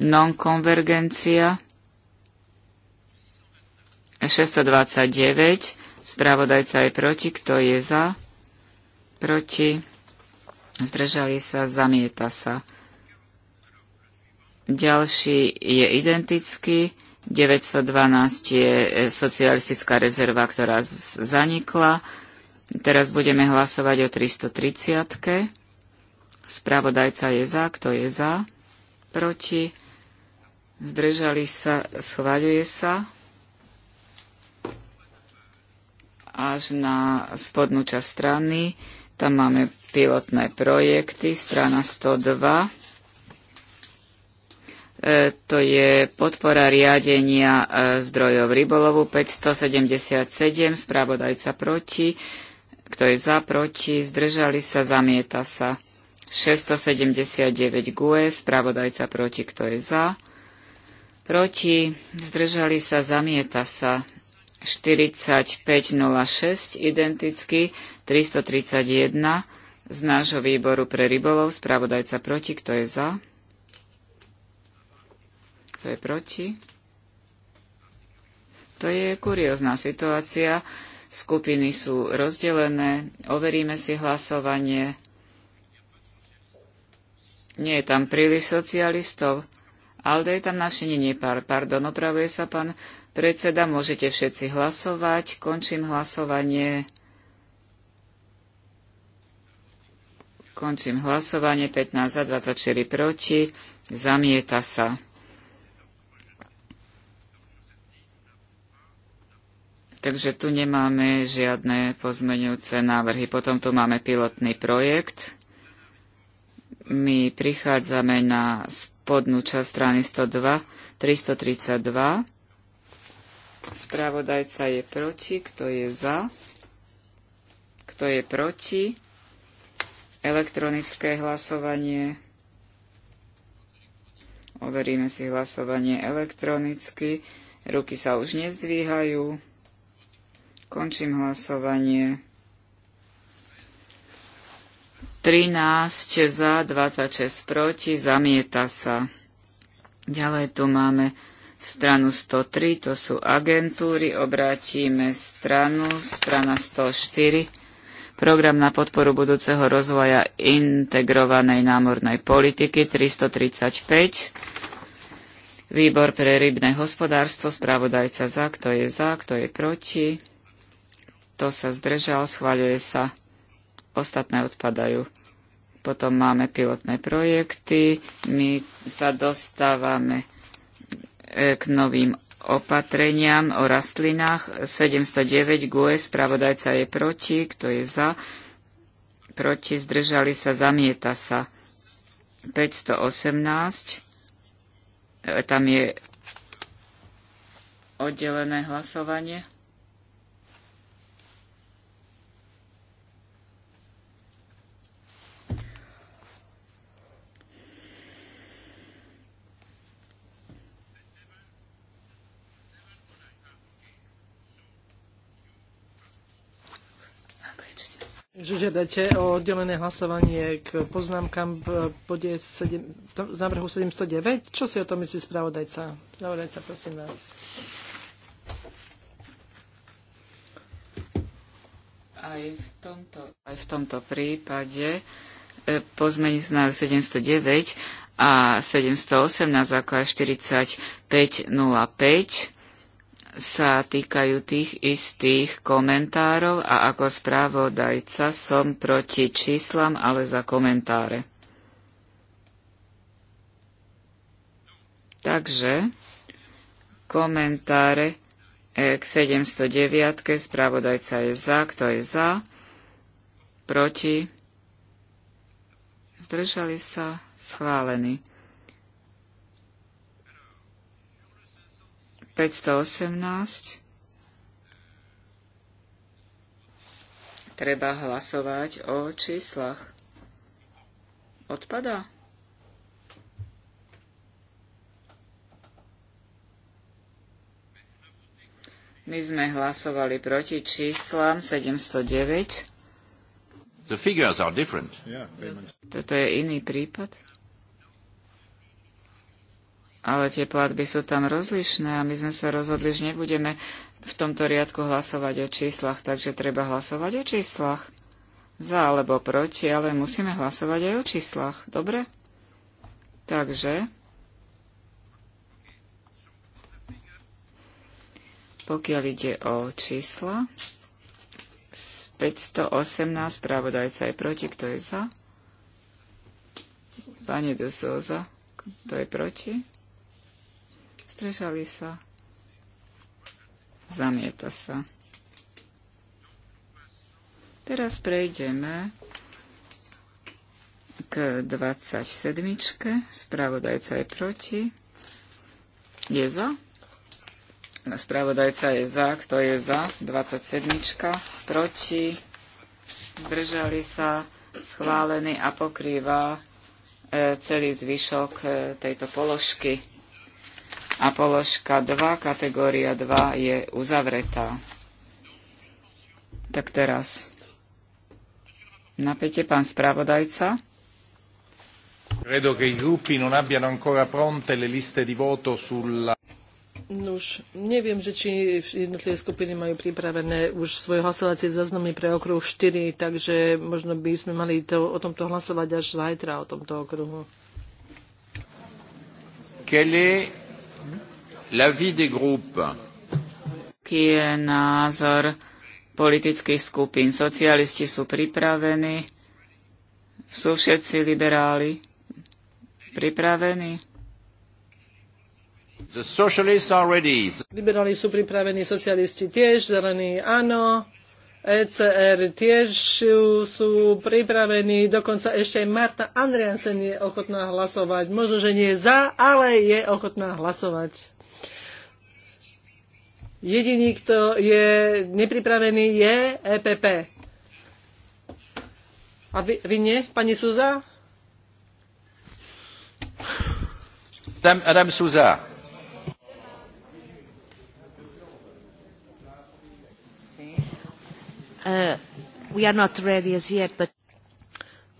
nonkonvergencia 629. Spravodajca je proti. Kto je za? Proti. Zdržali sa. Zamieta sa. Ďalší je identický. 912 je e, socialistická rezerva, ktorá zanikla. Teraz budeme hlasovať o 330. Spravodajca je za. Kto je za? Proti. Zdržali sa. Schvaľuje sa. až na spodnú časť strany. Tam máme pilotné projekty, strana 102. E, to je podpora riadenia e, zdrojov rybolovu 577, správodajca proti. Kto je za, proti, zdržali sa, zamieta sa. 679 GUE, správodajca proti, kto je za, proti, zdržali sa, zamieta sa. 4506 identicky 331 z nášho výboru pre rybolov. Spravodajca proti. Kto je za? Kto je proti? To je kuriózna situácia. Skupiny sú rozdelené. Overíme si hlasovanie. Nie je tam príliš socialistov. Alde je tam našenie pár. Pardon, opravuje sa pán Predseda, môžete všetci hlasovať. Končím hlasovanie. Končím hlasovanie. 15 za, 24 proti. Zamieta sa. Takže tu nemáme žiadne pozmeňujúce návrhy. Potom tu máme pilotný projekt. My prichádzame na spodnú časť strany 102, 332 Spravodajca je proti. Kto je za? Kto je proti? Elektronické hlasovanie. Overíme si hlasovanie elektronicky. Ruky sa už nezdvíhajú. Končím hlasovanie. 13 za, 26 proti, zamieta sa. Ďalej tu máme stranu 103, to sú agentúry, obrátime stranu, strana 104, program na podporu budúceho rozvoja integrovanej námornej politiky 335, výbor pre rybné hospodárstvo, správodajca za, kto je za, kto je proti, to sa zdržal, schváľuje sa, ostatné odpadajú. Potom máme pilotné projekty, my sa dostávame E, k novým opatreniam o rastlinách. 709 GUE, spravodajca je proti, kto je za, proti, zdržali sa, zamieta sa. 518, e, tam je oddelené hlasovanie. že žiadate o oddelené hlasovanie k poznámkam v bode eh, 7, v návrhu 709. Čo si o tom myslí spravodajca? Spravodajca, prosím vás. Aj v tomto, aj v tomto prípade pozmeň z návrhu 709 a 718 ako aj 4505 sa týkajú tých istých komentárov a ako správodajca som proti číslam, ale za komentáre. Takže komentáre k 709. Spravodajca je za. Kto je za? Proti? Zdržali sa? Schválený. 518. Treba hlasovať o číslach. Odpadá? My sme hlasovali proti číslam 709. The figures are different. Toto je iný prípad ale tie platby sú tam rozlišné a my sme sa rozhodli, že nebudeme v tomto riadku hlasovať o číslach, takže treba hlasovať o číslach. Za alebo proti, ale musíme hlasovať aj o číslach, dobre? Takže... Pokiaľ ide o čísla, z 518 správodajca je proti, kto je za? Pani Souza, kto je proti? Zdržali sa. Zamieta sa. Teraz prejdeme k 27. Spravodajca je proti. Je za. Spravodajca je za. Kto je za? 27. Proti. Zdržali sa. Schválený a pokrýva e, celý zvyšok e, tejto položky a položka 2, kategória 2 je uzavretá. Tak teraz. Napäte pán spravodajca. Credo che i gruppi non abbiano ancora pronte le liste di voto sulla Nuž, neviem, že či jednotlivé skupiny majú pripravené už svoje hlasovacie zaznamy pre okruh 4, takže možno by sme mali to, o tomto hlasovať až zajtra, o tomto okruhu. Quelle L'avis des groupes. Aký je názor politických skupín? Socialisti sú pripravení? Sú všetci liberáli pripravení? The socialists are ready. Liberáli sú pripravení, socialisti tiež, zelení áno, ECR tiež sú pripravení, dokonca ešte aj Marta Andriansen je ochotná hlasovať. Možno, že nie za, ale je ochotná hlasovať. Jediný, kto je nepripravený, je EPP. A vy, vy nie, pani Suza? Madame, Adam Suza. Uh, we are not ready as yet, but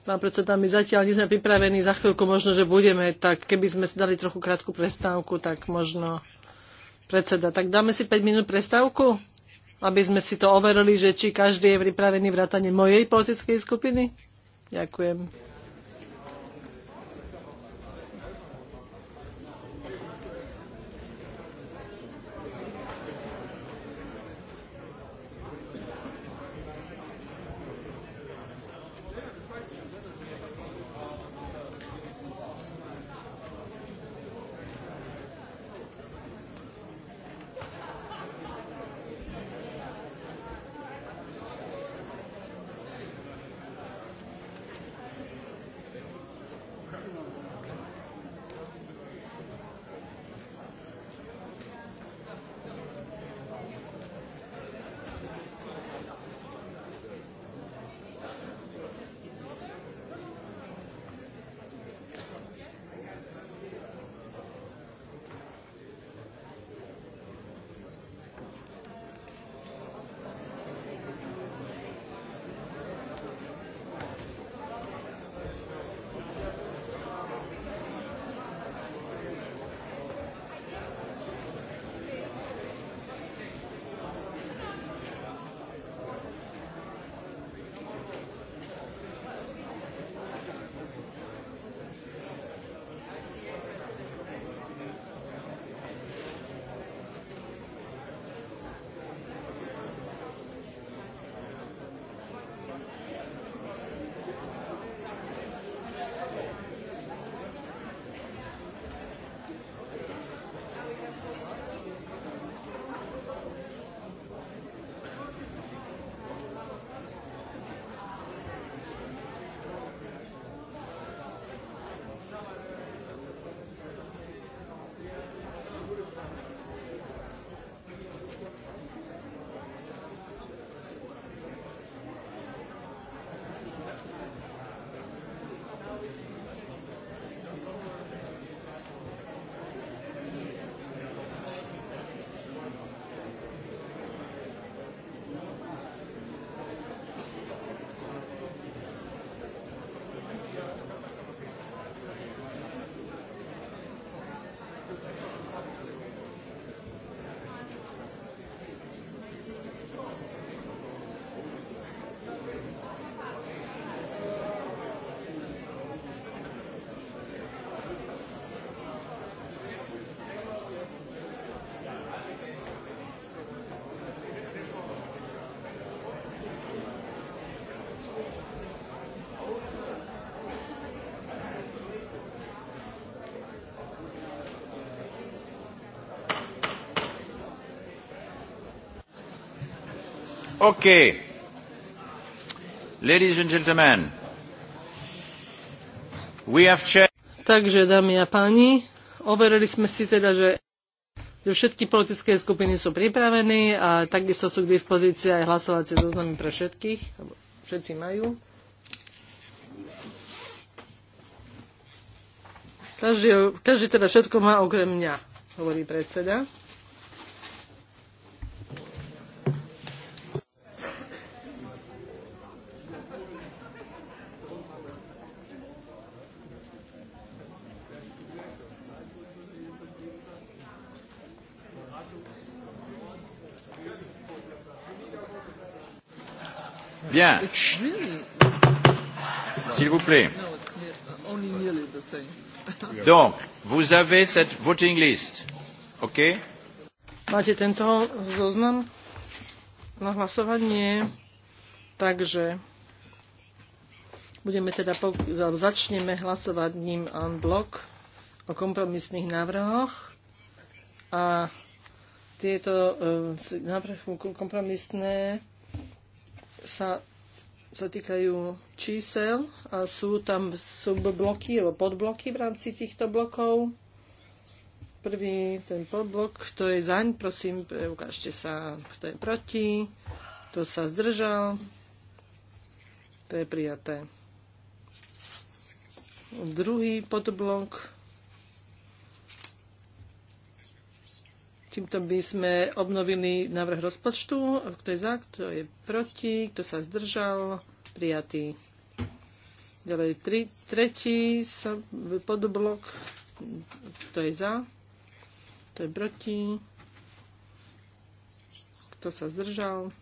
Pán predseda, my zatiaľ nie sme pripravení, za chvíľku možno, že budeme, tak keby sme si dali trochu krátku prestávku, tak možno... Predseda, tak dáme si 5 minút prestávku, aby sme si to overili, že či každý je pripravený vrátane mojej politickej skupiny. Ďakujem. Okay. Ladies and gentlemen, we have checked... Takže, dámy a páni, overili sme si teda, že že všetky politické skupiny sú pripravení a takisto sú k dispozícii aj hlasovacie zoznamy pre všetkých. Všetci majú. Každý, každý teda všetko má okrem mňa, hovorí predseda. Bien. S'il vous plaît. Donc, vous avez cette voting list. OK Máte tento zoznam na hlasovanie, takže budeme teda začneme hlasovať ním en blok o kompromisných návrhoch a tieto e, návrhy kompromisné sa, sa týkajú čísel a sú tam subbloky alebo podbloky v rámci týchto blokov. Prvý ten podblok, kto je zaň, prosím, ukážte sa, kto je proti, kto sa zdržal. To je prijaté. Druhý podblok Týmto by sme obnovili návrh rozpočtu. Kto je za, kto je proti, kto sa zdržal, prijatý. Ďalej tri, tretí podoblok. Kto je za, kto je proti, kto sa zdržal.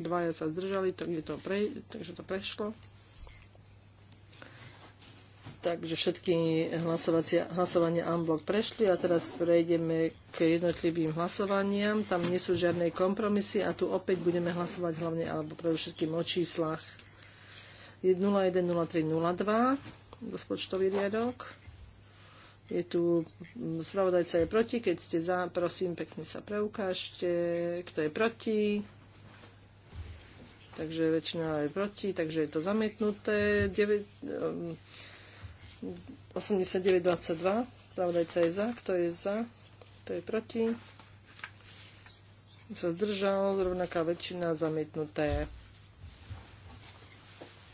Dvaja sa zdržali, to je to pre, takže to prešlo. Takže všetky hlasovania unblock prešli a teraz prejdeme k jednotlivým hlasovaniam. Tam nie sú žiadne kompromisy a tu opäť budeme hlasovať hlavne alebo pre všetkým o číslach 010302 rozpočtový riadok. Je tu, mm, spravodajca je proti, keď ste za, prosím, pekne sa preukážte, kto je proti takže väčšina je proti, takže je to zamietnuté. 9, mm, 89.22. Pravdajca je za. Kto je za? Kto je proti? sa zdržal? Rovnaká väčšina zamietnuté.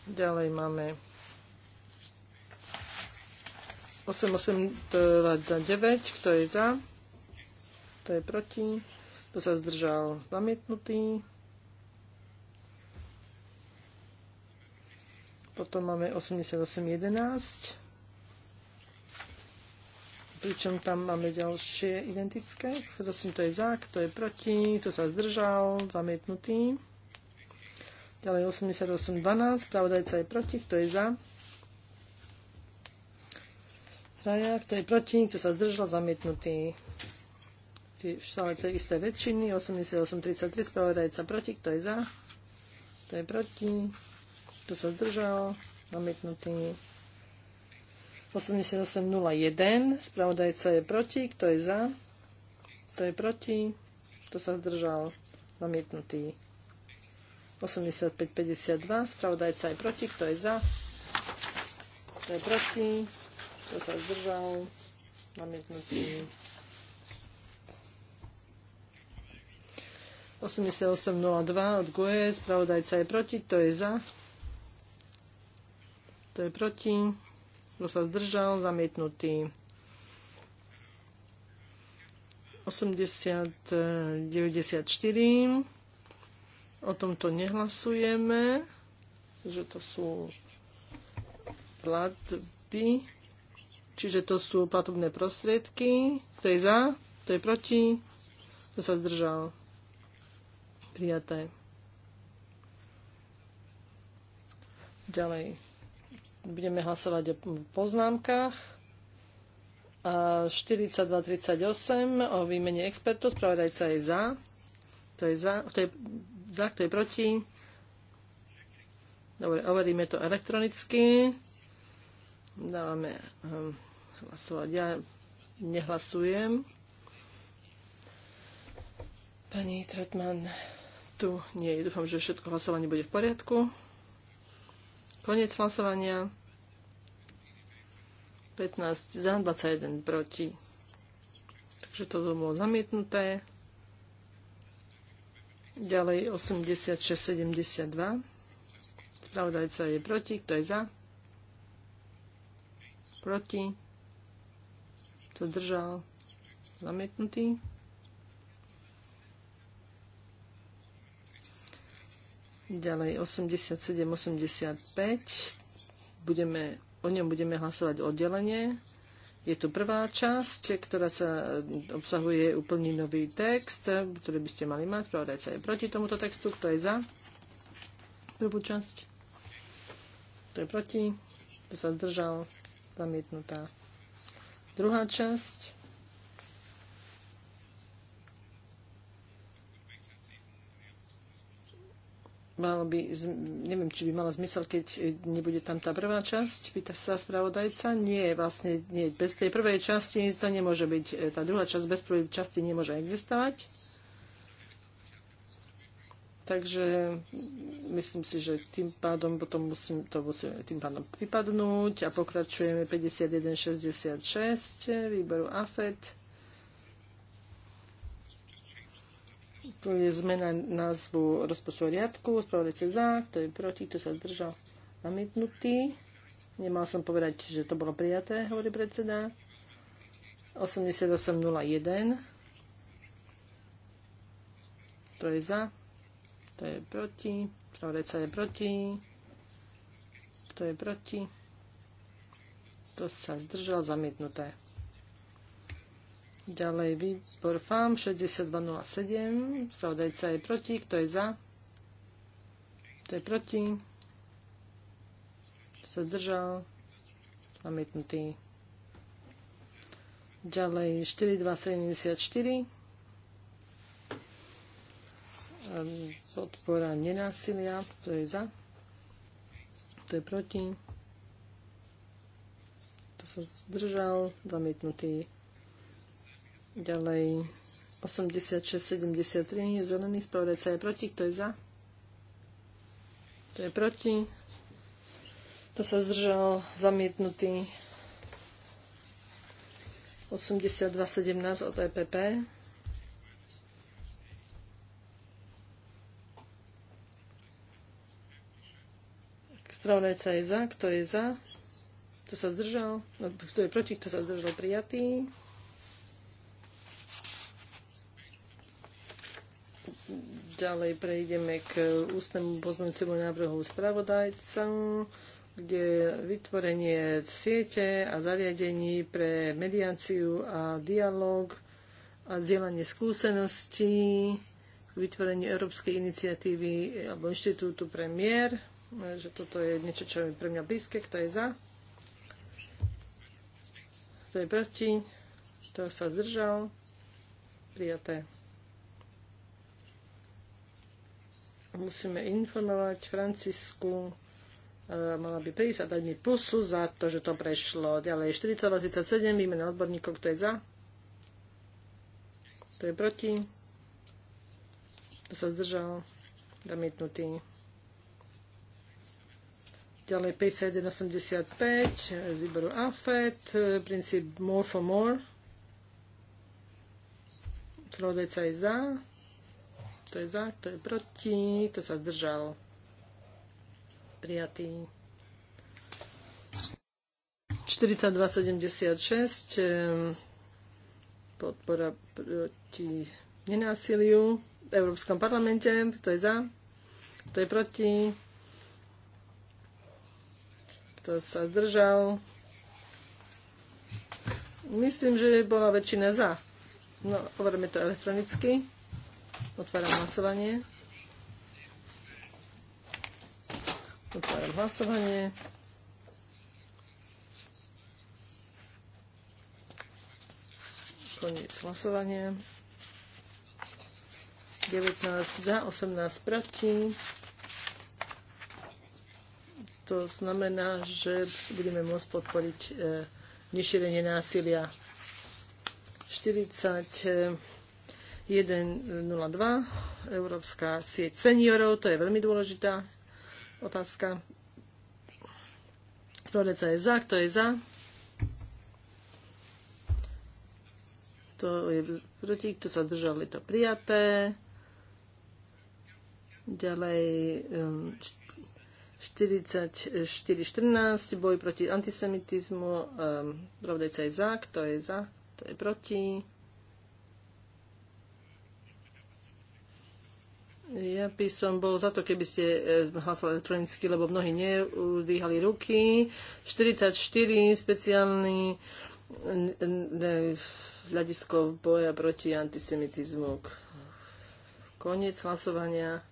Ďalej máme 889, Kto je za? Kto je proti? Kto sa zdržal? Zamietnutý. Potom máme 8811 pričom tam máme ďalšie identické. Zosím to je za, kto je proti, kto sa zdržal, zamietnutý. Ďalej 88.12, pravodajca je proti, kto je za. Traja, kto je proti, kto sa zdržal, zamietnutý. Stále tie isté väčšiny, 88.33, spravodajca proti, kto je za. Kto je proti, kto sa zdržal, zamietnutý. 88.01. Spravodajca je proti. Kto je za? Kto je proti? Kto sa zdržal? Namietnutý. 85.52. Spravodajca je proti. Kto je za? Kto je proti? Kto sa zdržal? Namietnutý. 88.02 od GUE. Spravodajca je proti. Kto je za? Kto je proti? kto sa zdržal, zamietnutý. 80, 94. E, o tomto nehlasujeme, že to sú platby, čiže to sú platobné prostriedky. Kto je za, kto je proti, kto sa zdržal. Prijaté. Ďalej budeme hlasovať o poznámkach. A 4238 o výmene expertov. Spravodajca je za. To je za, Kto je za, kto je proti. Dobre, overíme to elektronicky. Dávame ehm, hlasovať. Ja nehlasujem. Pani Tretman tu nie je. Dúfam, že všetko hlasovanie bude v poriadku. Konec hlasovania. 15 za, 21 proti. Takže to bolo zamietnuté. Ďalej 86-72. Spravodajca je proti. Kto je za? Proti. Kto držal? Zamietnutý. Ďalej 87-85. Budeme, o ňom budeme hlasovať oddelenie. Je tu prvá časť, ktorá sa obsahuje úplný nový text, ktorý by ste mali mať. Spravodajca je proti tomuto textu. Kto je za? Prvú časť. Kto je proti? Kto sa zdržal? Zamietnutá. Druhá časť. malo by, neviem, či by mala zmysel, keď nebude tam tá prvá časť, pýta sa spravodajca. Nie, vlastne nie. Bez tej prvej časti to nemôže byť. E, tá druhá časť bez prvej časti nemôže existovať. Takže myslím si, že tým pádom potom musím, to musím tým pádom vypadnúť a pokračujeme 51.66 výboru AFED. To je zmena názvu rozpočtového riadku. Spravodajce za, kto je proti, kto sa zdržal. Namietnutý. Nemal som povedať, že to bolo prijaté, hovorí predseda. 88.01. To je za. To je proti. Spravodajca je proti. Kto je proti? Kto sa zdržal? Zamietnuté. Ďalej výbor FAM 6207. Spravodajca je proti. Kto je za? Kto je proti? Kto sa zdržal? Zamietnutý. Ďalej 4274. Ehm, podpora nenásilia. Kto je za? Kto je proti? Kto sa zdržal? Zamietnutý. Ďalej 86-73 je zelený, sa je proti, kto je za? Kto je proti? Kto sa zdržal? Zamietnutý 82-17 od EPP. Spravodajca je za, kto je za? Kto sa zdržal? No, kto je proti, kto sa zdržal? Prijatý. Ďalej prejdeme k ústnemu pozmeňujúcemu návrhu spravodajca, kde vytvorenie siete a zariadení pre mediáciu a dialog a zdieľanie skúseností, vytvorenie Európskej iniciatívy alebo inštitútu premiér, že toto je niečo, čo je pre mňa blízke, kto je za, kto je proti, kto sa zdržal, prijaté. musíme informovať Francisku, e, mala by prísť a dať mi plusu za to, že to prešlo. Ďalej 4,37, výmena odborníkov, kto je za? Kto je proti? Kto sa zdržal? Zamietnutý. Ďalej 5185 z výboru AFET, e, princíp more for more. Spravodajca je za. To je za, to je proti, to sa zdržal. Prijatý. 4276 ehm, podpora proti nenásiliu v Európskom parlamente. Kto je za? To je proti? To sa zdržal? Myslím, že bola väčšina za. No, hovoríme to elektronicky. Otváram hlasovanie. Otváram hlasovanie. Koniec hlasovania. 19 za, 18 proti. To znamená, že budeme môcť podporiť e, nešírenie násilia. 40 102, Európska sieť seniorov, to je veľmi dôležitá otázka. Spravodajca je za, kto je za? To je proti, kto sa držal, je to prijaté. Ďalej 44.14, um, boj proti antisemitizmu, um, pravdajca je za, kto je za, kto je proti. by som bol za to, keby ste e, hlasovali elektronicky, lebo mnohí neudvíhali ruky. 44 speciálny hľadisko boja proti antisemitizmu. Koniec hlasovania.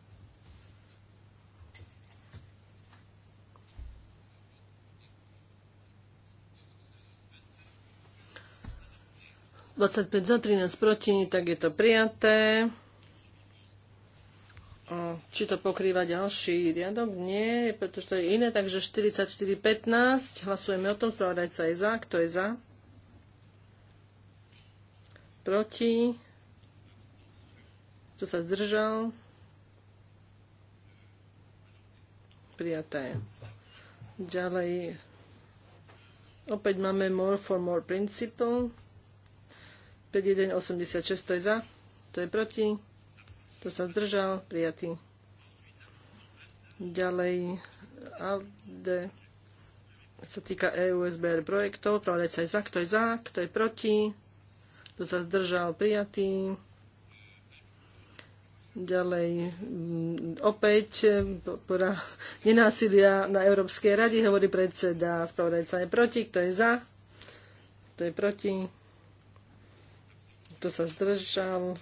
Dvadsaťpäť za, 13 proti, tak je to prijaté či to pokrýva ďalší riadok? Nie, pretože to je iné, takže 44.15. Hlasujeme o tom, spravodajca je za. Kto je za? Proti? Kto sa zdržal? Prijaté. Ďalej. Opäť máme more for more principle. 5186, to je za, to je proti. To sa zdržal, prijatý. Ďalej ALDE sa týka EUSBR projektov, sa je za, kto je za, kto je proti, to sa zdržal, prijatý. Ďalej, mm, opäť podpora nenásilia na Európskej rade, hovorí predseda, spravodajca je proti, kto je za, kto je proti, kto sa zdržal,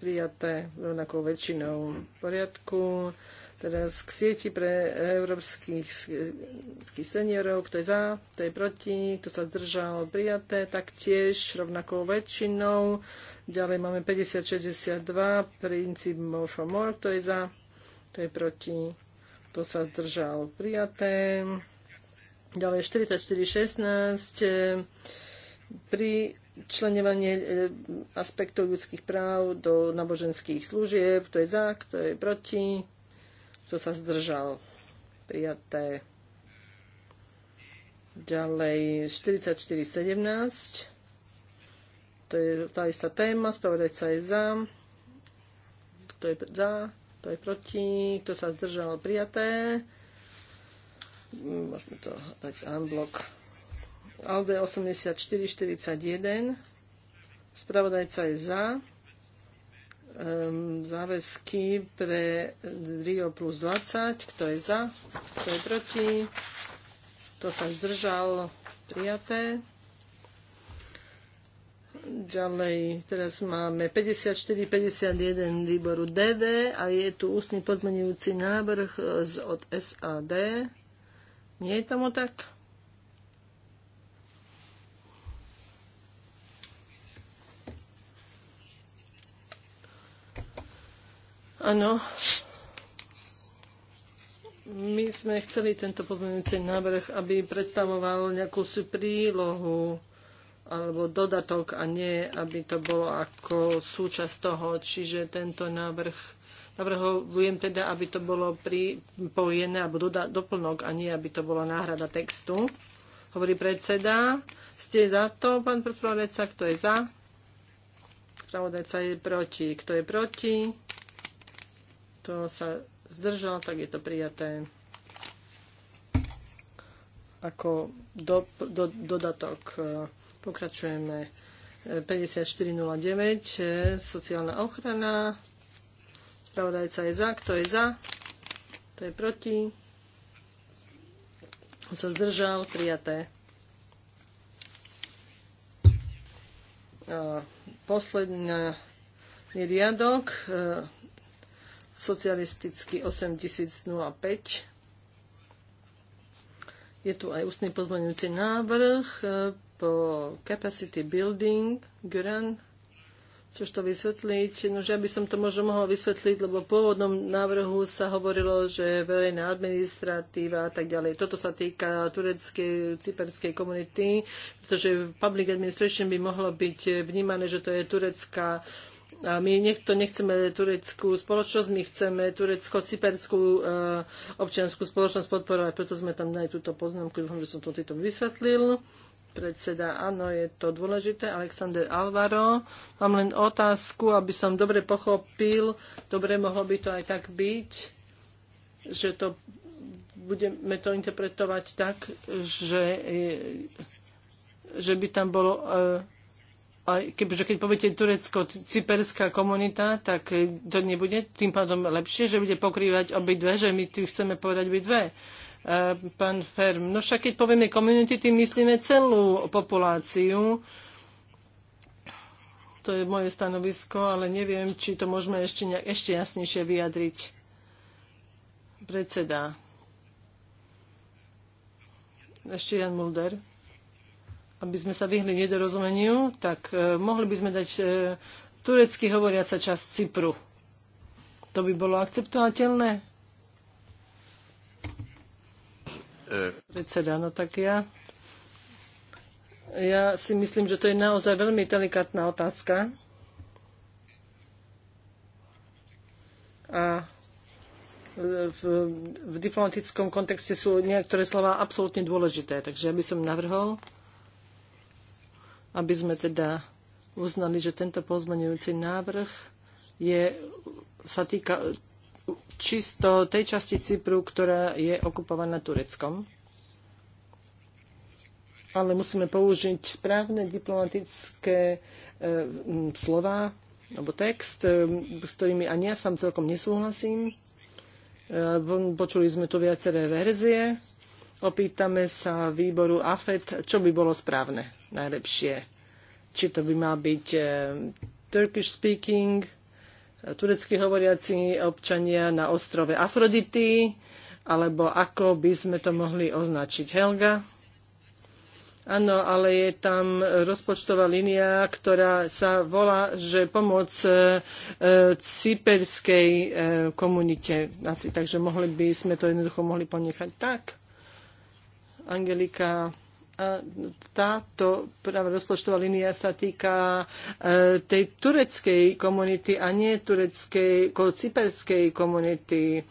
prijaté rovnakou väčšinou v poriadku. Teraz k sieti pre európskych e, seniorov, kto je za, kto je proti, kto sa držal prijaté, taktiež rovnakou väčšinou. Ďalej máme 5062, princíp more for more, kto je za, kto je proti, kto sa držal prijaté. Ďalej 4416, e, pri členovanie e, aspektov ľudských práv do náboženských služieb, kto je za, kto je proti, kto sa zdržal. Prijaté. Ďalej 44.17. To je tá istá téma, spravodajca je za. Kto je za, kto je proti, kto sa zdržal, prijaté. Mm, môžeme to dať unblock. ALDE 8441. Spravodajca je za. Um, záväzky pre Rio plus 20. Kto je za? Kto je proti? Kto sa zdržal? Prijaté. Ďalej, teraz máme 54-51 výboru DV a je tu ústny pozmenujúci návrh z, od SAD. Nie je tomu tak? Áno. My sme chceli tento pozmeňujúci návrh, aby predstavoval nejakú prílohu alebo dodatok a nie, aby to bolo ako súčasť toho. Čiže tento návrh navrhujem teda, aby to bolo pripojené alebo doda, doplnok a nie, aby to bola náhrada textu. Hovorí predseda. Ste za to, pán predpravodajca? Kto je za? Spravodajca je proti. Kto je proti? kto sa zdržal, tak je to prijaté ako do, do, dodatok. E, pokračujeme 5409, e, e, sociálna ochrana. Spravodajca je za, kto je za, kto je proti. Kto sa zdržal, prijaté. Posledný riadok, socialistický 8005. Je tu aj ústny pozmeňujúci návrh e, po capacity building, Guran, Chceš to vysvetliť? No, že ja by som to možno mohol vysvetliť, lebo v pôvodnom návrhu sa hovorilo, že verejná administratíva a tak ďalej. Toto sa týka tureckej, cyperskej komunity, pretože public administration by mohlo byť vnímané, že to je turecká a my niekto nechceme tureckú spoločnosť, my chceme turecko-cyperskú e, občianskú spoločnosť podporovať, preto sme tam dali túto poznámku, dúfam, že som to týto vysvetlil. Predseda, áno, je to dôležité. Alexander Alvaro, mám len otázku, aby som dobre pochopil, dobre mohlo by to aj tak byť, že to budeme to interpretovať tak, že, že by tam bolo e, a keby, že keď poviete turecko-cyperská komunita, tak to nebude tým pádom lepšie, že bude pokrývať obidve, že my tu chceme povedať obidve. E, pán Ferm, no však keď povieme komunity, tým myslíme celú populáciu. To je moje stanovisko, ale neviem, či to môžeme ešte, nejak, ešte jasnejšie vyjadriť. Predseda. Ešte Jan Mulder aby sme sa vyhli nedorozumeniu, tak e, mohli by sme dať e, turecky hovoriaca časť Cypru. To by bolo akceptovateľné? E. Predseda, no tak ja... Ja si myslím, že to je naozaj veľmi delikátna otázka. A v, v diplomatickom kontexte sú niektoré slova absolútne dôležité. Takže ja by som navrhol, aby sme teda uznali, že tento pozmeňujúci návrh je, sa týka čisto tej časti Cypru, ktorá je okupovaná Tureckom. Ale musíme použiť správne diplomatické e, m, slova alebo text, e, s ktorými ani ja sám celkom nesúhlasím. E, počuli sme tu viaceré verzie. Opýtame sa výboru AFET, čo by bolo správne najlepšie. Či to by mal byť eh, Turkish speaking, eh, turecky hovoriaci občania na ostrove Afrodity, alebo ako by sme to mohli označiť. Helga? Áno, ale je tam rozpočtová línia, ktorá sa volá, že pomoc e, cyperskej e, komunite. Asi, takže mohli by sme to jednoducho mohli ponechať tak. Angelika táto práve rozpočtová línia sa týka e, tej tureckej komunity a nie tureckej, cyperskej komunity. E,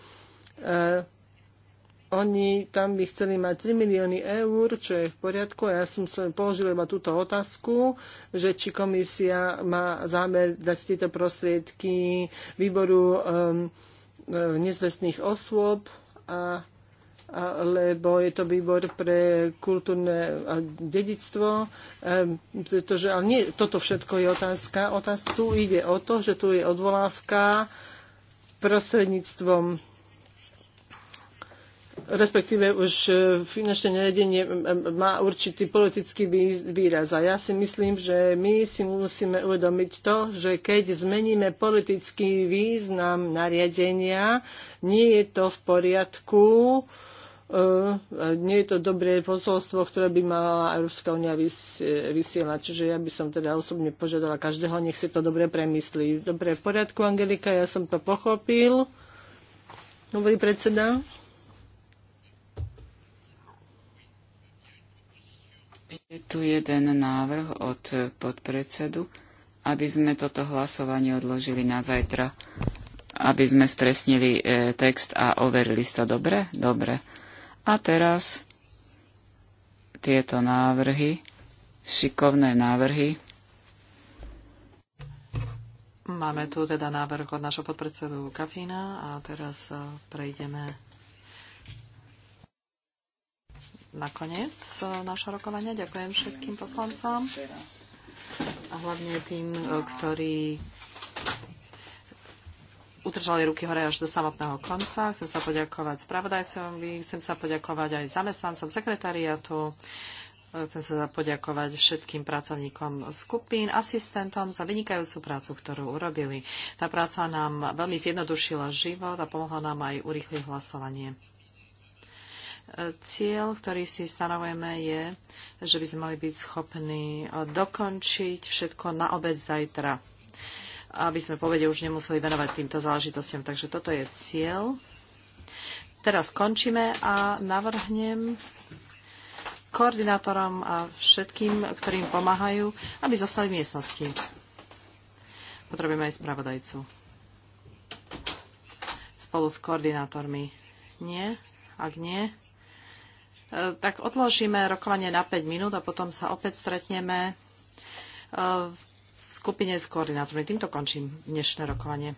oni tam by chceli mať 3 milióny eur, čo je v poriadku. Ja som sa položil iba túto otázku, že či komisia má zámer dať tieto prostriedky výboru um, nezvestných osôb a lebo je to výbor pre kultúrne dedictvo, pretože, ale nie, toto všetko je otázka. Otázka tu ide o to, že tu je odvolávka prostredníctvom respektíve už e, finančné nariadenie má určitý politický výraz. A ja si myslím, že my si musíme uvedomiť to, že keď zmeníme politický význam nariadenia, nie je to v poriadku, E, nie je to dobré posolstvo, ktoré by mala Európska únia vysielať. Čiže ja by som teda osobne požiadala každého, nech si to dobre premyslí. Dobre, v poriadku, Angelika, ja som to pochopil. Hovorí predseda. Je tu jeden návrh od podpredsedu, aby sme toto hlasovanie odložili na zajtra, aby sme spresnili e, text a overili to. Dobre? Dobre. A teraz tieto návrhy, šikovné návrhy. Máme tu teda návrh od nášho podpredsedu Kafína a teraz e, prejdeme na koniec e, našho rokovania. Ďakujem všetkým poslancom a hlavne tým, e, ktorí udržali ruky hore až do samotného konca. Chcem sa poďakovať spravodajcovi, chcem sa poďakovať aj zamestnancom sekretariatu, chcem sa poďakovať všetkým pracovníkom skupín, asistentom za vynikajúcu prácu, ktorú urobili. Tá práca nám veľmi zjednodušila život a pomohla nám aj urýchliť hlasovanie. Cieľ, ktorý si stanovujeme, je, že by sme mali byť schopní dokončiť všetko na obed zajtra aby sme povede už nemuseli venovať týmto záležitostiam. Takže toto je cieľ. Teraz končíme a navrhnem koordinátorom a všetkým, ktorým pomáhajú, aby zostali v miestnosti. Potrebujeme aj spravodajcu. Spolu s koordinátormi. Nie? Ak nie, e, tak odložíme rokovanie na 5 minút a potom sa opäť stretneme v e, skupine s koordinátormi. Týmto končím dnešné rokovanie.